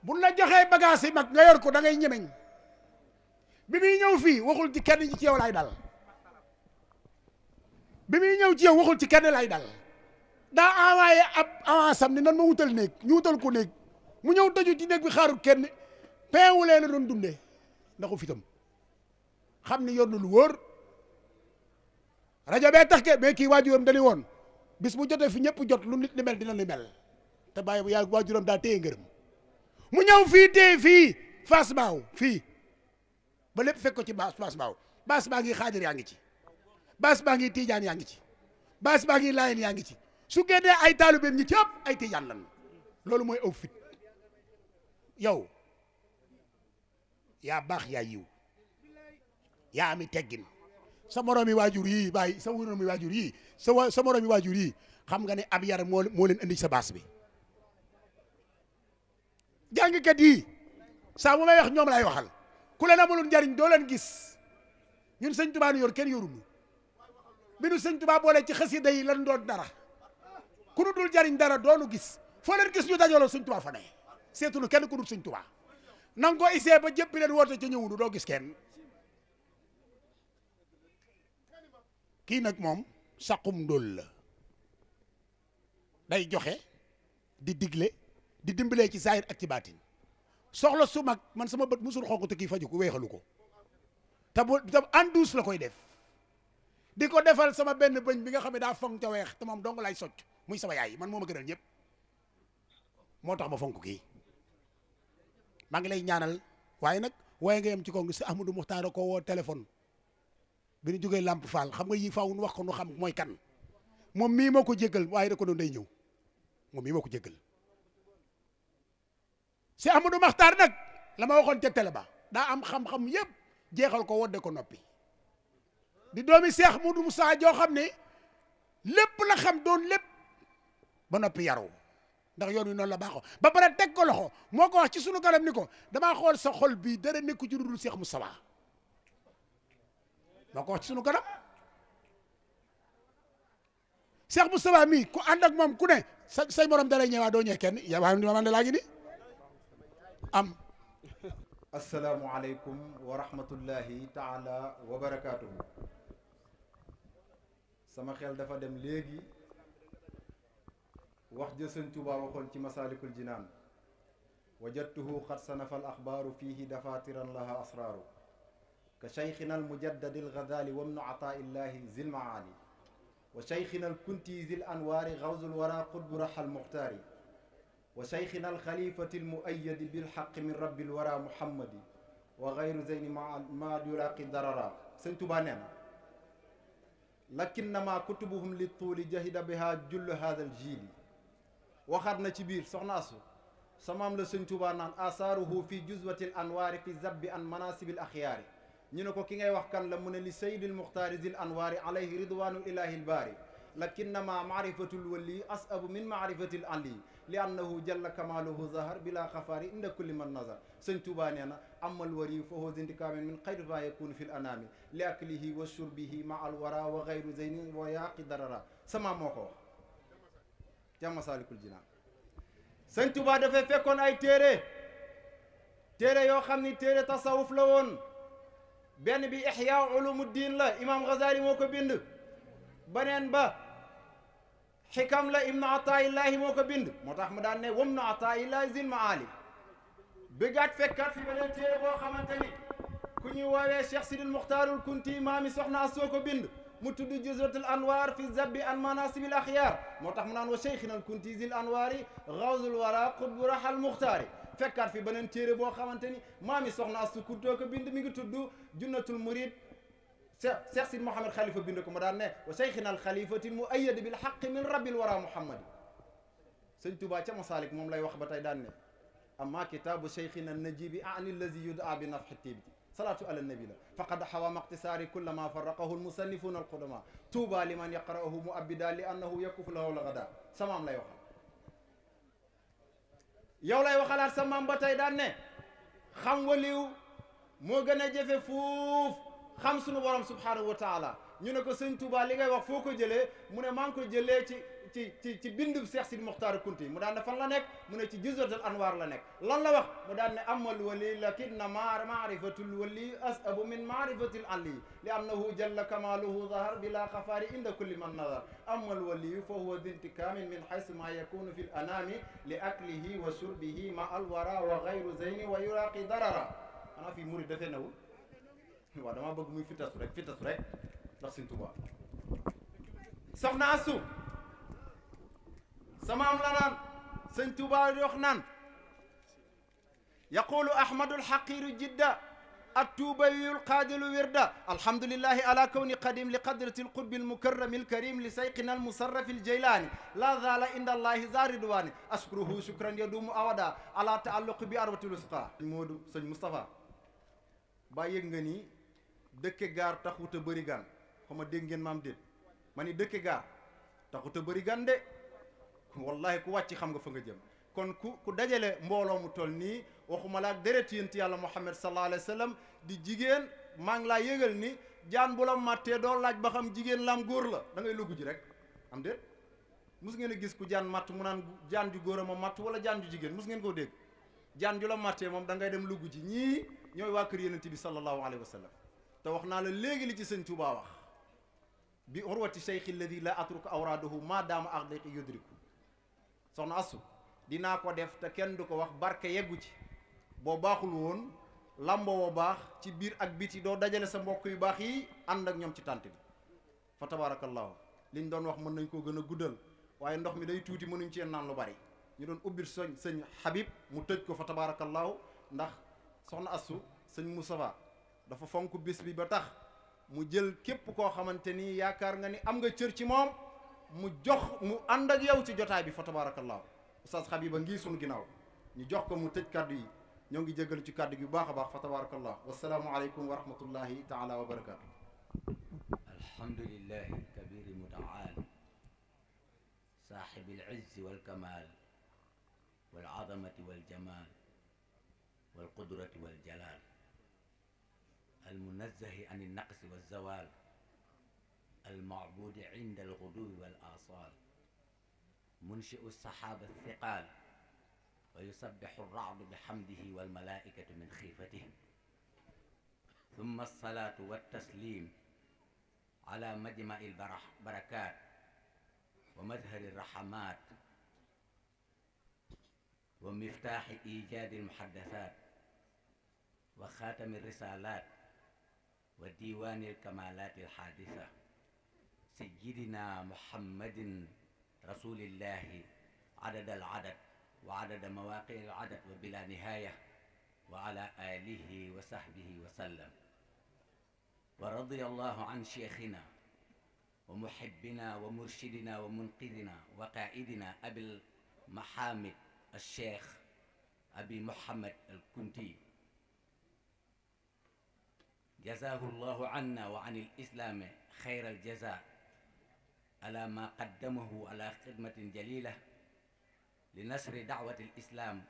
bu la joxee bagage yi mag nga yor ko dangay ngay ñemeñ bi muy ñëw fii waxul ci kenn ci yow lay dal bi muy ñëw ci yow waxul ci kenn lay dal daa envoyé ab avance ni nan ma wutal néeg ñu wutal ko néeg mu ñëw daju ci néeg bi xaarul kenn peewulee la doon dundee ndaxu fitam xam ni yoon na lu wóor rajo bee tax ke mais kii waajuram dañu woon bis mu jotee fi ñëpp jot lu nit li mel dina ni te bàyyi bu yaa waajuram daa téye ngërëm mu ñëw fii téye fii Fass Mbao fii ba lépp fekko ci baas Fass Mbao baas baa ngi xaajar yaa ngi ci baas baa ngi tiijaan yaa ngi ci baas baa ngi laayeen yaa ngi ci su ay taalibeem ñi ci ëpp ay tiijaan lan loolu mooy aw fit yow ya baax yaa yiw yaa ami teggin sa moroomi waajur yi bàyyi sa moroomi waajur yii sa sa moroomi waajur yii xam nga ne ab yar moo moo leen indi sa baas bi jàngkat yii saa bu may wax ñoom lay waxal ku leen amulul njariñ doo leen gis ñun sëñ Tuubaa nu yor kenn yorunu bi nu sëñ Tuubaa boole ci xasida yi lan doon dara ku nu dul jariñ dara doonu gis foo leen gis ñu dajaloo sëñ Tuubaa fa ne seetulu kenn ku dul sëñ tubaa nang isee ba jëppi leen woote ca ñëwulu doo gis kenn kii nag moom saqum ndóol la day joxe di digle di dimbalee ci saayir ak ci baatin soxla su mag man sama bët musul xonq te kii faju ko weexalu ko te bu te anduus la koy def di ko defal sama benn bëñ bi nga xam ne daa fonk ca weex te moom dong lay socc muy sama yaay man moo ma gënal ñépp moo tax ma fonk kii maa ngi lay ñaanal waaye nag waaye nga yem ci kaw ngi si Ahmadou Moukhtar ko woo téléphone bi nu jógee Lamp Fall xam nga yi faaw nu wax ko nu xam mooy kan moom mii moo ko jéggal waaye da ko doon day ñëw moom mii moo ko jéggal si Ahmadou nag la ma waxoon ca télé ba daa am xam-xam yépp jeexal ko wodde ko noppi di doomi Seex Mudu Musaa joo xam ne lépp la xam doon lépp ba noppi yaru ndax yoon wi noonu la baaxol ba pare teg ko loxo moo ko wax ci sunu kanam ni ko damaa xool sa xol bii dara nekku ci dudul Cheikh Moustapha moo ko ci sunu kanam Cheikh Moustapha mii ku ànd ak moom ku ne sa say morom dalay ñëwaa doo ñëw kenn yaa wax ni ma laa ngi ni am
asalaamualeykum wa rahmatullahi taala wa sama xel dafa dem léegi wax ja sëñ Tuubaa waxoon ci masaalikul jinaan wajadtuhu xat sanafal axbaaru fiihi dafaatiran laha asraaru ka cheykhina al mujaddadi al gazali wabnu ataa illahi zil maali wa cheykhina al kunti zil anwaari xawzul wara qutbu raxal muxtaari wa cheykhina al xalifati al muayyadi bilxaqi min rabbil wara muhammadi wa gayru zeyni ma ma yuraqi darara sëñ Tuubaa nee na lakinnama kutubuhum li tuuli jahida biha jullu haadal jiili waxaat na ci biir soxna asu samaam la sëñ Tuubaa naan asaaruhu fi juzwatil anwaari fi zabbi an manasibil axiyaari ñu ne ko ki ngay wax kan la mu ne li sayyidil muxtaari zil anwaari alayhi ridwaanu ilaahil baari lakinnama maarifatul wali asabu min maarifatil ali li annahu jalla kamaaluhu zahar bila xafaari inda kulli man nazar sëñ Tuubaa nee na amal wari fa huwa zindikaamin min xayri ma yakunu fi l anaami li aklihi wa shurbihi ma al wara wa gayru zeyni wa yaaqi darara sama moo ko wax ca Masaalikul Jinaan sëñ Tuubaa dafay fekkoon ay téere téere yoo xam ni téere tasawuf la woon benn bi Ihya Ulumuddin la imaam Ghazali moo ko bind beneen ba xikam la ibnu Ataaillahi moo ko bind moo tax mu daan ne wam nu Ataaillahi zil maali bëggaat fekkaat fi beneen téere boo xamante ni ku ñuy woowee Cheikh Sidil Muxtaarul Kunti maami soxna as soo ko bind mu tudd juzratul anwar fi zabbi an manasibil axyaar moo tax mu naan wa cheikhina al kuntizil anwaari rawzul wara qutbu rahal muxtaari fekkaat fi beneen téere boo xamante ni maami soxna Astu Kuntoo ko bind mi ngi tudd junnatul murid Cheikh Cheikh Sidi Mouhamed Khalifa bind ko mu daan ne wa cheikhina al xalifatil mu ayyad bil xaqi min rabbil wara muhammadi sëñ Tuubaa ca Masaalik moom lay wax ba tey daan ne amma kitaabu cheikhina najibi ani lazi yudaa bi nafxi tiib salaatu ala nabi la faqad xawa maqtisaari kulla ma faraqahu almusannifuuna alqudama tuuba liman yaqra'uhu muabida li annahu yakufu lahu lagada sa maam lay waxal yow lay waxalaat sa maam ba tey daan ne xam waliw moo gën a jëfe fuuf xam sunu borom subhanahu wa taala ñu ne ko sëñ tuuba li ngay wax foo ko jëlee mu ne maa ngi ko jëlee ci ci ci ci bindub Seex Sidi Muxtaar Kunti mu daan ne fan la nekk mu ne ci Juzbatul Anwaar la nekk lan la wax mu daan ne amal wali lakin na ma maarifatul wali asabu min maarifatil ali li annahu jalla kamaaluhu zahar bila xafaari inda kulli man nazar amal wali fa huwa dintikaamin min xaysu ma yakunu fi l anaami li aklihi wa shurbihi ma alwara wa gayru zeyni wa yuraqi darara xanaa fii murid dafee newul waaw damaa bëgg muy fitasu rek fitasu rek ndax Sëñ Tuubaa soxna asu samaam la naan sëñ Tuubaa di wax naan yaqulu ahmadul haqiru jidda التوبوي القادل وردا الحمد لله على كون قديم لقدرة القرب المكرم الكريم لسيقنا المصرف الجيلاني لا زال عند الله زار دواني أشكره شكرا يدوم أودا على تعلق بأروة الوسقى مودو سن مصطفى بايك غني دك غار تخوت بريغان خما دنجن مام ديت ماني دك غار تخوت بريغان دي wallahi ku wàcc xam nga fa nga jëm kon ku ku dajale mbooloo mu toll nii waxuma la ak deret yént yàlla muhammad sallallahu alayhi di jigéen maa ngi laa yégal ni jaan bu la màttee doo laaj ba xam jigéen laam góor la dangay ngay ji rek am déet mus ngeen a gis ku jaan matt mu naan jaan ju góor a ma matt wala jaan ju jigéen mus ngeen koo dégg jaan ju la màttee moom da ngay dem lugg ji ñii ñooy waa kër yonent bi sallallahu alayhi wa sallam te wax naa la léegi li ci sëñ Tuubaa wax bi urwati cheikh alladi la atruku awraadahu ma daama ardiqi soxna astu dinaa ko def te kenn du ko wax barke yeggu ci boo baaxul woon làmboo wa baax ci biir ak biti doo dajale sa mbokk yu baax yi ànd ak ñoom ci tànt bi fa tabaarakallaahu liñ doon wax mën nañ koo gën a guddal waaye ndox mi day tuuti mënuñ cee naan lu bari ñu doon ubbil sëñ sëñ Habib mu tëj ko fa tabaarakallaahu ndax soxna astu sëñ Moustapha dafa fonk bis bi ba tax mu jël képp koo xamante ni yaakaar nga ni am nga cër ci moom mu jox mu ànd ak yow ci jotaay bi fa tabaarakallaahu oustaz Habiba ngi suñu ginnaaw ñu jox ko mu tëj kàddu yi ñoo ngi jégalu ci kàddu gi bu baax a baax fa tabaarakallaahu wasalaamualeykum wa rahmatullahi taala wa barakaatu
alhamdulillahi alkabiri mutaal saaxibi alizzi walkamal walazamati waljamal walqudrati waljalal almunazahi an alnaqsi walzawal almacbudi inda الأبصار منشئ السحاب الثقال ويسبح الرعد بحمده والملائكة من خيفته ثم الصلاة والتسليم على مجمع البركات ومزهر الرحمات ومفتاح إيجاد المحدثات وخاتم الرسالات وديوان الكمالات الحادثة sayyidina muhammadin rasulillahi adada al adad wa adada mawaqi al adad wa bila nihaya wa ala alihi wa sahbihi wa sallam wa radiya allahu an cheikhina wa muhibbina wa murshidina wa munqidina wa qaidina abil mahamid al cheikh abi muhammad al kunti jazahu llahu anna wa an al islami xayra al jaza ala ma qaddamahu ala xidmatin jalila li nasri daawati alislaam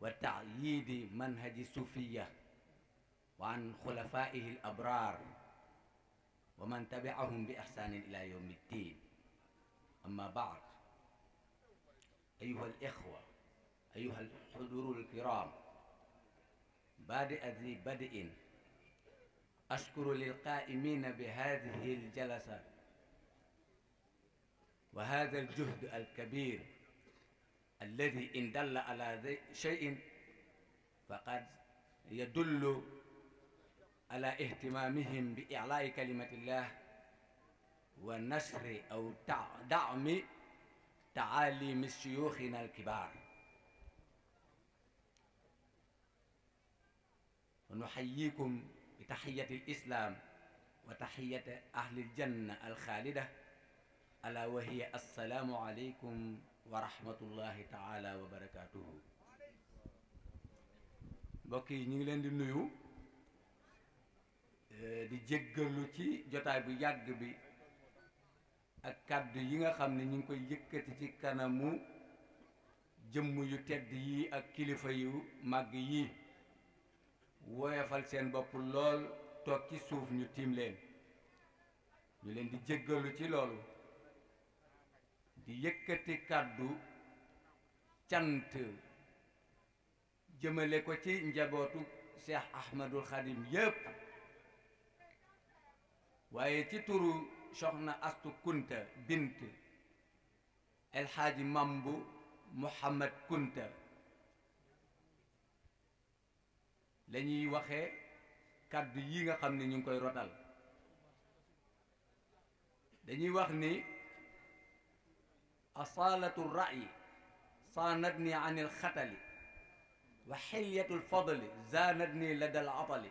wa taayiidi manhaji sufiya wa an xulafaihi alabraar wa man tabiahum bi ixsaanin ila yowm ddin amma baad ayuha alixwa ayuha alxuduru alkiram baadi adi badiin ashkuru lilqaa'imiina bi hadihi aljalasa وهذا الجهد الكبير الذي إن دل على شيء فقد يدل على اهتمامهم بإعلاء كلمة الله ونشر أو دعم تعاليم شيوخنا الكبار ونحييكم بتحية الإسلام وتحية أهل الجنة الخالدة ala wa hiya assalaamu aleykum wa taala wa barakaatuhu mbokk yi ñu ngi leen di nuyu di jéggalu ci jotaay bu yàgg bi ak kàddu yi nga xam ne ñu ngi koy yëkkati ci kanamu jëmm yu tedd yi ak kilifa yu màgg yi woyofal seen bopp lool toog ci suuf ñu tiim leen ñu leen di jéggalu ci loolu di yëkkati kàddu cant jëmale ko ci njabootu Cheikh Ahmadul Xadim yépp waaye ci turu soxna Astu Kunta bint El Hadji Mambu Muhammad Kunta la ñuy waxee kàddu yi nga xam ni ñu koy rotal dañuy wax ni asalatul rayi saanat ni an il xatali wa xilyatul fadli zaanat ni ladal atali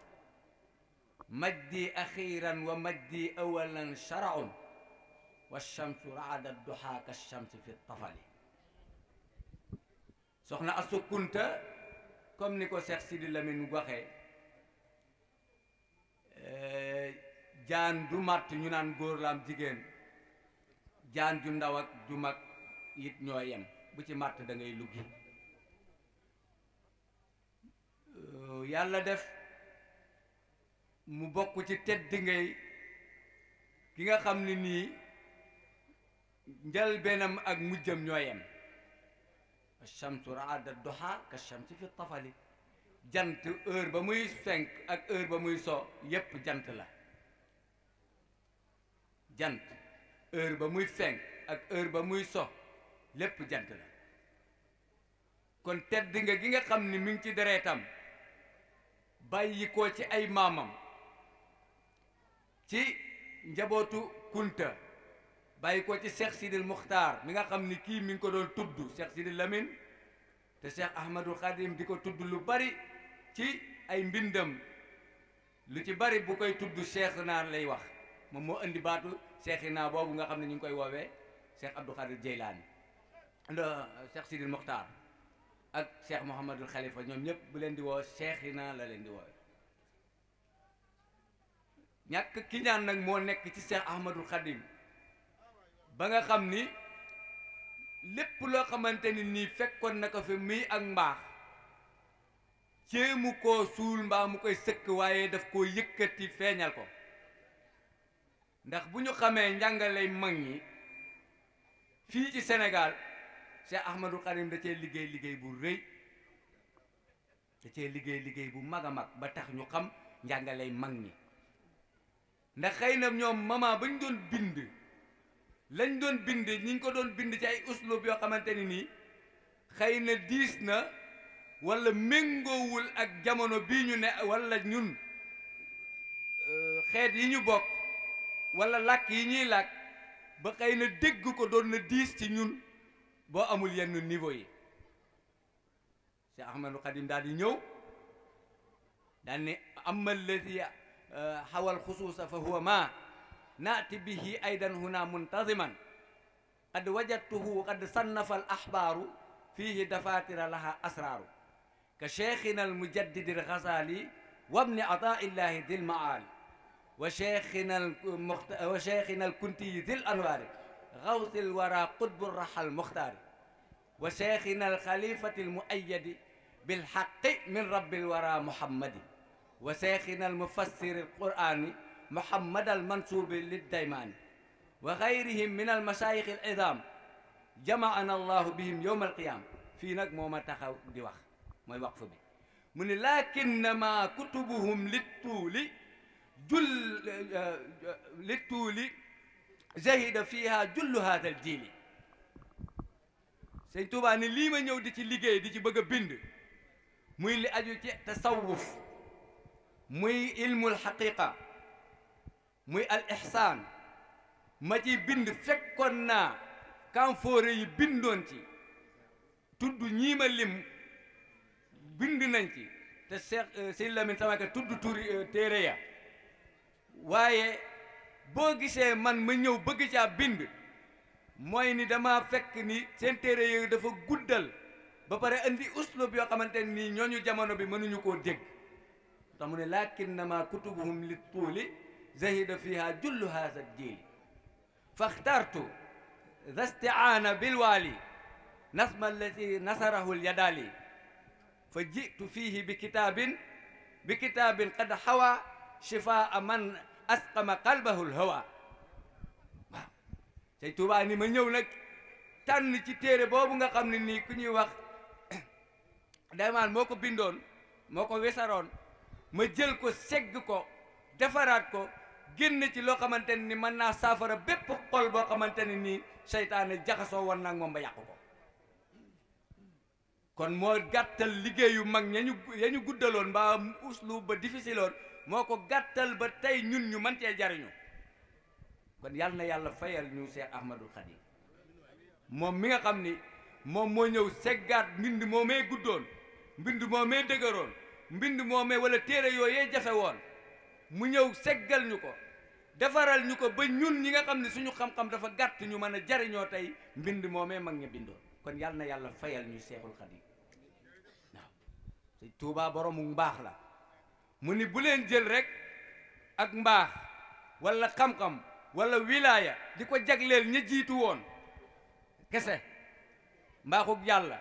majdi axiran wa majdi awalan sharaun wa shamsu raada duhaa ka shamsi fi tafali soxna Astu Kunta comme ni ko Cheikh Sidi Lamine waxee eh, jaan du màtt ñu naan góor laam jigéen jaan ju ndaw ak ju mag it ñoo yem bu ci màtt dangay ngay luggi euh, yàlla def mu bokk ci tedd ngay ki nga xam ni nii njëlbeenam ak mujjam ñoo yem achamsu raada doxa ka chamsi fi tafali jant heure ba muy fenk ak heure ba muy so yépp jant la jant heure ba muy fenk ak heure ba muy so lépp jant la kon tedd nga gi nga xam ni mi ngi ci dereetam bàyyi ko ci ay maamam ci njabootu kunta bàyyi ko ci Cheikh Sidil Muxtaar mi nga xam ni kii mi ngi ko doon tudd Cheikh Sidil Lamine te Cheikh Ahmadul Xadim di ko tudd lu bari ci ay mbindam lu ci bari bu koy tudd Cheikh naar lay wax moom moo indi baatu Cheikh naa boobu nga xam ne ñu ngi koy woowee Cheikh Abdou Khadir Jeylaani le euh, Cheikh Sidil ak Cheikh Mouhamadul Khalifa ñoom ñëpp bu leen di woo seex naa la leen di woowe ñàkk ki ñaan nag moo nekk ci Cheikh Ahmadul Khadim ba nga xam ni lépp loo xamante ni nii fekkoon na ko fi muy ak mbaax jéemu ko suul mbaa mu koy sëkk waaye daf koo yëkkati feeñal ko ndax bu ñu xamee njàngaley mag ñi fii ci Sénégal Cheikh Ahmadou Karim da cee liggéey liggéey bu rëy da cee liggéey liggéey bu mag a mag ba tax ñu xam njàngaley mag ñi ndax xëy na ñoom maman bañ doon bind lañ doon bind ñi ko doon bind ci ay uslub yoo xamante ni nii xëy na diis na walla méngoowul ak jamono bii ñu ne walla ñun euh, xeet yi ñu bokk wala làkk yi ñuy làkk ba xëy na dégg ko doon na diis ci ñun boo amul yenn niveau yi Cheikh Ahmadou Khadim daal di ñëw daan ne amma alladi xawal eh, xusuusa fa huwa ma naati bihi aydan huna muntaziman qad wajadtuhu qad sannafa al axbaaru fiihi dafatira laha asraaru ka cheikhina almujaddidi alxasali wabni ataillahi dil maali wa cheikhina al wa cheikhina alkuntiyi dil anwaari غوث الورى قطب الرحى المختار وشيخنا الخليفة المؤيد بالحق من رب الورى محمد وشيخنا المفسر القرآن محمد المنسوب للديمان وغيرهم من المشايخ العظام jamaana allahu bihim yowmal qiyaam fii nag moo ma taxaw di wax mooy waqf bi mu ne lakinnama kutubuhum li tuuli jul li tuuli jahida fiha jullu haadal diini sëñ Tuubaa ni lii ma ñëw di ci liggéey di ci bëgg a bind muy li aju ci tasawuf muy ilmul xaqiqa muy al ixsaan ma ci bind fekkoon naa kamfoore yi bindoon ci tudd ñii bind nañ ci te Cheikh eh, Sëñ Lamine Samake tudd turi eh, waaye boo gisee man ma ñëw bëgg caa bind mooy ni dama fekk ni seen téere yooyu dafa guddal ba pare andi uslub yoo xamante nii ñooñu jamono bi mënuñu koo dégg tax mu ne lakinnama kutubuhum li tuuli zahida fiha jullu haasa jiili faxtartu dastiaana bilwaali nasma allati nasarahu lyadaali fa jitu fiihi bi kitaabin bi kitaabin qad hawa shifaa man asqama qalbahul hawa waaw Tuubaa ni ma ñëw nag tànn ci téere boobu nga xam ne nii ku ñuy wax daymaan moo ko bindoon moo ko wesaroon ma jël ko segg ko defaraat ko génn ci loo xamante ne ni mën naa saafara bépp xool boo xamante ne nii seytaane jaxasoo war nag moom ba yàqu ko kon moo gàttal liggéeyu mag ñañu yañu guddaloon mbaa uslub ba difficile woon moo ko gàttal ba tey ñun ñu mën cee jariñoo kon yàlla na yàlla fayal ñu Cheikh Ahmadul Khadim moom mi nga xam ni moom moo ñëw seggaat mbind moo mee guddoon mbind moo mee dëgëroon mbind moo mee wala téere yooyee jafe woon mu ñëw seggal ñu ko defaral ñu ko ba ñun ñi nga xam ne suñu xam-xam dafa gàtt ñu mën a jariñoo tey mbind moomee mag ña bindoon kon yàlla na yàlla fayal ñu seexul xadim waaw Tuubaa boroomu mbaax la mu ni bu jël rek ak mbaax wala xam-xam wala wilaaya di ko jagleel ña jiitu woon kese mbaaxug yàlla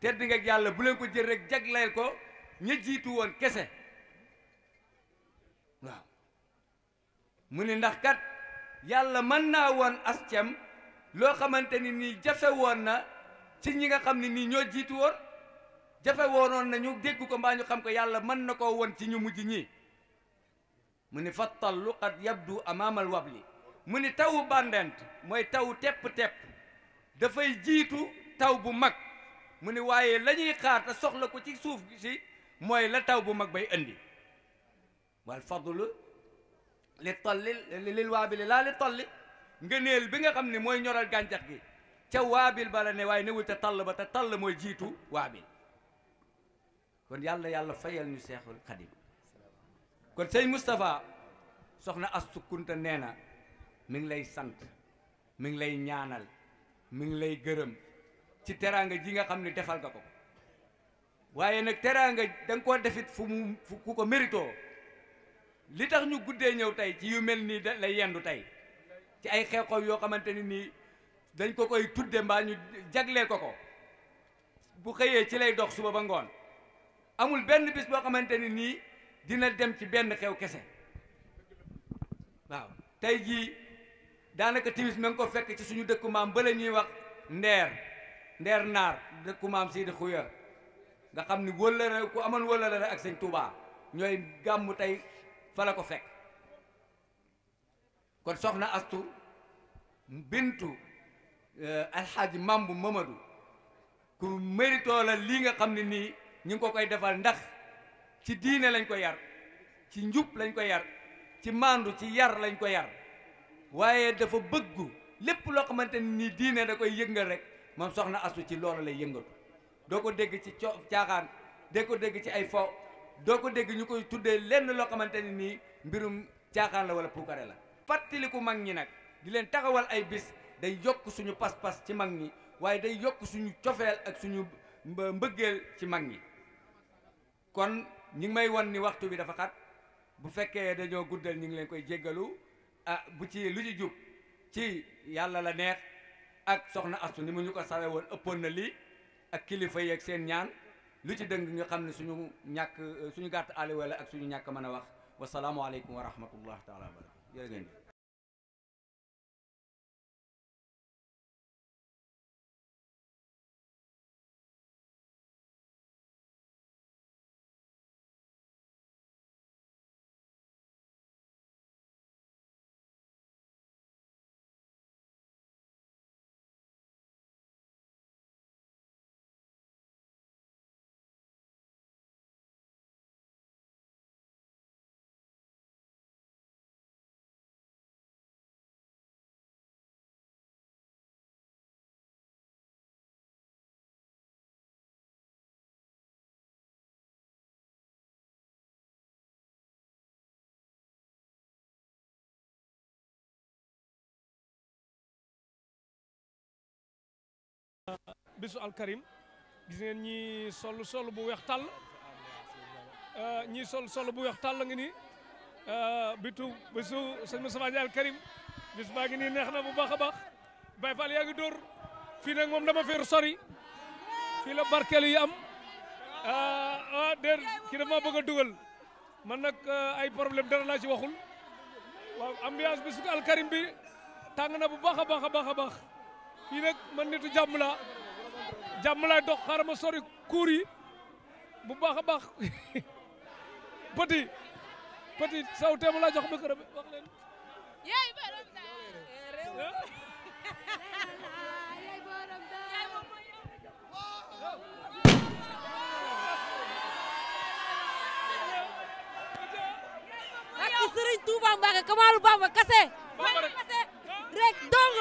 tedd nga yàlla bu ko jël rek jagleel ko ña jiitu woon kese waaw mu ni ndax kat yàlla mën naa woon as loo xamante ni nii jafe woon na ci ñi nga xam ne nii ñoo jiitu woon jafe woonoon na ñu dégg ko mbaa ñu xam ko yàlla mën na koo won ci ñu mujj ñi mu ni fattallu qad yabdu amaamal wabli mu ni tawu bàndent mooy taw tepp-tepp dafay jiitu taw bu mag mu ni waaye la ñuy xaar te soxla ko ci suuf si mooy la taw bu mag bay indi wal fadlu li tolli lil waabili laa li ngëneel bi nga xam ne mooy ñoral gàncax gi ca waabil bala ne waaye newul ca tàll ba te tall mooy jiitu waabil kon yàlla yàlla fayal ñu seexul xadim kon sëñ Moustapha soxna as Kunta nee na mu ngi lay sant mi ngi lay ñaanal mu ngi lay gërëm ci teraanga ji nga xam ni defal nga ko waaye nag teraanga da koo def it fu mu fu ku ko méritoo li tax ñu guddee ñëw tey ci yu mel nii lay yendu tey ci ay xew-xew yoo xamante ni nii dañ ko koy tudde mbaa ñu jagleel ko ko bu xëyee ci lay dox suba ba ngoon amul benn bis boo xamante ni nii dina dem ci benn xew kese waaw tey jii daanaka timis ma ngi ko fekk ci suñu dëkku maam ba la ñuy wax ndeer ndeer naar dëkku maam Seydi Xuya nga xam ni wëllëre ku amoon wëllëre ak sëñ Touba ñooy gàmm tey fa la ko fekk kon soxna astu bintu eh, alxaaji mambu Mamadou ku méritoo la lii nga xam ne nii ñu ngi ko koy defal ndax ci diine lañ ko yar ci njub lañ ko yar ci maandu ci yar lañ ko yar waaye dafa bëggu lépp loo xamante nii diine da koy yëngal rek moom soxna astu ci loolu lay yëngatu doo ko dégg ci co caaxaan doo ko dégg ci ay fo doo ko dégg ñu koy tuddee lenn loo xamante ne nii mbirum caaxaan la wala puukare la fàttaliku mag ñi nag di leen taxawal ay bis day yokk suñu pas-pas ci mag ñi waaye day yokk suñu cofeel ak suñu mbëggeel ci mag ñi kon ñi may won ni waxtu bi dafa xat bu fekkee dañoo guddal ñi ngi leen koy jéggalu a ah, bu ci lu ci jub ci yàlla la neex ak soxna astu ni mu ñu ko sawe woon ëppoon na lii ak kilifa yi ak seen ñaan lu ci dëng nga xam ne suñu ñàkk suñu gàtt àll wala ak suñu ñàkk mën a wax wasalaamualeykum wa rahmatullah taala wa barakatu jërë
ngeen bisu alkarim gis ngeen ñii sol
sol bu weex tàll euh, ñii sol sol bu weex tàll ngi nii euh, bitu bésu sëñ Moustapha Ndiaye alkarim bis maa ngi nii neex na bu baax a baax Baye Fall yaa ngi dóor fii nag moom dama feer sori fii la barkeel yi am euh, ah déet ki dafa maa bëgg a dugal man nag ay problème dara laa ci waxul waaw ambiance bi alkarim bi tàng na bu baax a baax a fii nag man nitu jàmm laa jàmm lay dox xaaral sori kuur yi bu baax a baax petit petit saw teem laa jox micro bi wax leen
yaay borom daara
ak
Serigne Touba Mbacke Kamalou Bamba kase rek dong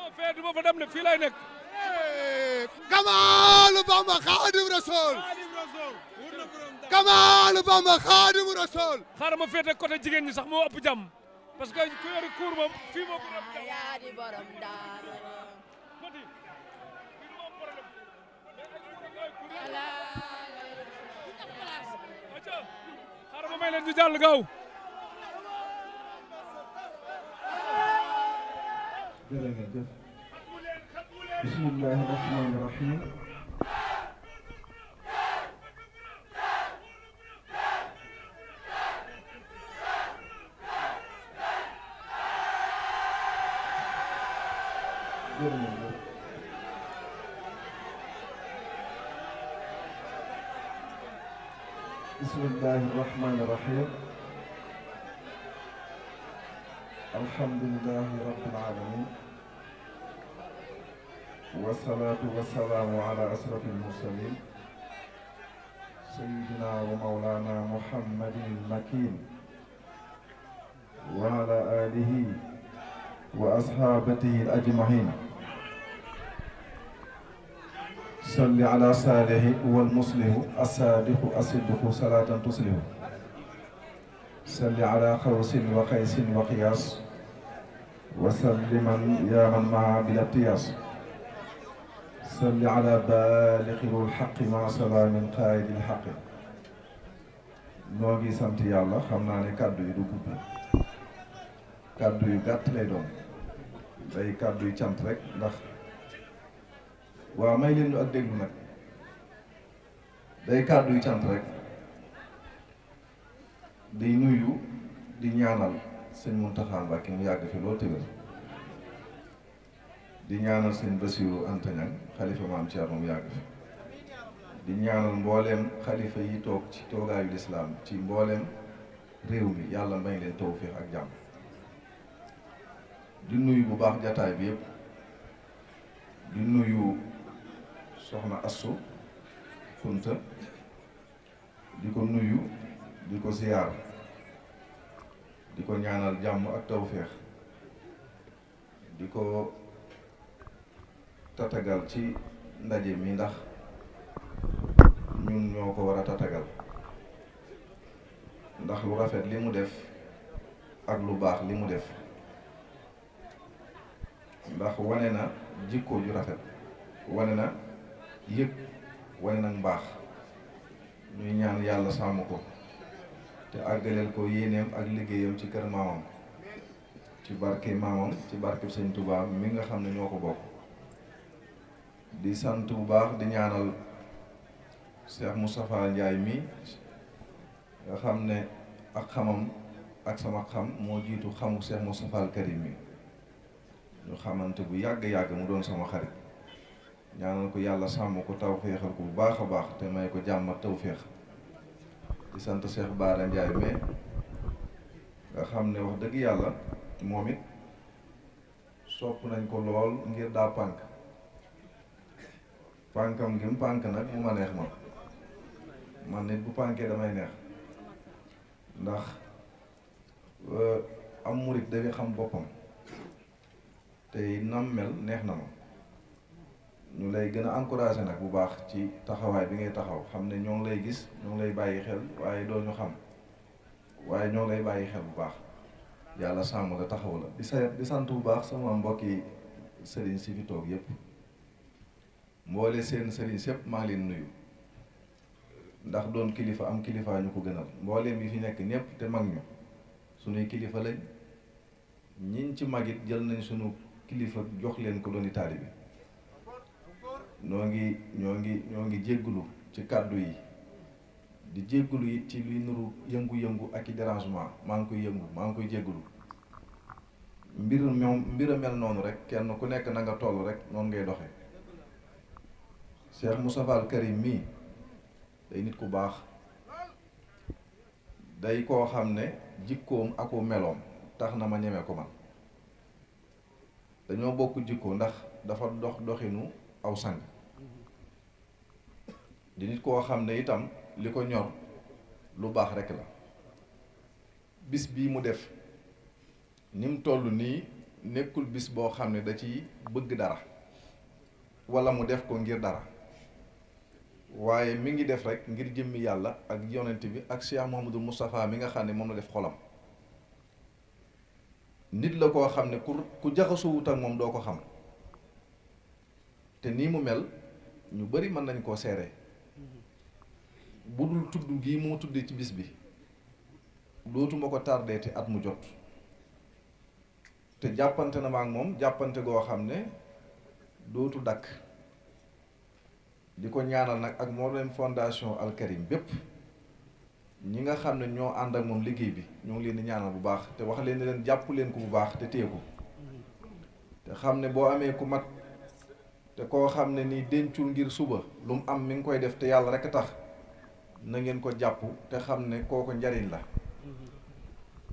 non fee fa
dem ne fii lay nekk. Kamaalu Bamba Xaadimu Rasuul.
Kamaalu
Bamba Xaadimu Rasuul. xaaral ma féete côté jigéen ñi sax moo ëpp jàmm parce que ku yor kuur moom fii
moo gën a ëpp
jàmm. xaaral ma
jërë ngeen jëf bismillahi rahmaani rahim
بسم
الله الرحمن الرحيم alhamdulilahi rabbil alamin wasalaatu wasalaamu ala asrafi almursalin sayidina wa maulana muhammadin makin wa ala alihi wa ashabatihi ajmain salli ala saalihi wal muslihu asaadiqu asiddiqu salaatan tuslihu salli ala xawsin wa qaysin wa qiyaas wa salliman yaa man maa bila tiyaas salli ala baaliqi wul xaqi ma salaamin qaayidil xaqi noo ngi sant yàlla xam naa ne kàddu yi du gudd kàddu yu gàtt lay doon day kàddu yu cant rek ndax waaw may leen lu ak déglu nag day kàddu yu cant rek di nuyu di ñaanal sëñ Muntaxa Mbàkke mu yàgg fi loolu te di ñaanal sëñ Basiru Antañang xalifa maam Cerno mu yàgg fi di ñaanal mbooleem xalifa yi toog ci toogaayu lislaam ci mbooleem réew mi yàlla may leen tawfiix ak jàmm di nuyu bu baax jataay bi yëpp di nuyu soxna astu Kunta di ko nuyu di ko siyaar di ko ñaanal jàmm ak tawféex di ko tatagal ci ndaje mi ndax ñun ñoo ko war a tatagal ndax lu rafet li mu def ak lu baax li mu def ndax wane na jikko ju rafet wane na yëpp wane na mbaax ñuy ñaan yàlla sàmm ko te àggaleel ko yéeneem ak liggéeyam ci kër maamam ci barke maamam ci barke sëñ tubaab mi nga xam ne ñoo ko bokk di sant bu baax di ñaanal Cheikh mu Ndiaye mii nga xam ne ak xamam ak sama xam moo jiitu xamu Cheikh Moustapha al Karim mi ñu xamante bu yàgg-yàgg mu doon sama xarit ñaanal ko yàlla sàmm ko taw féexal ko bu baax a baax te may ko jàmm ak taw féex di sant Cheikh Bara Ndiaye mais nga xam ne wax dëgg yàlla moom it sopp nañ ko lool ngir daa pànk pànkam gi mu pànk nag mu ma neex ma man nit bu pànkee damay neex ndax euh, am murit dafay xam boppam te nam mel neex na ma ñu lay gën a encouragé nag bu baax ci taxawaay bi ngay taxaw xam ne ñoo ngi lay gis ñoo ngi lay bàyyi xel waaye doo ñu xam waaye ñoo ngi lay bàyyi xel bu baax yàlla sàmm la taxaw la di sa di sant bu baax sama mbokki sëriñ si fi toog yépp mboole seen sëriñ sépp maa ngi leen nuyu ndax doon kilifa am kilifaa ñu ko gënal mbooleem yi fi nekk ñépp te mag ñu suñuy kilifa lañ ñiñ ci magit jël nañ suñu kilifa jox leen ko dooni taalibe ñoo ngi ñoo ngi ñoo ngi jéggulu ci kàddu yi di jéggulu it ci luy nuru yëngu-yëngu ak i dérangement maa ngi koy yëngu maa ngi koy jéggulu mbir moom mbir a mel noonu rek kenn ku nekk na nga toll rek noonu ngay doxe Cheikh mu Al Karim mii day nit ku baax day koo xam ne jikkoom ako meloom tax na ma ñeme ko man dañoo bokk jikko ndax dafa dox doxinu aw sang di nit koo xam ne itam li ko ñor lu baax rekk la bis bii mu def ni mu toll nii nekkul bis boo xam ne da ci bëgg dara walla mu def ko ngir dara waaye mi ngi def rek ngir jëmmi yàlla ak yonent bi ak Cheikh Mouhamadul Moustapha mi nga xam ne moom la def xolam nit la koo xam ne ku ku jaxasuwut ak moom doo ko xam te nii mu mel ñu bari mën nañ koo seere bu dul tudd gii moo tuddee ci bis bi dootuma ko tardeeti at mu jot te jàppante na ma ak moom jàppante goo xam ne dootu dakk di ko ñaanal nag ak moo leen fondation Al bépp ñi nga xam ne ñoo ànd ak moom liggéey bi ñoo ngi leen di ñaanal bu baax te wax leen ne leen jàpp leen ko bu baax te téye ko te xam ne boo amee ku mat te koo xam ne nii dencul ngir suba lu mu am mi ngi koy def te yàlla rek a tax na ngeen ko jàpp te xam ne kooko njariñ la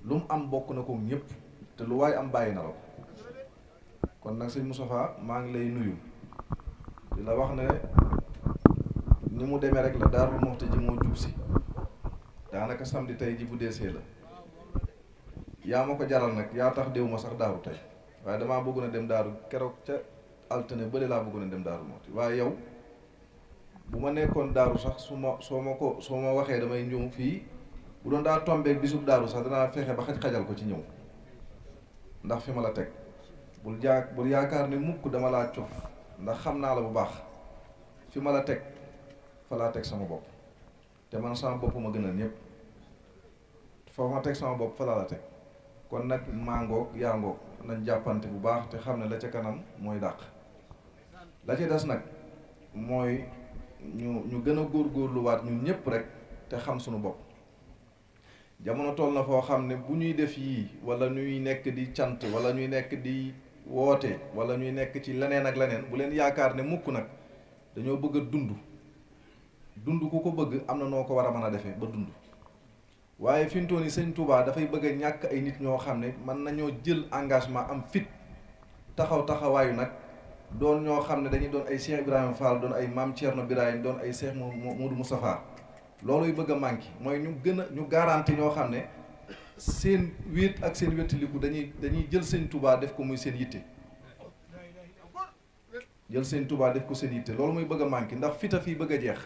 lu mu am bokk na ko ñëpp te lu waaye am bàyyi na la ko kon nag sëñ Moustapha maa ngi lay nuyu dina wax ne ni mu demee rek la Daaru Muxti ji moo jub daanaka samedi tey ji bu deesee la yaa ma ko jaral nag yaa tax déw ma sax daaru tey waaye damaa bëgg na dem daaru keroog ca altine bële laa bëgg na dem daaru Muxti waaye yow bu ma nekkoon daaru sax su ma soo ma ko soo ma waxee damay ñëw fii bu doon daa tombeeg bisub daaru sax danaa fexe ba xaj-xajal ko ci ñëw ndax fi ma la teg bul jaa bul yaakaar ni mukk dama laa cof ndax xam naa la bu baax fi ma la teg fa laa teg sama bopp te man sama bopp ma gënal ñépp foo ma teg sama bopp fa laa teg kon nag maangoog yaangoog nañ jàppante bu baax te xam ne la ca kanam mooy dàq la ca des nag mooy ñu ñu gën a góorgóorluwaat ñun ñëpp rek te xam suñu bopp jamono toll na foo xam ne bu ñuy def yii wala ñuy nekk di cant wala ñuy nekk di woote wala ñuy nekk ci leneen ak leneen bu leen yaakaar ne mukk nag dañoo bëgg a dund dund ku ko bëgg am na noo ko war a mën a defee ba dund waaye fi mu toll nii dafay bëgg ñàkk ay nit ñoo xam ne mën nañoo jël engagement am fit taxaw taxawaayu nag. doon ñoo xam ne dañuy doon ay Cheikh Ibrahima Fall doon ay maam Thierno Birahim doon ay mu Moudou Moustapha looluy bëgg a manqué mooy ñu gën a ñu garanti ñoo xam ne seen wéet ak seen wéttaliku dañuy dañuy jël seen tubaa def ko muy seen yitte jël seen tubaa def ko seen yitte loolu mooy bëgg a manqué ndax fita fii bëgg a jeex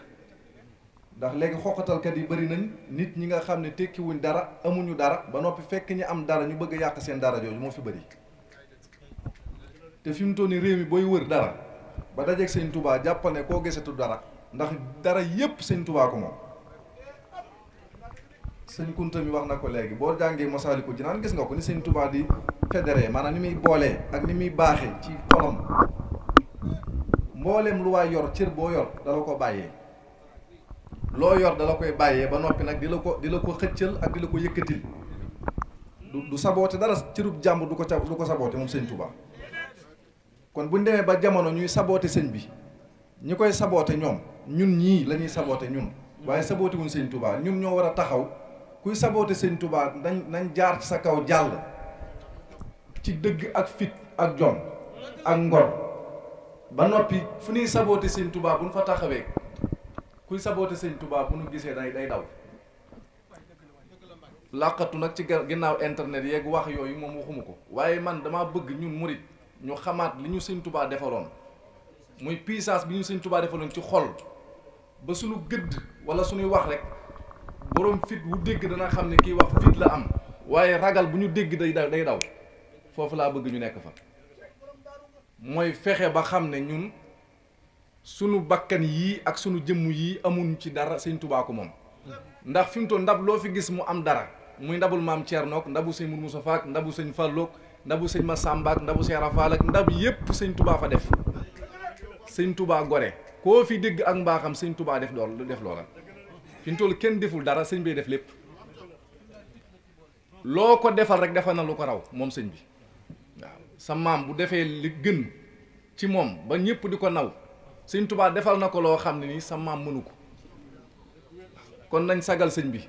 ndax léegi xoqatalkat yi bari nañ nit ñi nga xam ne tekkiwuñ dara amuñu dara ba noppi fekk ñi am dara ñu bëgg yàq seen dara jooju moo fi bari te fi mu toll nii réew mi booy wër dara ba dajeeg sëñ tubaa jàppale koo gisatu dara ndax dara yépp sëñ tubaa ko moom sëñ kunta mi wax na ko léegi boo jàngee Masaalikul Jinaan gis nga ko ni sëñ tubaa di fédéré maanaa ni muy boolee ak ni muy baaxee ci xolam mbooleem lu waay yor cër boo yor dala ko bàyyee loo yor dala koy bàyyee ba noppi nag di la ko di la ko ak di la ko yëkkatil du du saboote dara cërub jàmbur du ko ca du ko saboote moom seen tubaa kon bu ñu demee ba jamono ñuy saboote sëñ bi ñi koy saboote ñoom ñun ñii lañuy saboote ñun waaye saboote wuñ sëñ tubaa ñun ñoo war a taxaw kuy saboote sëñ tubaab nañ nañ jaar sa kaw jàll ci dëgg ak fit ak jom ak ngor ba noppi fu ñuy saboote sëñ tubaa bu ñu fa taxawee kuy saboote sëñ tubaab bu ñu gisee day day daw làqatu nag ci ginnaaw internet yeeg wax yooyu moom waxuma ko waaye man damaa bëgg ñun murit ñu xamaat li ñu sëñ tubaa defaroon muy puissance bi ñu sëñ tubaa defaroon ci xol ba suñu gëdd wala suñuy wax rek boroom fit wu dégg dana xam ne kii wax fit la am waaye ragal bu ñu dégg day daw day daw foofu laa bëgg ñu nekk fa mooy fexe ba xam ne ñun sunu bakkan yii ak sunu jëmm yii amuñ ci dara sëñ tubaa ko moom ndax fi mu toll ndab loo fi gis mu am dara muy ndabul maam Thierno ndabu sëñ Mourou Moussa Faak ndabu sëñ Fallook ndabu sëñ ma Samba ak ndabu Cheikh Rafal ak ndab yépp sëñ tubaa fa def sëñ tubaa gore koo fi dégg ak mbaaxam sëñ tubaa def lool def loola fi ñu kenn deful dara sëñ bi def lépp loo ko defal rek defal na lu ko raw moom sëñ bi waaw sa maam bu defee li gën ci moom ba ñëpp di ko naw sëñ tubaa defal na ko loo xam ne nii sa maam mënu ko kon nañ sagal sëñ bi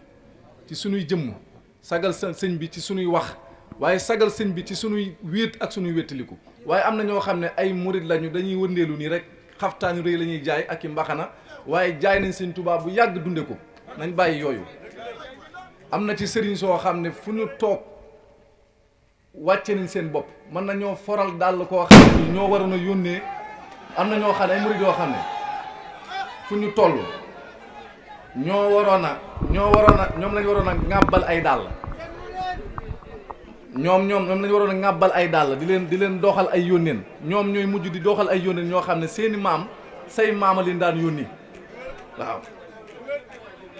ci sunuy jëmm sagal sa sëñ bi ci sunuy wax waaye sagal sëñ bi ci suñuy wéet ak sunuy wéttaliku waaye am na ñoo xam ne ay murit lañu dañuy wëndeelu nii rek xaftaanu rëy lañuy jaay ak yi mbaxana waaye jaay nañ sëñ tubaab bu yàgg dunde ko nañ bàyyi yooyu am na ci sëriñ soo xam ne fu ñu toog wàcce nañ seen bopp mën na ñoo foral dàll koo xam ne ñoo waroon yónnee am na ñoo xam ne ay fu ñu toll ñoo waroon a ñoo waroon a ñoom lañ waroon a ŋàbbal ay dàll ñoom ñoom ñoom lañu waroon a ŋàbbal ay dàll di leen di leen doxal ay yónneen ñoom ñooy mujj di doxal ay yónneen ñoo xam ne seeni maam say maama leen daan yónni waaw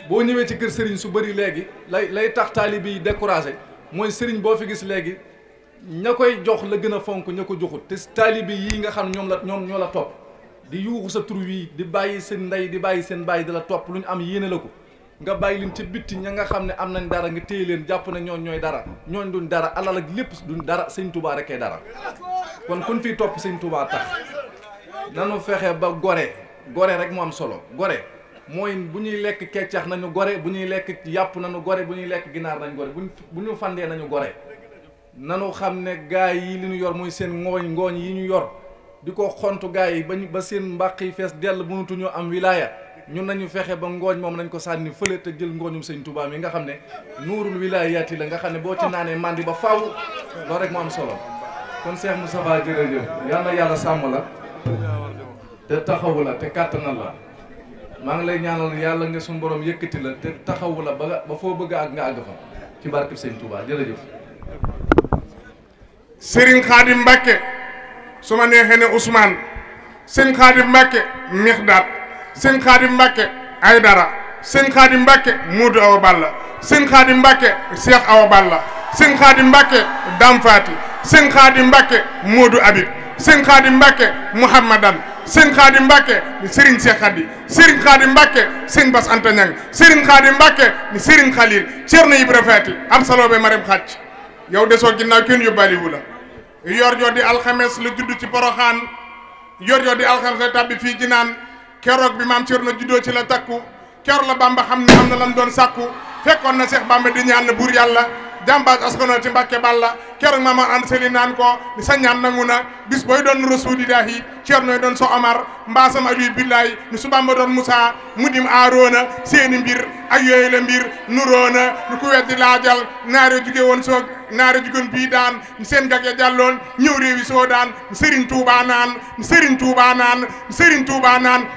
boo ñëwee ci kër sëriñ su bari léegi lay lay tax taalibe yi découragé mooy sëriñ boo fi gis léegi ña koy jox la gën a fonk ña ko joxut te taalibe yi nga xam ñoom la ñoom ñoo la topp di yuuxu sa tur wii di bàyyi seen ndey di bàyyi seen bàyyi di la topp lu ñu am yéene la ko nga bàyyi leen ca bitti ña nga xam ne am nañ dara nga téye leen jàpp na ñooñ ñooy dara ñooñ duñ dara alal ak lépp duñ dara sëñ Touba rekee dara kon kun fiy topp sëñ Touba tax nanu fexe ba gore gore rek mu am solo gore mooy bu ñuy lekk keccax nañu gore bu ñuy lekk yàpp nañu gore bu ñuy lekk ginaar nañu gore buñ bu ñu fandee nañu gore nanu xam ne gaay yi li ñu yor mooy seen ngooñ ngooñ yi ñu yor di ko xontu gaay yi bañ ba seen mbàq yi fees dell mënatuñoo am wilaaya ñun nañu fexe ba ngooñ moom nañ ko sànni fële te jël ngooñum sëñ Touba mi nga xam ne nuurul wilayaati la nga xam ne boo ci naanee mandi ba faaw loolu rek mu am solo kon Cheikh mu jërëjëf yal na yàlla sàmm la te taxawu la te kàttanal la maa ngi lay ñaanal yàlla nga suñu borom yëkkati la te taxawu la ba ba foo bëgg àgg nga àgg fa ci barkeb sëñ Touba jërëjëf.
Serigne Khadim Mbacke su ma neexee ne Ousmane Serigne Khadim Mbacke Mixdaat. sëñ Xaadim Mbàkke Aydara sëñ Xaadim Mbàkke Muudu Awa Balla sëñ Xaadim Mbàkke Cheikh Awa Balla sëñ Xaadim Mbàkke Dam Faati sëñ Xaadim Mbàkke Muudu Abib sëñ Xaadim Mbàkke Muhammadan sëñ Xaadim Mbàkke Serigne Cheikh Khadi Serigne Xaadim Mbàkke sëñ Bass Anta Ñang Serigne Xaadim Mbàkke Serigne Khalil Cerno Ibra Faati am saloobe Maram Xacc yow desoo ginnaaw kenn yóbbaaliwu la yor yor di alxames la judd ci Poroxaan yor yor di alxames la tàbbi fii ji keroog bi maam Cerno juddoo ci la takku keroog la Bamba xam ne am na lan doon sàkku fekkoon na Cheikh Bamba di ñaan na buur yàlla jàmbaaj askano ci Mbàkke Balla keroog maam ànd seli naan ko sa ñaan nangu na bis booy doon rasulillahi ceernoy doon so omar mbaasam aliyu billaay nu subamba doon moussa mudim aaroona seeni mbir ak yooyu la mbir nuroona nu ku weddi laajal naare juge woon soo naare jugoon bii daan seen gag ya jàlloon ñëw réewi soo daan sëriñ tuubaa naan sëriñ tuubaa naan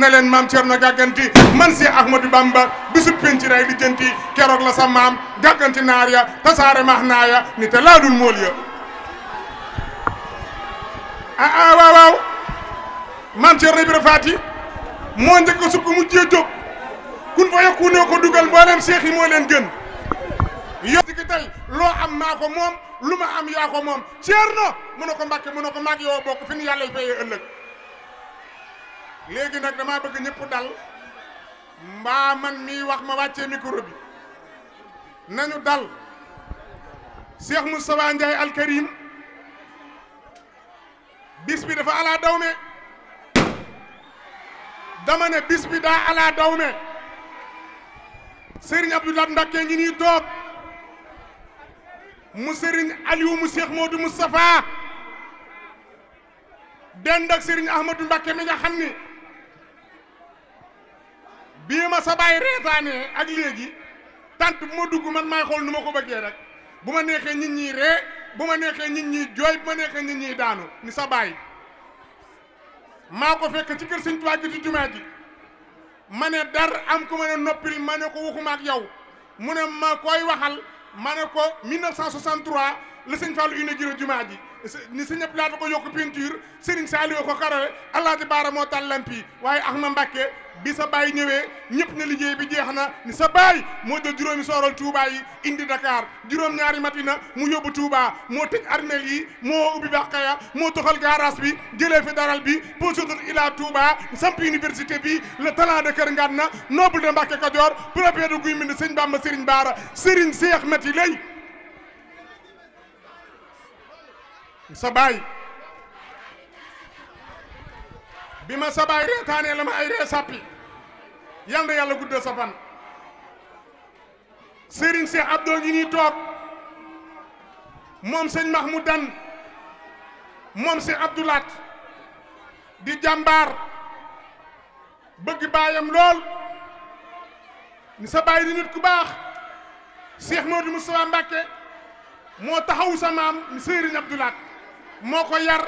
na leen maam ceerno gàgganti man si ahmadou bamba bisu penc lijjanti keroog la sa maam gàgganti naar ya tasaare max naa ya ni te laadul mool ya ah ah waaw waaw maam Thierno Ibrahima Fati moo njëkk a sukk mu jee kun fa yokku ko dugal mboolem seex yi moo leen gën yow di tey loo am maa ko moom lu ma am yaa ko moom Thierno mu ne ko Mbàkke mu ne ko maag yow bokk fi nu yàlla fayee ëllëg léegi nag damaa bëgg ñëpp dal mbaa man mii wax ma wàccee micro bi nañu dal Cheikh Moustapha Ndiaye Al bis bi dafa alaa daw dama ne bis bi daa alaa daw me sëriñ Abdoulaye Mbacké ngi nii toog mu sëriñ Aliou mu Cheikh Modou Moustapha dend ak sëriñ Ahmadou Mbacké mi nga xam ni bii ma sa reetaanee ak léegi tant bu ma dugg man maay xool nu ma ko bëggee rek bu ma neexee nit ñi ree bu ma neexee nit ñi jooy ma neexee nit ñi daanu ni sa baay maa ko fekk ci kër sëñ Tuubaa gi ci jumaa ma ne dar am ku ma ne noppil ma ne ko waxuma ak yow mu ne ma koy waxal ma ne ko 1963 la sëñ Fallou inauguré jumaa ji ni sëñ Abdou Lahad ko yokk peinture Serigne Saliou ko karale Alaaji Baara moo tàllampi waaye Ahmad Mbàkke bi sa baay ñëwee ñëpp ne liggéey bi jeex na ni sa baay moo jël juróomi soorool Touba yi indi Dakar juróom-ñaari na mu yóbbu Touba moo tëj armel yi moo ubbi Bakaya moo toxal garage bi jëlee fédéral bi posodot ila Touba samp université bi le talent de Kër Ngana noble de Mbacke Kajoor propriété de Guy Mbind Sëñ Bamba Serigne Baara Serigne Seex Mati lay sa baay bi ma sa baay reetaanee la ma ay ree sàppi yal yàlla guddal sa fan sëriñ Cheikh Abdou ngi nii toog moom sëñ mu Dan moom Cheikh Abdoulaat di jàmbaar bëgg baayam lool ni sa nit ku baax Cheikh Modou Moustapha Mbacke moo taxawu sa maam ni sëriñ Abdoulaat moo ko yar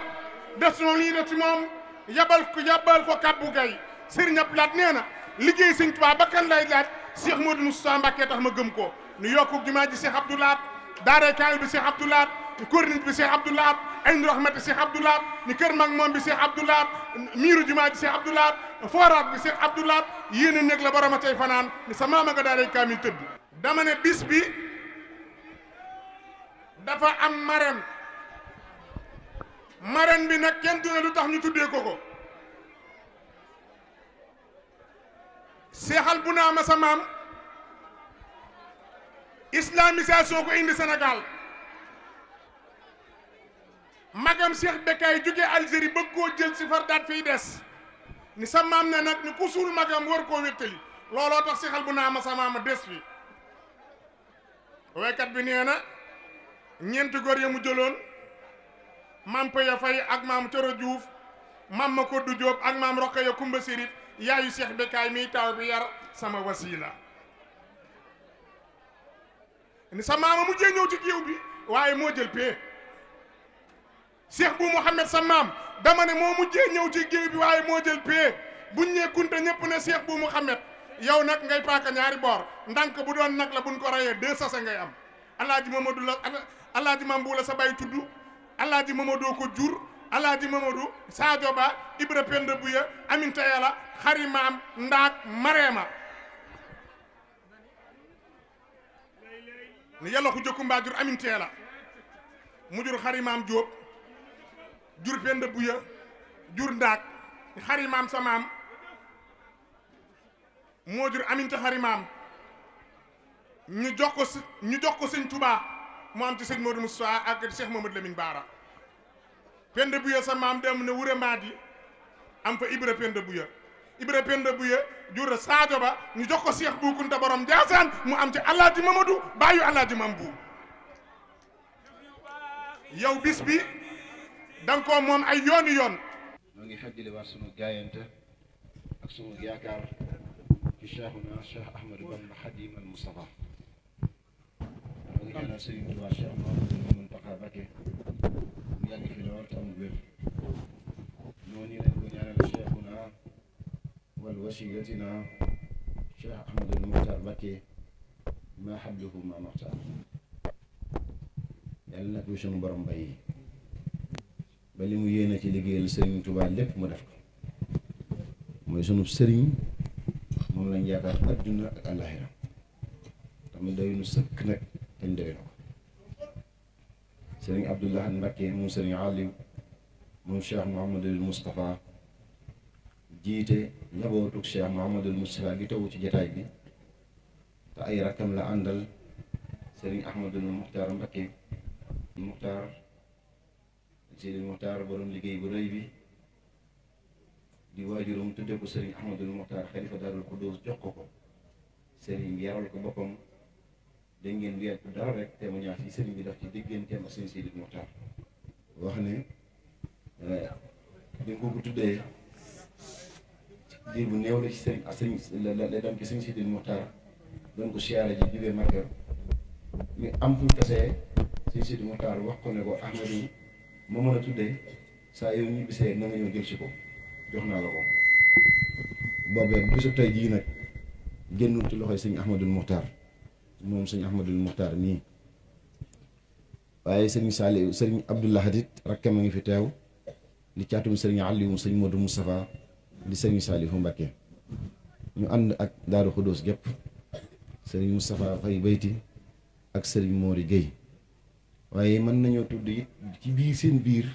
def ci moom lii def ci moom yabal ko yabal ko kàbbu gay sëriñ Abdou Lahad na liggéey sëñ Tuubaa bakkan lay laaj Cheikh Modou Moustapha Mbacké tax ma gëm ko nu yokku jumaa ji Cheikh Abdou Lahad daare kaamil bi Cheikh Abdou Lahad kornit bi Cheikh Abdou Lahad aynu rahmati Cheikh Abdou Lahad ni kër mag moom bi Cheikh Abdou Lahad miiru jumaa ji Cheikh Abdou Lahad fooraat bi Cheikh Abdou Lahad yéen néeg la borom a tey fanaan ni sa maama nga daare kaamil dama ne bis bi dafa am marem marraine bi nag kenn du ne lu tax ñu tuddee ko ko seexal bu naa ma sa maam islamisation ko indi Sénégal magam Cheikh Bekkaay jóge Algérie bëgg koo jël ci far daat fiy des ni sa maam ne nag ni ku suul magam war koo wéttali looloo tax seexal bu naa ma sa maam a des fi waykat bi nee na ñeenti góor ya mu jëloon maam Paya Faye ak maam Coro Diouf maam ma du Jóob ak maam Rokhaya Kumba Sirif yaayu Seex Bekaay mi taw bi yar sama wasiila ni sa maama mu jee ñëw ci géew bi waaye moo jël pee Cheikh bu Mouhamed sa maam dama ne moo mujjee ñëw ci géew bi waaye moo jël pee buñ ñee kunta ñëpp ne Cheikh bu Mouhamed yow nag ngay paaka ñaari boor ndànk bu doon nag la buñ ko rayee deux sase ngay am alaaji Mamadou la alaaji Mambu la sa bay tudd alaaji Mamadou ko jur alaaji Mamadou Sadio Ba Ibra Penda Buya Aminta Yàlla xarimaam ndaak mareema ne yàlla ko jur Aminta Yàlla mu jur xarimaam Jóob jur Penda Buya jur ndaak xarimaam samaam moo jur Aminta xarimaam ñu jox ko ñu jox ko sëñ mu am ci sëñ Modou Moustapha ak Cheikh Mamadou Lamine Baara Penda Buya sa maam dem na wure maat yi am fa Ibra Penda Buya Ibra Penda Buya jur Sadio Ba ñu jox ko Cheikh Bou Kounta borom mu am ci Alaaji Mamadou bàyyu Alaaji Mam bu yow bis bi da nga koo ay yooni yoon
ñoo ngi xajjali waat sunu jaayante ak sunu yaakaar ci Cheikhuna Cheikh Ahmadou Bamba Xadim al Moustapha mu ngi ñaanal Serigne Touba Cheikh Mouhamadou mu yàgg fi lool borom bay ba li mu yéene ci liggéeyal Serigne Touba lépp mu def ko mooy sunu sëriñ moom lañ yaakaar adduna ak àllaaxira tamit doy nu sëkk nag. dañ doy na ko sëriñ Abdoulahan Mbakke moom sëriñ Aliou moom cheikh Mouhamadul Moustapha jiite njabootug cheikh Mouhamadul Moustapha gi teewu ci jataay bi te ay rakkam la àndal sëriñ Ahmadul Muxtaar Mbakke Muxtaar Sëriñ Muxtaar borom liggéey bu rëy bi di waajuram tudde ko sëriñ Ahmadul Muxtaar xalifa Daarul Xuddoos jox ko ko sëriñ yaral ko boppam. da ngeen weer bu dara rek témoignage yi sëriñ bi daf ci digganteem ak sëriñ Sidi Mokhtar wax ne eh, bi ko tuddee diir bu néew la ci sëriñ ak sëriñ la la dem ci sëriñ Sidi siyaare ji jubee Màkka ñu am fu ñu tasee sëriñ Sidi Mokhtar wax ko ne ko Ahmadou ma mën a tuddee saa yow ñu bisee na nga ñëw jël si ko jox naa la ko boobee bisu tey jii nag génnul ci loxoy sëriñ Ahmadou Mokhtar moom sëñ Ahmadul Muxtaar nii waaye sëriñ Saaliw sëriñ Abdul Ahad it a ngi fi teew di caatum sëriñ Aliou sëñ Modou Moustapha di sëriñ Saalihu Mbàkke ñu ànd ak Daaru Xudóos gépp sëriñ Moustapha Fay Bayti ak sëriñ Moori Guèye waaye mën nañoo tudd it ci biir seen biir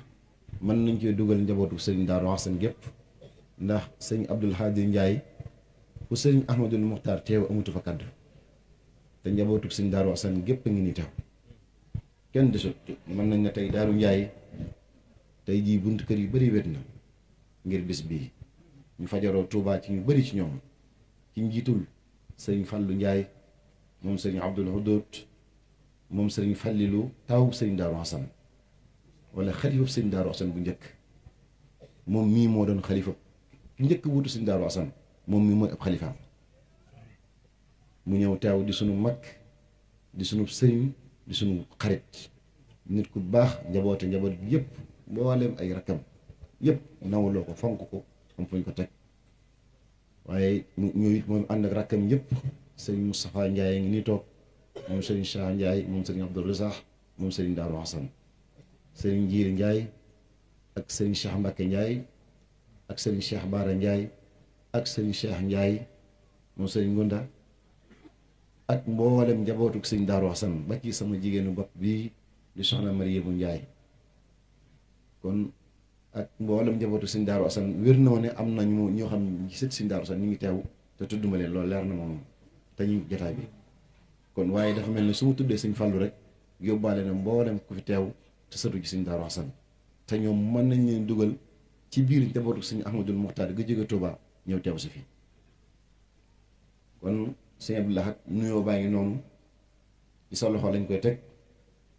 mën nañ cee dugal njabootu sëñ Daaru Xasan gépp ndax sëñ Abdul Xaadir Njaay ku sëriñ Ahmadul Muxtaar teew amatu fa kaddu te njabootu sëñ Daaru Asan gépp a ngi ni teew kenn desut mën nañ ne tey Daaru Njaay tey jii buntu kër yu bari wét na ngir bis bii ñu fajaroo Tuubaa ci ñu bari ci ñoom ci njiitul sëriñ Fallu Njaay moom sëriñ Abdul Hudud moom sëriñ Fallilu taawub sëriñ Daaru Asan wala xalifab sëriñ Daaru Asan bu njëkk moom mii moo doon xalifab ki njëkk wutu sëriñ Daaru Asan moom mii mooy ab xalifaam mu ñëw teew di sunu mag di sunu sëriñ di sunu xarit nit ku baax njaboote njaboot bi yëpp boo mbooleem ay rakkam yëpp nawloo ko fonk ko am fuñ ko teg waaye ñooy moom ànd ak rakkam yëpp sëriñ Moustapha Ndiaye ngi nii toog moom sëriñ Cheikh Ndiaye moom sëriñ Abdou Razak moom sëriñ Darou Hassan sëriñ Ndiir Ndiaye ak sëriñ Cheikh Mbacke Ndiaye ak sëriñ Cheikh Baara Ndiaye ak sëriñ Cheikh Ndiaye moom sëriñ Ngunda. ak mboolem njabootu sëñ Daaru Xasan ba ci sama jigéenu bopp bii di soxna Mariyamu Njaay kon ak mboolem njabootu sëñ Daaru Xasan wér na ne am nañu ñoo xam ne sët sëñ Daaru Xasan ñu ngi teew te tudd ma leen loolu leer na noonu te ñu jotaay bi kon waaye dafa mel ne su ma tuddee sëñ Fàllu rek yóbbaale na mboolem ku fi teew te sëtu ci sëñ Daaru Xasan te ñoom mën nañ leen dugal ci biir njabootu sëñ Ahmadul Muxtaar gi jóge Tuubaa ñëw teew si fii sëñ Abdou Lahad nuyoo baa ngi noonu ci sa loxo lañ koy teg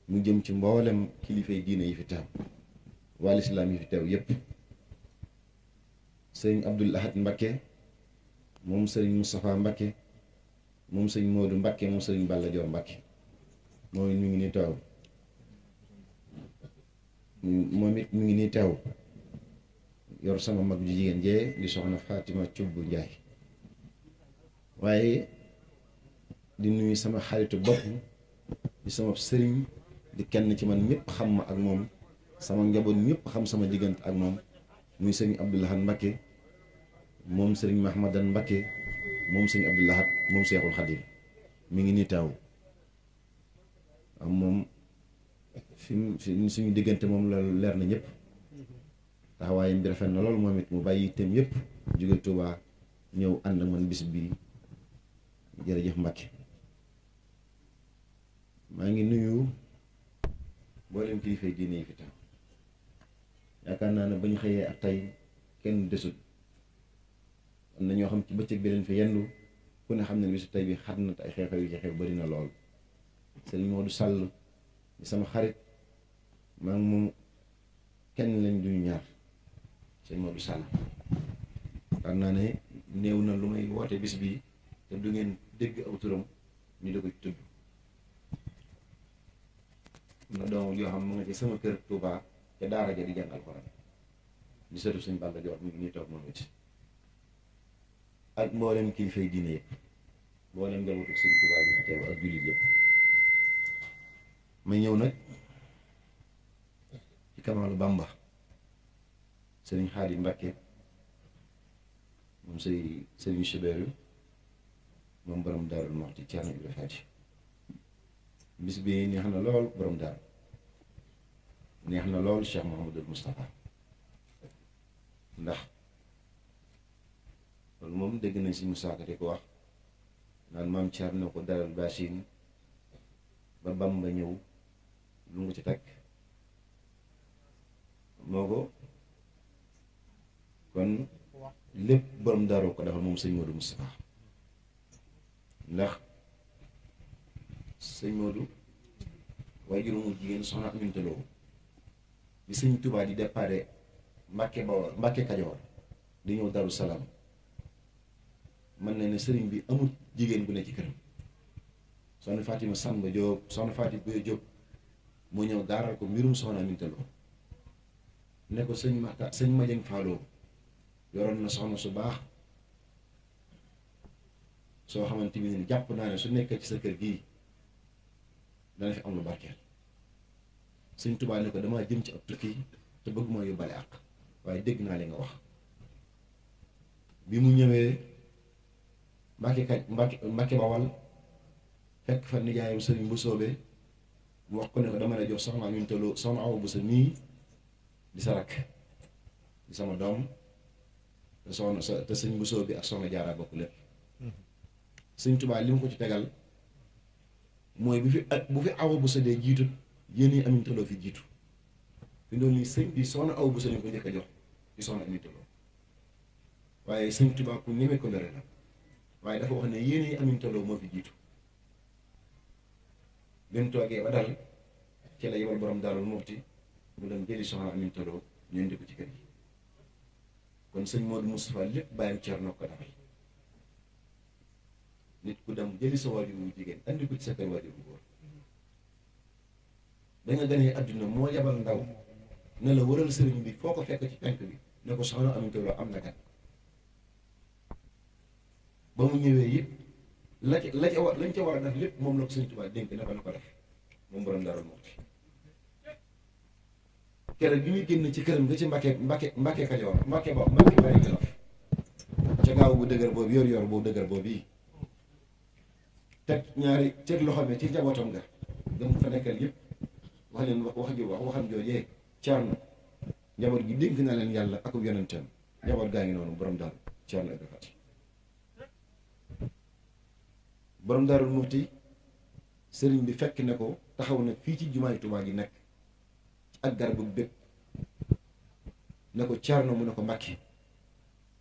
mu jëm ci mboolem kilifay diine yi fi teew waa lislaam yi fi teew yépp sëñ Abdou Lahad Mbakke moom sëñ Moustapha Mbakke moom sëñ Modou Mbakke moom sëñ Balla Dior Mbakke mooy ñu ngi nii teew moom it mu ngi nii teew yor sama mag ju jigéen jee di soxna Fatima Cubb Njaay waaye di nuyu sama xaritu bopp di sama sëriñ di kenn ci man ñëpp xam ma ak moom sama njaboot ñëpp xam sama diggante ak moom muy sëriñ Abdou Lahad Mbacké moom sëriñ Mahmadan Mbacké moom sëriñ Abdou Lahad moom Seexul Xadim mi ngi nii taaw am moom fi mu suñu diggante moom la leer na ñëpp taxawaay bi rafet na loolu moom it mu bàyyi itam yëpp jóge Tuubaa ñëw ànd ak man bis bi jërëjëf Mbacké maa ngi nuyu mboolem kilifa diine yi fi tam yaakaar naa ne ba ñu xëyee ak tey kenn desut am na ñoo xam ci bëccëg bi leen fi yendu ku ne xam ne bisu tey bi xat na te ay xew-xew yu bari na lool Serigne Modou Sall di sama xarit maa ngi moom ñaar Serigne Modou Sall xam naa ne néew na lu may woote bis bii te du ngeen dégg aw turam ñu di ko tudd am na doomam yoo xam mu nga ci sama kër Touba ca daara ja di jàng alxuraan di sëtu suñ Balla Joor mi ngi toog moom it ak mboolem kilifa yi diine yëpp mboolem njabootu suñ Touba yi teew ak jullit yëpp ma ñëw nag ci Kamalu Bamba sëriñ Xaadim Mbàkke moom sëy sëriñ Chebéru moom borom Daarul Muxti Ceerno Ibrahima bis bi neex na lool borom daal neex na lool Cheikh Mouhamadul Moustapha ndax loolu moom dégg nañ si Moussa Ka ko wax naan maam Thiar na ko dalal Bachine ba Bamba ñëw lu nga ci teg moo ko kon lépp borom daaroo ko defal moom sëñ Modou Moustapha ndax sëñ Modou waaye juróomu jigéen soxna Aminta Lo sëñ Touba yi dépare Mbàkke Bawol Mbàkke Kajoor di ñëw Daru Salaam mën na ni sëriñ bi amul jigéen bu ne ci këram soxna Fatima Samba Diop soxna Fatima Boye Diop mu ñëw daaral ko mbirum soxna Aminta Lo ne ko sëñ Mata sëñ Majeng Fallou yoroon na soxna su baax soo xamante ni jàpp naa ne su nekkee ci sa kër gii dana fi am lu barkeel sëñ Tuubaa ne ko damaa jëm ci ab tukki te bëgg moo yóbbale àq waaye dégg naa li nga wax bi mu ñëwee Mbàkke kaj Mbàkke Mbàkke Bawal fekk fa nijaayam sëriñ bu soobee mu wax ko ne ko dama lay jox soxna ñun tollu aw bu sa nii di sa rakk di sama doom te soxna sa te sëñ bu soobee ak soxna jaaraa bokk lépp mm-hmm. sëñ Tuubaa li mu ko ci tegal mooy bu fi eh, bu fi awa bu sodee jiitut yéen ñi Aminata fi jiitu fi doon nii sëñ bi soxna awa bu sodee ko njëkk a jox di soxna Aminata waaye sëñ Tuubaa ku ñeme ko lëre la waaye dafa wax ne yéen ñi moo fi jiitu benn toogee ba dal ci la yebal borom Daaru Muxti mu dem jëli soxna Aminata Lo ñeenti ci kër gi kon sëñ Modou Moustapha lépp bàyyam Cerno ko dafay nit ku dem jëli sa waajur wu jigéen andi ko ci sa kër waajur bu góor ba nga àdduna moo yabal ndaw ne la waral sëriñ bi foo ko fekk ci penk bi ne ko soxna Aminata Lo am na kat ba mu ñëwee yëpp la ca la ca war lañ ca war a def lépp moom la ko sëriñ Tuubaa dénk na ko na ko def moom borom dara moo ci keroog bi muy génn ci këram nga ci Mbàkke Mbàkke Mbàkke Kajoor Mbàkke Mbàkke Bari Jolof ca gaaw bu dëgër boobu yor yor boobu dëgër boobu yi teg ñaari teg loxo mi ci njabootam nga dem fa nekkal yëpp wax leen wax ju njaboot gi dénk naa leen yàlla akub yonentam njaboot gaa ngi noonu borom daaru Thierno Ibra Faty borom daarul mufti sëriñ bi fekk ne ko taxaw na fii ci jumaay Tuubaa gi nekk ak garabu bépp ne ko Thierno mu ne ko Mbàkke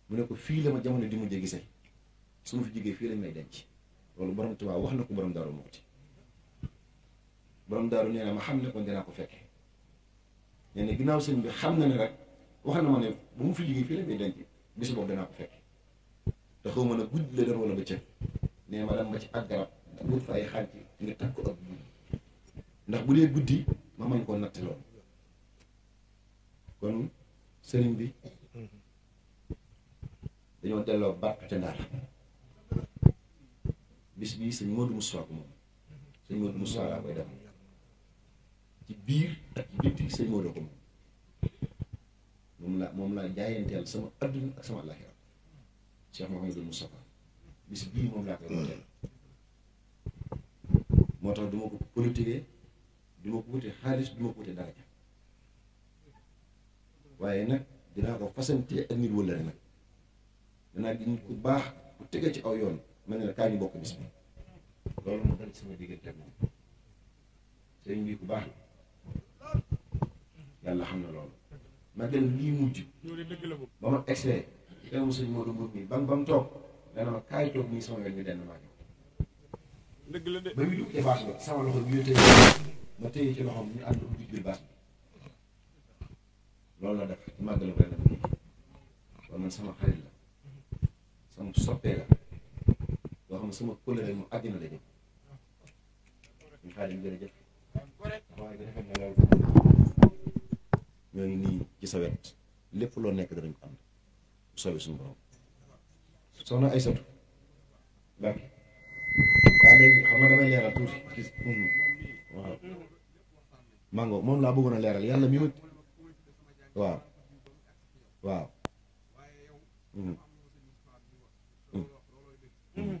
mu ne ko fii la ma jamono di mujjee gisee su ma fi jógee fii lañ may denc loolu borom Tuubaa wax na ko borom daaru Muxti borom daaru nee na ma xam ne kon dinaa ko fekke nee ginnaaw sëñ bi xam na ne rek wax na ma ne bu mu fi liggéey fii la may denc bis boobu danaa ko fekke te xaw ma ne guddi la doon wala bëccëg nee ma dem ba ci ak garab wut fa ay xànc nga takk ko ak ndax bu dee guddi ma mën koo natt loolu kon sëriñ bi mm-hmm. dañoo delloo barke ca ndaar bis bii sëñ Modou Moussa ko moom sëñ Modou Moussa laa koy def ci biir ak ci bitti sëñ Modou ko moom moom laa moom laa jaayanteel sama adduna ak sama àllaaxira Cheikh Mouhamadou Moustapha bis bii moom laa koy wooteel moo tax du ko politiquee du ko wute xaalis du ma ko wute daraja waaye nag dinaa ko fasante ak nit wëllëre nag danaa gi nit ku baax ku tege ci aw yoon ma ne la kaay ñu bokk bis bi sama diggante moom sëriñ bi ku baax la yàlla xam na loolu magal lii mujj ba ma excès teew ma sëñ Modou Mbour mi ba mu ba mu toog dana ma kaay toog nii sama wet mi denn maa la de ba muy dugg sama loxo ma tëye ci loxo ñu ànd ubbi biir baas bi loolu la def ci màggalu ren bi kon man sama xarit la sama soppee la koo xam suma kóllëre la jëm ñu xaalim jërëjëf waaye dafa ne loolu ñoo ngi ci sa wet lépp loo nekk danañ ko am bu soobee suñu borom soxna Aysatu bàkki waaw léegi xam nga damay leeral moom laa bëggoon a leeral yàlla mi ma waaw waaw mm-hmm. Mm-hmm.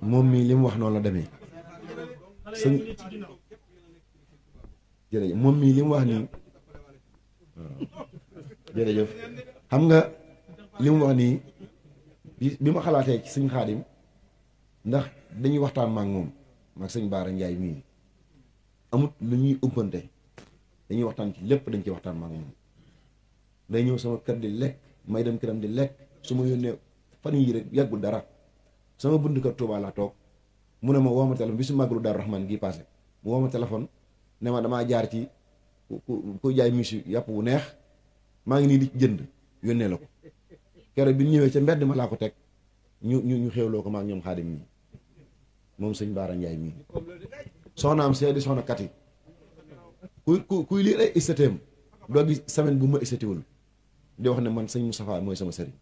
moom mii li mu wax noonu la demee sëñ jërëjëf moom mii li mu wax nii jërëjëf xam nga li mu wax nii bi bi ma xalaatee ci sëñ xaadim ndax dañuy waxtaan maak moom maak sëñ Baara Njaay mii amut lu ñuy umpante dañuy waxtaan ci lépp dañ ci waxtaan maak moom day ñëw sama kër di lekk may dem këram di lekk su ma yónnee fan yii rek yàggul dara sama bunt kër Touba laa toog mu ne ma woo ma téléphone bi su màggalu Daaru Rahman gii passé mu woo ma téléphone ne ma damaa jaar ci ku ku jaay misu yàpp wu neex maa ngi nii di jënd yónnee la ko keroog bi ñëwee ca mbedd ma laa ko teg ñu ñu ñu xéwloo ko maak ñoom xaadim mii moom sëñ Baara Njaay mii soxnaam seedi soxna kat yi kuy kuy lii ay istateem doo gis semaine bu ma istatiwul di wax ne man sëñ Moustapha mooy sama sëriñ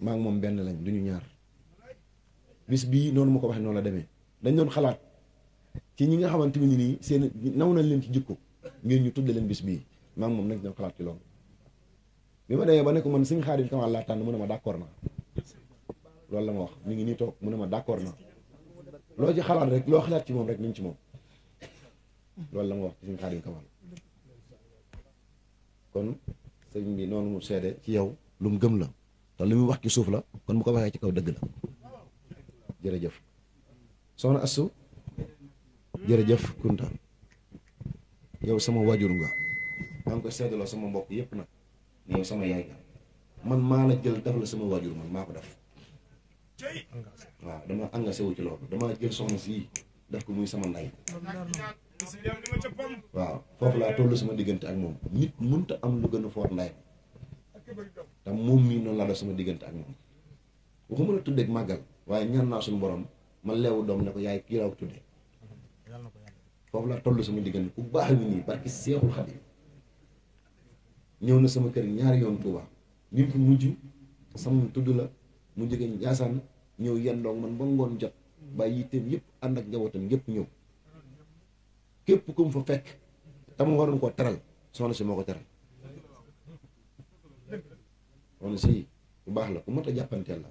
maa moom benn lañ du ñu ñaar bis bii noonu ma ko waxee noonu la demee dañ doon xalaat ci ñi nga xamante ne nii seen naw nañ leen ci jikko ngir ñu tudde leen bis bii maa ngi moom nañ doon xalaat ci loolu. bi ma demee ba ne ko man suñu xaarit kamal laa tànn mu ne ma d'accord naa loolu la ma wax mi ngi nii toog mu ne ma d'accord naa loo ci xalaat rek loo xalaat ci moom rek niñ ci moom loolu la ma wax suñu xaarit kamal kon sëñ bi noonu mu seede ci yow lu mu gëm la. te li muy wax ci suuf la kon bu ko waxee ci kaw dëgg la jërëjëf soxna Astou jërëjëf Kunta yow sama waajur nga maa ngi koy sama mbokk yëpp nag ne yow sama yaay man maa la jël def la sama waajur maa ko def waaw dama engagé wu ci loolu dama jël soxna sii def ko muy sama ndey waaw foofu laa tollu sama diggante ak moom nit mënta am lu gën a foor ndey te moom mii noonu laa def sama diggante ak moom waxuma la tuddee ak màggal waaye ñaan naa suñu borom man leewu doom ne ko yaay kii laa ko tuddee foofu laa toll sama diggante ku baax ngi nii barki seexul xadim ñëw na sama kër ñaari yoon Touba ni mu fi mujj sama tudd la mu jóge Njaasaan ñëw yendoog man ba ngoon jot bàyyi yitteem yëpp ànd ak njabootam yëpp ñëw képp ku mu fa fekk tam waroon koo teral soxna si moo ko teral moom si bu baax la ku mot a jàppanteel la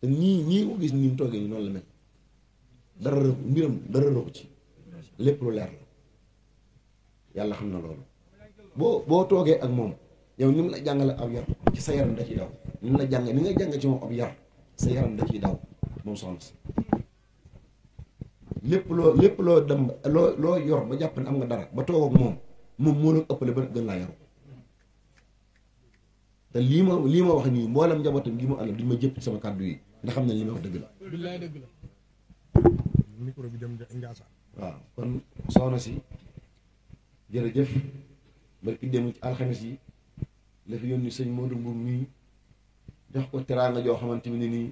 te ñii ñii ko gis toogee ñu noonu la mel dara mbiram dara ko ci lépp lu leer la yàlla xam na loolu boo boo toogee ak moom yow ni mu la jàngale ab yar ci sa yaram da ciy daw ni la jànge ni nga jàng ci moom ab yar sa yaram ciy daw moom soxna si lépp loo lépp loo dem loo loo yor ba jàpp ne am nga dara ba toog ak moom moom moo la ëppale ba gën laa yaru te lii ma lii ma wax nii mboolem njabootam gi ma àndal duñ ma jëpp sama kàddu yi ndax xam ne li ma wax dëgg la.
bi dem Ndiassane.
waaw kon soxna si jërëjëf barki dem ci alxames yi la fi yónni sëñ Modou Mbour mii jox ko teraanga joo xamante ne nii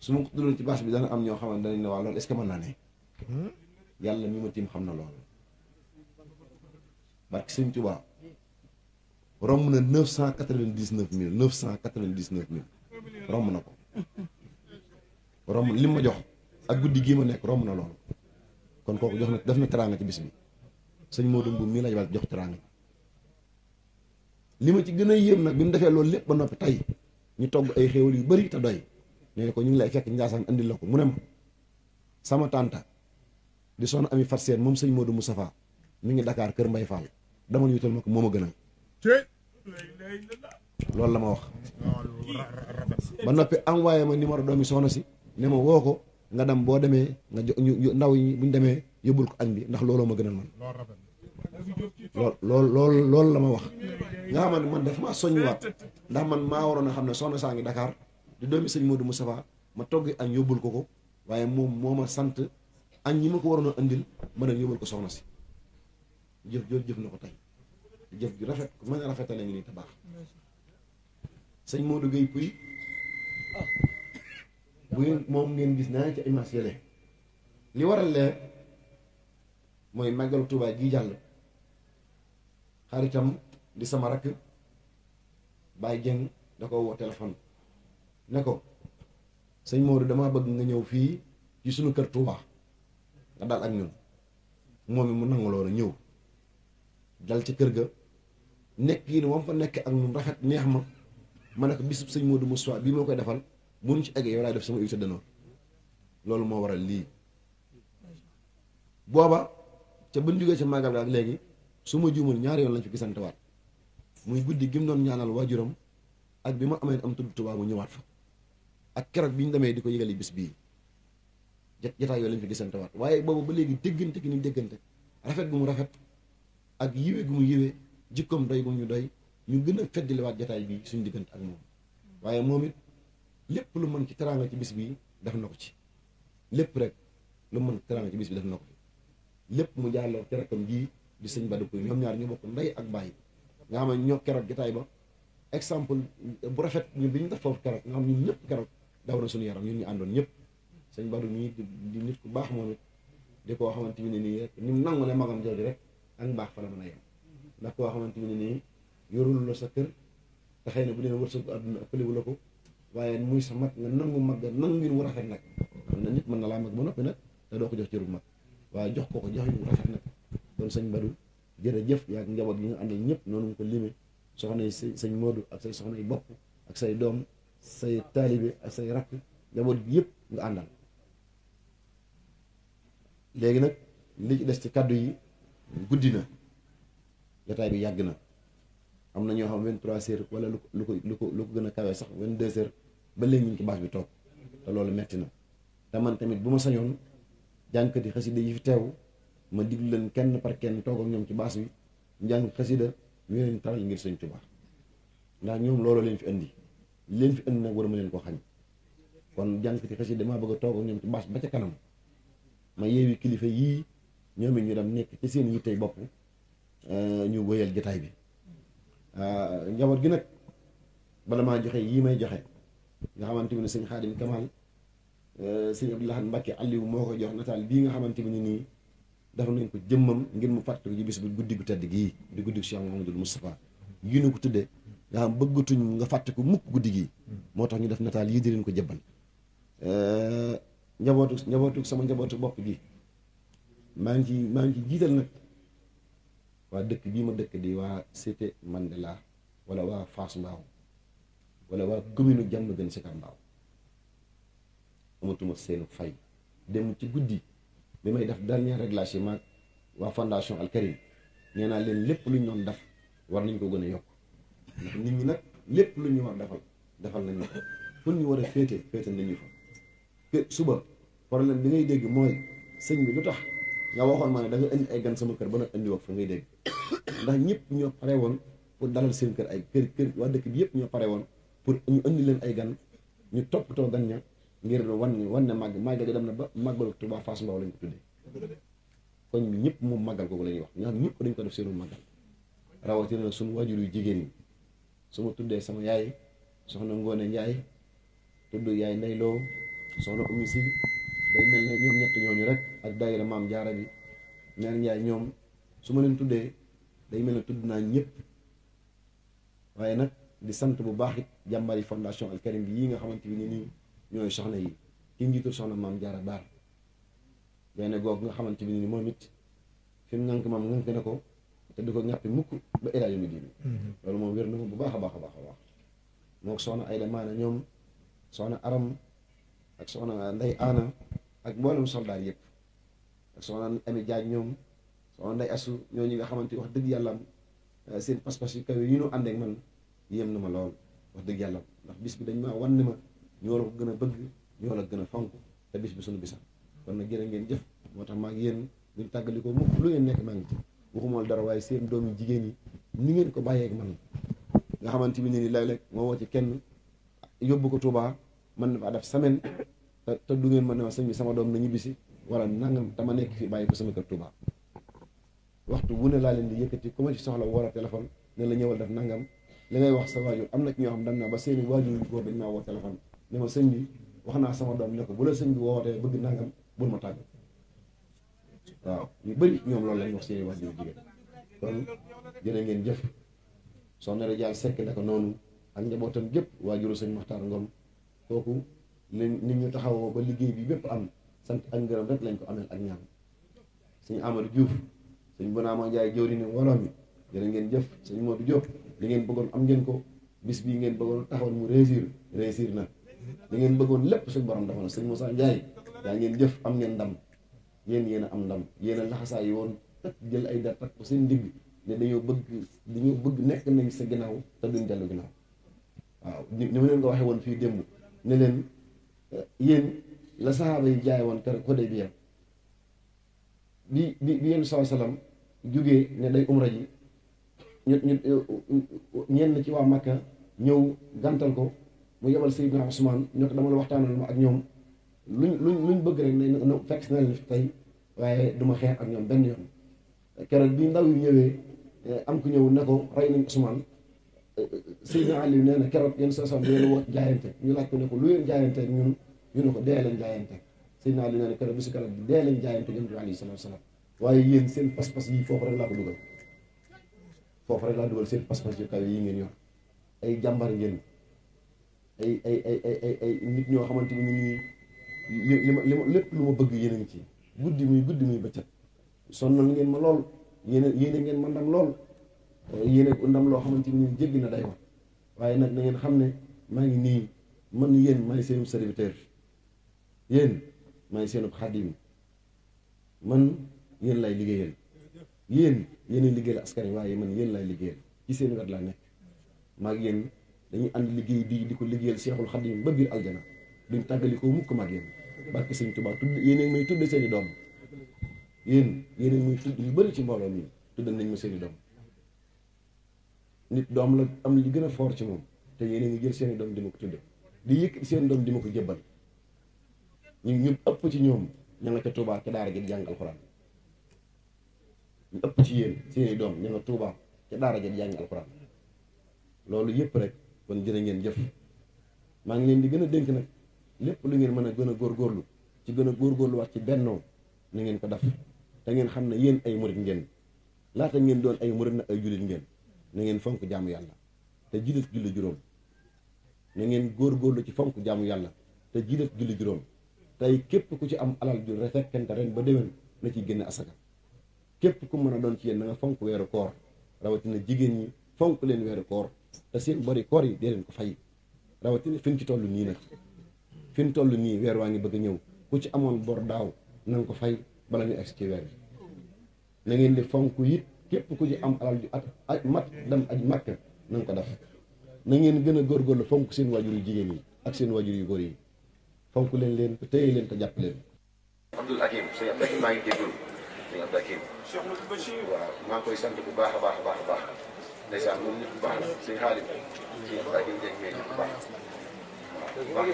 su ma ko tuddoon ci bâche bi dana am ñoo xamante ne waa loolu est-ce mën naa ne hmm? yàlla mi ma tiim xam na loolu barki sëñ Tuubaa. romb na neuf cent quatre vingt dix neuf mille neuf cent quatre na ko romb li ma jox ak guddi gii ma nekk romb na loolu kon kooku jox na def na teraanga ci bis bi sëñ Modou Mboum mii la yabal jox teraanga li ma ci gën a yéem nag bi mu defee loolu lépp ba noppi tey ñu togg ay xéewal yu bari te doy ne ko ñu ngi lay fekk Ndiassane andil la ko mu ne ma sama tànta di soxna Ami Fatou Seen moom sëñ Modou Moustapha mu ngi dakaar Kër Mbay Fall dama ñu wutal ma ko moom moo ma gënal
loolu la ma wax ba noppi
envoyé ma numéro doomi soxna si ne ma woo ko nga dem boo demee nga jo ndaw yi bu ñu demee yóbbul ko añ bi ndax looloo ma gënal man lool lool lool loolu la ma wax nga xam ne man daf maa soññiwaat ndax man maa waroon a xam ne soxna saa ngi Dakar di doomi sëñ Modou Moustapha ma togg añ yóbbul ko ko waaye moom moo ma sant añ ñi ma ko waroon a indil ma dem yóbbul ko soxna si jëf jëf jëf na ko tey jëf ju rafet ku mën a rafetale ngi nii te baax sëñ Modou Gueye bu ngeen moom ngeen gis naa ci image yële li waral lee mooy màggalu Tuubaa ji jàll xaritam di sama rakk Baye Dieng da ko woo téléphone ne ko sëñ Modou dama bëgg nga ñëw fii ci sunu kër Tuubaa nga daal ak ñun moom it mu nangu loolu ñëw dal ci kër ga nekk yi ne moom fa nekk ak ñun rafet neex ma ma ne ko bisub sëñ Modou Moussa bii moo koy defal mënuñ ci eggee yow laay def sama invité loolu moo waral lii booba ca buñ jógee ca màggal ak léegi su ma juumal ñaari yoon lañ fi gisantewaat muy guddi gi mu doon ñaanal waajuram ak bi ma amee am tudd tubaab mu ñëwaat fa ak keroog bi ñu demee di ko yëgali bis bii jataay yooyu lañ fi gisantewaat waaye boobu ba léegi déggante gi ñu déggante rafet gu mu rafet ak yiwe gu mu yiwe jikkoom doy bu ñu doy ñu gën a feddiliwaat jataay bi suñu diggante ak moom waaye moom it lépp lu mën ci teraanga ci bis bi def na ko ci lépp rek lu mën teraanga ci bi def na ko ci mu jaarloo ci rakkam jii di sëñ Bada ko ñoom ñaar ñu bokk ndey ak bàyyi nga xam ne ñoo keroog jataay ba exemple bu rafet ñu bi ñu def foofu keroog nga xam ñun ñëpp keroog daw na suñu yaram ñun ñu àndoon ñëpp sëñ Bada mii di nit ku baax moom it di koo xamante ne ni nangu ne magam jooju rek ak mbaax fa la mën a yem ndax koo xamante ne nii yorul la sa kër te na bu dee wërsëgu àdduna ëppalewu la ko waaye muy sa mag nga nangu mag nga nangu ngir a rafet nag xam na nit mën na laa mag ba noppi nag te doo ko jox cëru mag waaye jox ko ko jox yu rafet nag kon sëñ Badou jërëjëf yaa ngi njaboot yi nga ànd ñëpp noonu nga ko limee soxna yi sëñ Modou ak say soxna yi bopp ak say doom say taalibe ak say rakk bi yëpp nga àndal léegi nag li ci des ci kàddu yi guddi na jataay bi yàgg na am na ñoo xam vingt trois heures wala lu ko lu ko lu ko lu ko gën a kawee sax vingt deux heures ba léegi ñu ngi ci bi toog te loolu metti na te man tamit bu ma sañoon jàngkat yi xasida yi fi teew ma diglu leen kenn par kenn toog ak ñoom ci baas bi njàng xasida ñu leen taral ngir Sëñ Tuubaa ndax ñoom loolu leen fi indi leen fi indi nag war ma leen ko xañ kon jàngkat yi xasida damaa bëgg a toog ak ñoom ci bâche ba ca kanam ma yeewi kilifa yii ñoom it ñu dem nekk ci seen yittey bopp Euh, ñu wéyal jotaay bi euh, njaboot gi nag bala maa joxe yii may joxe nga xamante ne sëñ Xaadim Kamal euh, sëñ Abdou Lahad Mbacke moo ko jox nataal bii nga xamante ni nii dafa nañ ko jëmmam ngir mu fàttali ji bis bu guddi gu tedd gii di guddi Cheikh Mouhamadou Moustapha yii ñu ko tuddee nga xam bëggatuñ nga fàtte ko mukk guddi gii moo tax ñu def nataal yii di leen ko jëbbal njabootu sama njabootu bopp gi maa ngi ci maa ngi ci jiital nag waa dëkk bii ma dëkk di waa Cité Mandela wala waa Fass Mbao wala waa commune Diamaguène Sicap Mbao amatuma seenu fay dem ci guddi bi may def dernier réglage waa fondation Al Karim nee naa leen lépp lu ñu doon def war nañ ko gën a yokk nit ñi nag lépp lu ñuy war defal defal nañ ko ñu war a féete féete nañu fa suba problème bi ngay dégg mooy sëñ bi lu tax nga waxoon ma ne da indi ay gan sama kër ba nag indi wax fa ngay dégg ndax ñëpp ñoo pare woon pour dalal seen kër ay kër kër waa dëkk bi yëpp ñoo pare woon pour ñu indi leen ay gan ñu toppatoo gan ña ngir wan wan ne màgg màggal gi dem na ba màggalu Tuubaa fas Mbaw lañ ko tuddee kon ñëpp mu màggal googu la ñuy wax ñoo xam dañ ko def seenu màggal rawatina na suñu waajur yu jigéen ñi su ma tuddee sama yaay soxna Ngoone Njaay tudd yaay Ndey Loo soxna Umi day mel ne ñoom rek ak daayira maam jaara bi ñaar njaay ñoom su ma leen tuddee day mel na tudd naa ñëpp waaye nag di sant bu baax it jàmbari fondation Al Karim bi yii nga xamante bi nii ñooy soxna yi ki njiitul soxna maam jaara baar gaynde googu nga xamante bi nii moom it fi mu ngànk maam ngànk na ko te du ko ñàppi mukk ba élaaj mi
mhm.
loolu moom wér na ko bu baax a baax a baax a baax moo soxna Ayda Maana ñoom soxna Aram ak soxna Ndey Aana ak mboolem soldaar yëpp soo soxna Ami Jaaj ñoom soxna Ndey Asu ñi nga xamante wax dëgg yàlla eh, seen pas-pas yu kawe yi ñu ànd ak man yéem na ma lool wax dëgg yàlla ndax bis bi dañ maa wan ne ma ñoo la ko gën a bëgg ñoo la gën a fonk te bis bi suñu bisam kon nag jërë ngeen jëf moo tax maa ngi yéen buñ tàggalikoo mukk lu ngeen nekk maa ngi ci waxumal dara waaye seen doomi jigéen yi ni ngeen ko bàyyeek man nga xamante bi ne ni léeg-léeg moo woo ci kenn yóbbu ko Tuubaa mën na fa def semaine te te du ngeen ma ne ma sëñ bi sama doom na ñibbisi wala nangam dama nekk fii bàyyi ko sama kër Touba waxtu bu ne laa leen di yëkkati ku ma ci soxla wala téléphone ne la ñëwal def nangam li ngay wax sa am na ci ñoo xam dañ naa ba seeni waajur yu góor dañ maa woo téléphone ne ma sëñ bi wax naa sama doom ne ko bu la sëñ bi wootee bëgg nangam bul ma tàgg waaw ñu bëri ñoom loolu lañ wax seeni waajur jigéen kon jërë ngeen jëf soxna Radial sekk ne ko noonu ak njabootam gépp waajuru sëñ Maxtaar Ngom kooku nit ñu taxawoo ba liggéey bi bépp am sant ak ngërëm rek lañ ko ameel ak ñaan suñu Amadou Diouf suñu Bonaama Njaay jëwriñu mbooloo mi jërë ngeen jëf suñu Modou Diop li ngeen bëggoon am ngeen ko bis bii ngeen bëggoon taxawal mu réussir réussir na li ngeen bëggoon lépp suñu borom dafa na suñu Moussa Njaay daa ngeen jëf am ngeen ndam yéen yéen a am ndam yéen laxasaay laxasaa woon jël ay dar takk ko seen ndigg ne dañoo bëgg dañoo bëgg nekk nañ sa ginnaaw te duñ dellu ginnaaw waaw ni ma leen ko waxee woon fii démb ne leen yéen la saxaaba yi jaay woon kër Xudaybiya bi bi bi yéen saw salaam jógee ne day umra ji ñu ñu ñenn ci waa Makka ñëw gantal ko mu yebal Seydina Ousmane ñu ko dama la waxtaanal ma ak ñoom luñ luñ luñ bëgg rek ne fekk si na leen fi tey waaye duma xeex ak ñoom benn yoon keroog bi ndaw yu ñëwee eh, am ku ñëw ne ko rey nañ Ousmane Seydina Aliou nee na keroog yéen sa sam yéen woo jaayante ñu laaj ko ne ko lu leen jaayante ñun ñu ne ko dee leen jaayante Seydina Aliou nee na keroog bi dee leen jaayante yonent bi alayhi salaatu salaam waaye yéen seen pas-pas yi foofu rek laa ko dugal foofu rek laa dugal seen pas-pas yu kaw yi ngeen yor ay jàmbar ngeen ay ay ay ay ay nit ñoo xamante ni ñu li li ma li ma lépp lu ma bëgg yéen a ngi ci guddi muy guddi muy bëccëg sonnal ngeen ma lool yéen a yéen a ngeen ma ndam lool yéene ko ndam loo xamante ni jéggi na day waaye nag na ngeen xam ne maa ngi nii man yéen maay seenub serviteur yéen maay seenub xaadim man yéen lay liggéeyal yéen yéenay liggéeyal askan wi waaye man yéen lay liggéeyal ci seen wet laa maa ngi yéen dañuy ànd liggéey di di ko liggéeyal seexul xaadim ba biir aljana duñ tàggali ko mukk maag yéen barke sëñ Tuubaa tudd yéen may tudd seen i doom yéen yéen may tudd yu bëri ci mbooloo mi tudd nañ ma seeni doom nit doom la am li gën a foor ci moom te yéen a ngi jël seen i doom di ma ko tudde di yëkk yëkkati seen doom di ma ko jébbal ñu ëpp ci ñoom ña nga ca Touba ca daara ji di jàng alxuraan ñu ci yéen seen nga Touba ca daara ji di jàng alxuraan loolu yëpp rek kon jërë ngeen jëf maa ngi leen di gën a dénk nag lépp lu ngeen mën a gën a góorgóorlu ci gën a góor góorgóorluwaat ci bennoo na ngeen ko def te ngeen xam ne yéen ay murit ngeen laata ngeen doon ay murit na ay jullit ngeen na ngeen fonk jaamu yàlla te jiital julli juróom na ngeen góorgóorlu ci fonk jaamu yàlla te jiital julli juróom tey képp ku ci am alal ju refekkente ren ba déwén na ciy génn asaka képp ku mën a doon ci yéen na nga fonk weeru koor rawatina jigéen ñi fonk leen weeru koor te seen bari koor yi dee leen ko fay rawatina fin ci toll nii nag fin toll nii weer waa ngi bëgg a ñëw ku ci amoon bor daaw na ko fay bala ñu egg ci weer bi na di fonk képp ku ci am alal ju at aj mat dem aj màkk na nga ko def na ngeen gën a góor góorgóorlu fonk seen waajur yu jigéen yi ak seen waajur yu góor yi fonk leen leen te téye leen te jàpp leen. Abdoul Hakim sëñ Abdoul Hakim maa ngi déglu koy sant bu baax a baax a baax a baax ndeysaan moom nit ku baax la sëñ Xaalim sëñ Abdoul Hakim dégg ngeen nit ku baax baax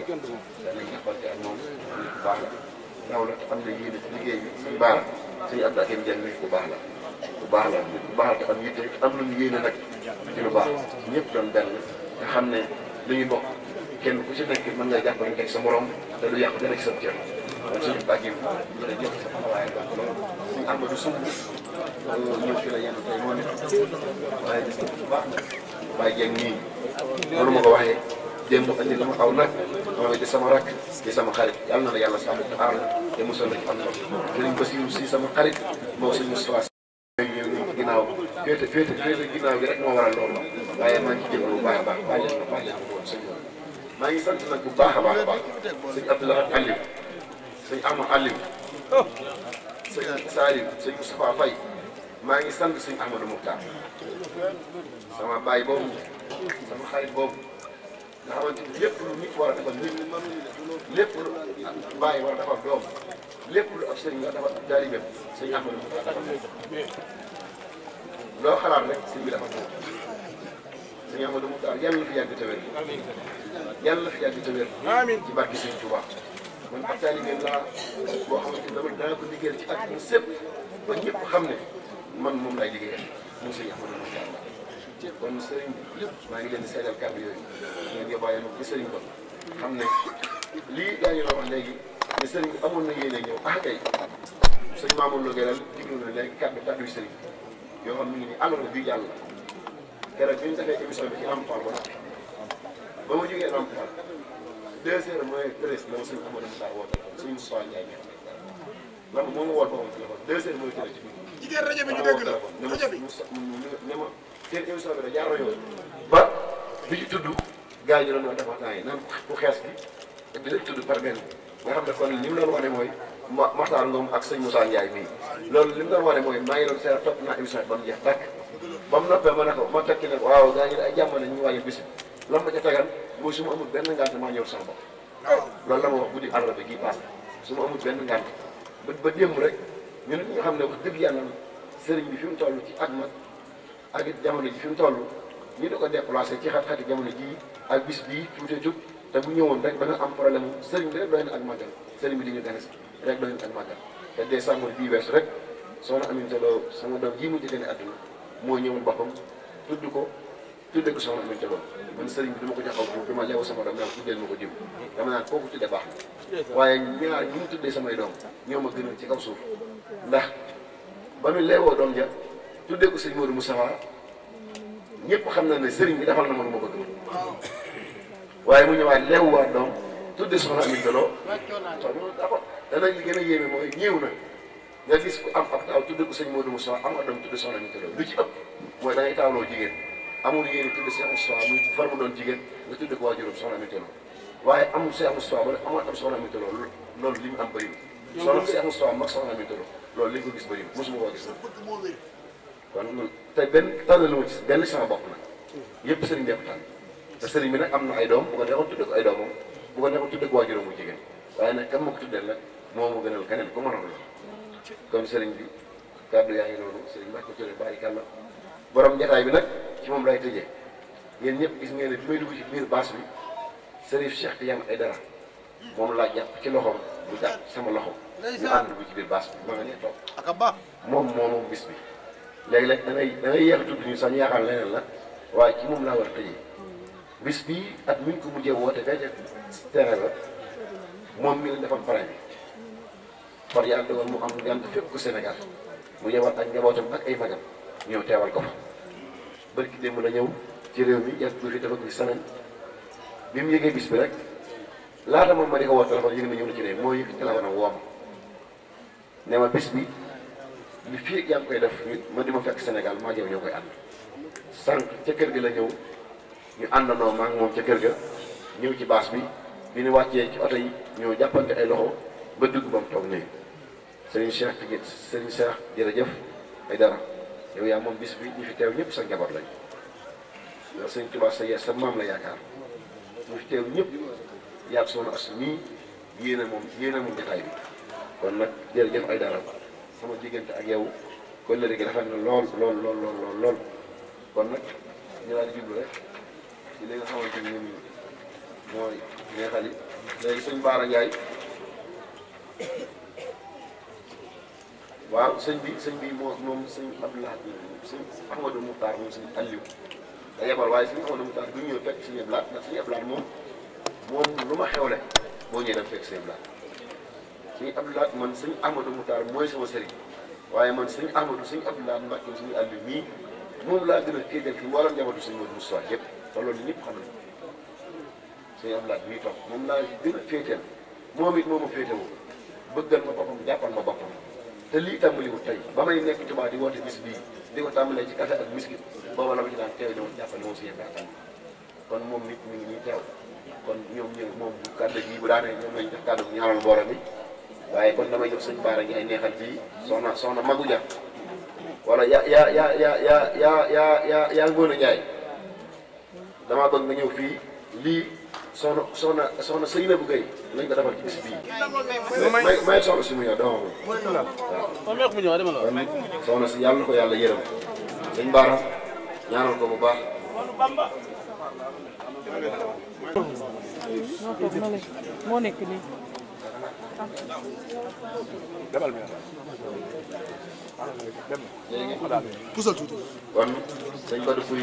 danañ jàppante ak la ndaw baax la bu baax la bu baax te am yitte am nañu yéene nag ci lu baax ñëpp doon benn nga xam ne lu ñu bokk kenn ku si nekk man nga jàppanteeg sa morom te du yàqu dara ci sa cër. kon suñu bàcc yi jërëjëf sa taxawaay la lool suñu Amadou Sow ñëw fi la yenn tey moo nekk waaye gis nga bu baax nag ma ko waxee sama rakk di sama xarit yàlla na la yàlla sàmm aar la te mosal am ndox. dinañ ko si sama xarit moo si mos ginnaaw féete féete gi moo waral loolu waaye maa ngi ci jël bu baax a baax maa ngi sant nag bu baax a baax a baax si Abdoulaye Aliou sëñ Ama Aliou sëñ Saliou sëñ Moustapha Faye maa ngi sant sëñ Amadou Mokhtar sama baay sama xarit boobu nga xamante ni a defal nit lépp lu baay war a lépp lu ab sëriñ nga dafa taalibeem sëriñ Ahmadu dafa loo xalaat rek sëriñ bi dafa taw sëriñ Ahmadu Muxtaar yàlla na fi yàgg te wér yàlla na fi yàgg te wér ci barke sëriñ Tuubaa man ab taalibeem laa boo xamante dama dana ko liggéeyal ci at mu sëpp ba ñëpp xam ne man moom laay liggéeyal moom yi Ahmadu Muxtaar kon sëriñ bi maa ngi leen di seedal kàddu yooyu ngeen bàyyi ma ko sëriñ kon xam ne lii la wax léegi ne sëriñ bi amoon na yéene ñëw ah kay sëñ Mamour Lo Gueye jublu na léegi kàddu kàddu yu sëriñ yoo xam ne ñu bi ñu bi ci am tool ba noppi ba am tool deux heures mooy treize la ma suñu suñu soxla Ndiaye ñëw moom ma woo boppam téléphone deux heures mooy treize. jigéen rajo la rajo bi ne ma seen émission bi ba bi ci tudd gars yi ñu doon wax yi naan ku ah, xees bi dinañ tudd par benn. nga xam ne kon li mu wane mooy ma Maxtaar Ngom ak sëñ Moussa Ndiaye mii loolu li mu doon wane mooy maa ngi doon seet topp naa émission bi ba mu jeex tàkk ba mu noppee ma ne ko ma teg ci ne waaw gaa ngi ñu waajal bis bi lan ma ca tegal su ma amul benn ngànt maa ñëw sama bopp loolu la ma guddi àll bi gii paas su ma amul benn ngànt ba démb rek ñun ñi nga xam ne wax dëgg yàlla sëriñ bi fi mu ci ak mag ak it ji fi mu ñu di ko déplacé ci xat te bu ñëwoon rek da nga am problème sëriñ bi rek doy na ak màggal bi li ñu gën a rek doy na ak màggal rek soxna Aminata Lo sama doom ji mu ci gën a àdduna moo ñëwul boppam tudd ko tuddee ko soxna mu Lo man sëriñ bi dama ko jaxaw bu dama leew sama doom daal tuddeel ma ko diw dama naan kooku tuddee baax na waaye ñaar tuddee samay doom ñoo ma gënal ci kaw suuf ndax ba mu leewoo doom ja tuddee ko sëriñ Modou Moussa ñëpp xam na ne sëriñ bi defal na ma lu ma waaye mu ñëwaat leewuwaat doom tudde soxna Aminta Lo soxna d'accord te nag gën a yéeme mooy ñëw na nga gis ku am ak taaw tudde ko sëñ Modou Moussa am ak doom tudde lu ci ëpp mooy da ngay jigéen amul yéene tudde Cheikh Moustapha muy far mu doon jigéen nga tudde ko waajuram soxna Aminta Lo waaye amul Cheikh Moustapha wala amul am soxna Aminta Lo loolu li mu am bëri na soxna Cheikh Moustapha mag soxna Aminta Lo loolu li ñu ko gis bëri na mosuma koo gis kon te benn tànn lu ma gis benn sama bopp yëpp sëriñ bi sëriñ bi nag am na ay doom bu a neexoon tuddee ko ay doomam bu ko neexoon tuddee ko waajuram bu jigéen waaye nag kan ko tuddee nag moo ma gënal keneen ko mënoon la kon sëriñ bi kàddu yaa ngi noonu sëriñ Mbacke Touré bàyyi kàlla borom jataay bi nag ci moom lay tëjee yéen ñëpp gis ngeen ne bi may dugg ci biir baas bi sërif Cheikh Tidiane Aidara moom laa ci loxoom sama loxo ñu ànd dugg ci biir baas bi ma nga nee toog moom moo moom bis bi léegi-léeg da ngay da ngay yéex tudd ñu sax ñu yaakaar leneen la waaye ci moom laa war a tëjee bis bii ak muñ ko mujjee woote fee ca terrain ba moom mi defoon pare bi par yàlla mu am gànt fépp ku Sénégal mu yebal ak njabootam ak ay magam ñëw teewal ko fa bërki démb la ñëw ci réew mi yàgg du fi dafa gis semaine bi mu yëgee bis bi rek laata moom ma di ko woo téléphone yëg na ñëw na ci réew moo yëg téléphone woo ma ne ma bis bi li fii yaa ngi koy def ma di ma fekk Sénégal maa ngi ñoo koy ànd sànq ca kër gi la ñëw ñu àndandoo maak moom ca kër ga ñëw ci baas bi bi ñu wàccee ci oto yi ñoo jàppante ay loxo ba dugg ba mu toog nii sëriñ Cheikh Tiguet sëriñ Cheikh jërëjëf ay dara yow yaa moom bis bi ñu fi teew ñëpp sa njaboot lañ ndax sëriñ Tuubaa sa yees sa maam la yaakaar ñu fi ñëpp yàgg soxna as mii yéen a moom yéen a moom jotaay kon nag jërëjëf ay dara sama diggante ak yow kon la léegi rafet na lool lool lool lool kon nag ñu daal di jublu rek. ci li nga xamante ni mooy neexal yi léegi Baara Ndiaye waaw sëñ bi sëñ bi moom moom sëñ Abdoulaye sëñ Ahmadou Moukhtar moom sëñ Aliou da yebal waaye sëñ Ahmadou Moukhtar du ñu fekk sëñ Abdoulaye ndax sëñ Abdoulaye moom moom lu ma xewle boo ñëwee dem fekk sëñ man sëñ Ahmadou Moukhtar mooy sama sëriñ waaye man sëñ Ahmadou sëñ Abdoulaye Mbacke sëñ Aliou mii moom laa gën a féetal fi mboolem njabootu sëñ Modou Moustapha yëpp te loolu ñëpp xam nañ suñu am laaj muy toog moom laa gën a féeteel moom it moomu féetewoo bëggal ma boppam jàppal ma boppam te lii tàmbaliwul tey ba may nekk Tuubaa di woote bis bii di ko tàmbalee ci kase ak miskit booba la ma ci daan teew di ma jàppale moom suñu mbaataan kon moom nit mi ngi ñuy teew kon ñoom ñëw moom bu kàddu gi bu daanee ñoom lañ def kàddu bu ñaanal mbooloo mi waaye kon damay jox sëñ Baara gi ay neexal bii soxna soxna Magu Dia wala ya ya ya ya ya yaa yaa yaa Ngoone Njaay damaa bëgg nga ñëw fii lii soxna soxna soxna sëy na bu gay nañ ko defal ci bis bii may may soxna si mu ñëw dama ma soxna si yàlla na ko yàlla yërëm dañ baara ñaanal ko bu baax
moo nekk nii
kon
sëñ Badou Pouy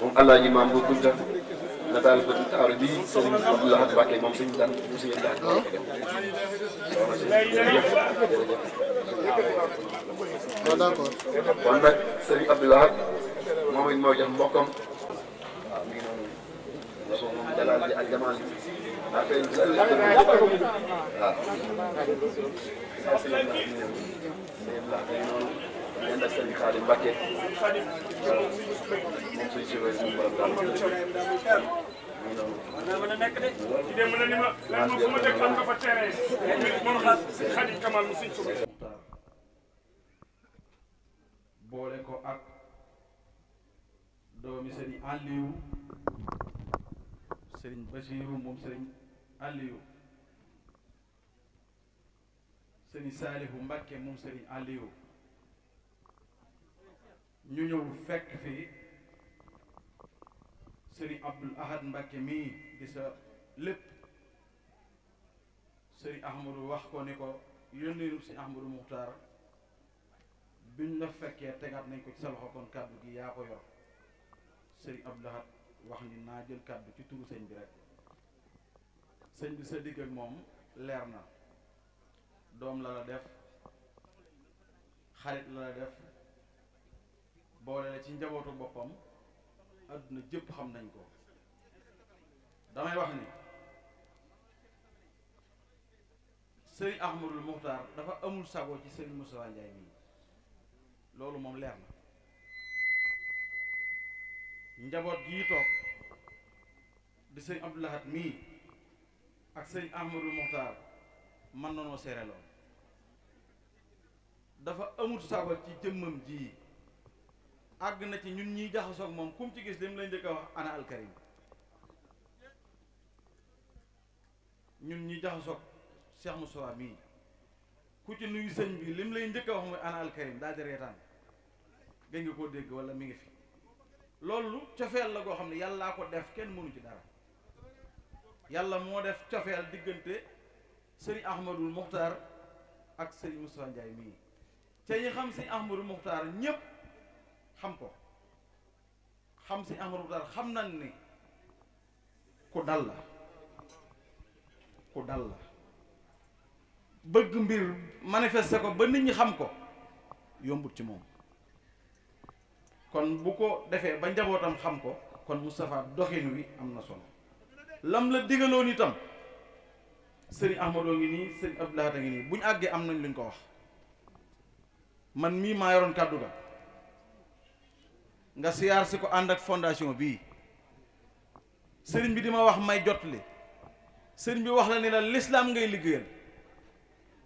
moom alaaji maam bu Kunta nataal ko taaru bi sëriñ Abdou Lahad Mbacké moom suñu daan bu suñu daan ko ah. def ah, d'accord kon nag sëriñ Abdou Lahad moom it moo jox mbokkam waaw ah, mi ngi noonu na ko moom jalaal ji ak jamaan affaire bi waaw ñenn ak sëñ a nekk de
ci dem la ni
boole ko ak doomi sëriñ Aliou sëriñ Basiru moom sëriñ Aliou sëriñ Saalihu Mbàkke moom sëriñ Aliou ñu ñëw fekk fii sëriñ Abdul Ahad Mbakke mii di sa lépp sëriñ Ahmadou wax ko ni ko yónneenu si Ahmadou Muxtaar biñ la fekkee tegaat nañ ko ci sa loxo kon kàddu gi yaa ko yor sëriñ Abdul Ahad wax ni naa jël kàddu ci turu sëñ bi rek sëñ bi sa digg ak moom leer na doom la la def xarit la la def boole la ci njabootu boppam àdduna jëpp xam nañ ko damay wax ni sëriñ Ahmadul Muxtaar dafa amul sago ci sëriñ Moussa Ndiaye mii loolu moom leer na njaboot gii toog di sëriñ Abdou mii ak sëriñ Ahmadul Muxtaar man nanoo seere lool dafa amul sago ci jëmmam jii àgg na ci ñun ñiy jaxasoog moom kum ci gis lim lay njëkk a wax ana alkarim ñun ñi jaxasoog Cheikh Moussa mii ku ci nuyu sëñ bi lim lay njëkk a wax mooy ana alkarim daal di reetaan gën nga koo dégg wala mi ngi fi loolu cofeel la goo xam ne yàllaa ko def kenn mënu ci dara yàlla moo def cofeel diggante sëriñ Ahmadul Muxtaar ak sëriñ Moussa Ndiaye mii te ñi xam sëriñ Ahmadul Muxtaar ñëpp. xam ko xam si Ahmadou daal xam nañ ni ku dal la ku dal la bëgg mbir manifester ko ba nit ñi xam ko yombut ci moom kon bu ko defee ba njabootam xam ko kon Moustapha doxin wi am na solo lam la digaloon itam sëriñ Ahmadou ngi nii sëriñ a ngi nii bu àggee am nañ luñ ko wax man mii maa kàddu ga nga siyaar si ko ànd ak fondation bii sëriñ bi di ma wax may jot li sëriñ bi wax la ni la lislaam ngay liggéeyal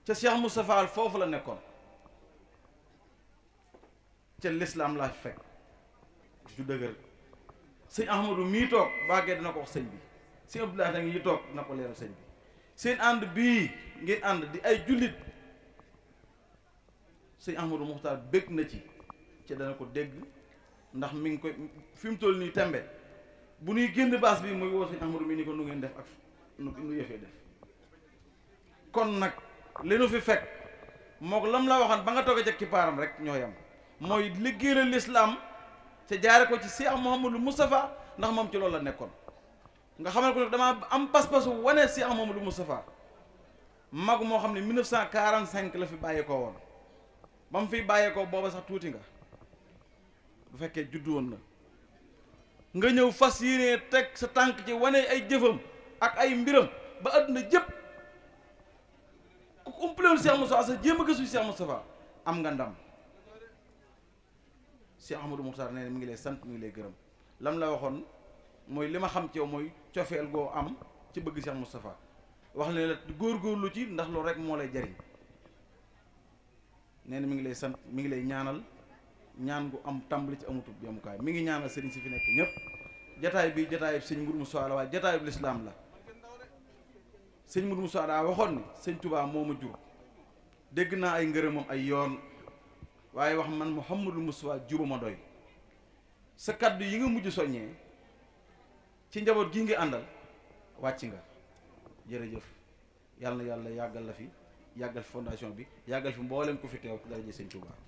ca Cheikh Moustapha foofu la nekkoon ca lislaam laa fekk du dëgër sëñ Ahmadou mii toog dina ko wax bi sëñ Abdoulaye da ngi toog dina ko leeral sëñ bi seen ànd bii ngir ànd di ay jullit sëñ Ahmadou Muxtaar bég na ci ca dana ko dégg ndax mi ngi koy fi mu toll nii tembe bu nuy génn baas bii muy woo sëñ Ahmadou mi ni ko nu ngeen def ak nu nu yëfee def kon nag li nu fi fekk moo lam la waxoon ba nga toogee ci kippaaram rek ñoo yam mooy liggéeyal lislaam te jaare ko ci Cheikh Mouhamadou Moustapha ndax moom ci loolu la nekkoon nga xamal ko nag damaa am pas-pasu wane Cheikh Mouhamadou Moustapha mag moo xam ne 1945 la fi bàyyeekoo woon ba mu fiy koo booba sax tuuti nga bu fekkee juddu woon na nga ñëw fas yéene teg sa tànk ci wane ay jëfam ak ay mbiram ba àdduna jëpp ku umpaleewul Cheikh Moustapha sa jéem a gëstu Cheikh Moustapha am nga ndam Cheikh Ahmadou Moukhtar nee na mi ngi lay sant mu ngi lay gërëm lam la waxoon mooy li ma xam ci yow mooy cofeel goo am ci bëgg Cheikh Moustapha wax ne la góorgóorlu ci ndax loolu rek moo lay jariñ nee na mi ngi lay sant mi ngi lay ñaanal ñaan gu am tàmbali ci amutu yemukaay mi ngi ñaanal sëriñ si fi nekk ñëpp jataay bi jataay bi sëñ Mourou Moussa la waaye jataay lislaam la sëñ Mourou Moussa daa waxoon ni sëñ Touba moo ma jur dégg naa ay ngërëmam ay yoon waaye wax man Mouhamadul Moussa juba ma doy sa kaddu yi nga mujj soññee ci njaboot gi ngi àndal wàcc nga jërëjëf yàlla na yàlla yàggal la fi yàggal fi fondation bi yàggal fi mboolem ko fi teew dara ji sëñ Touba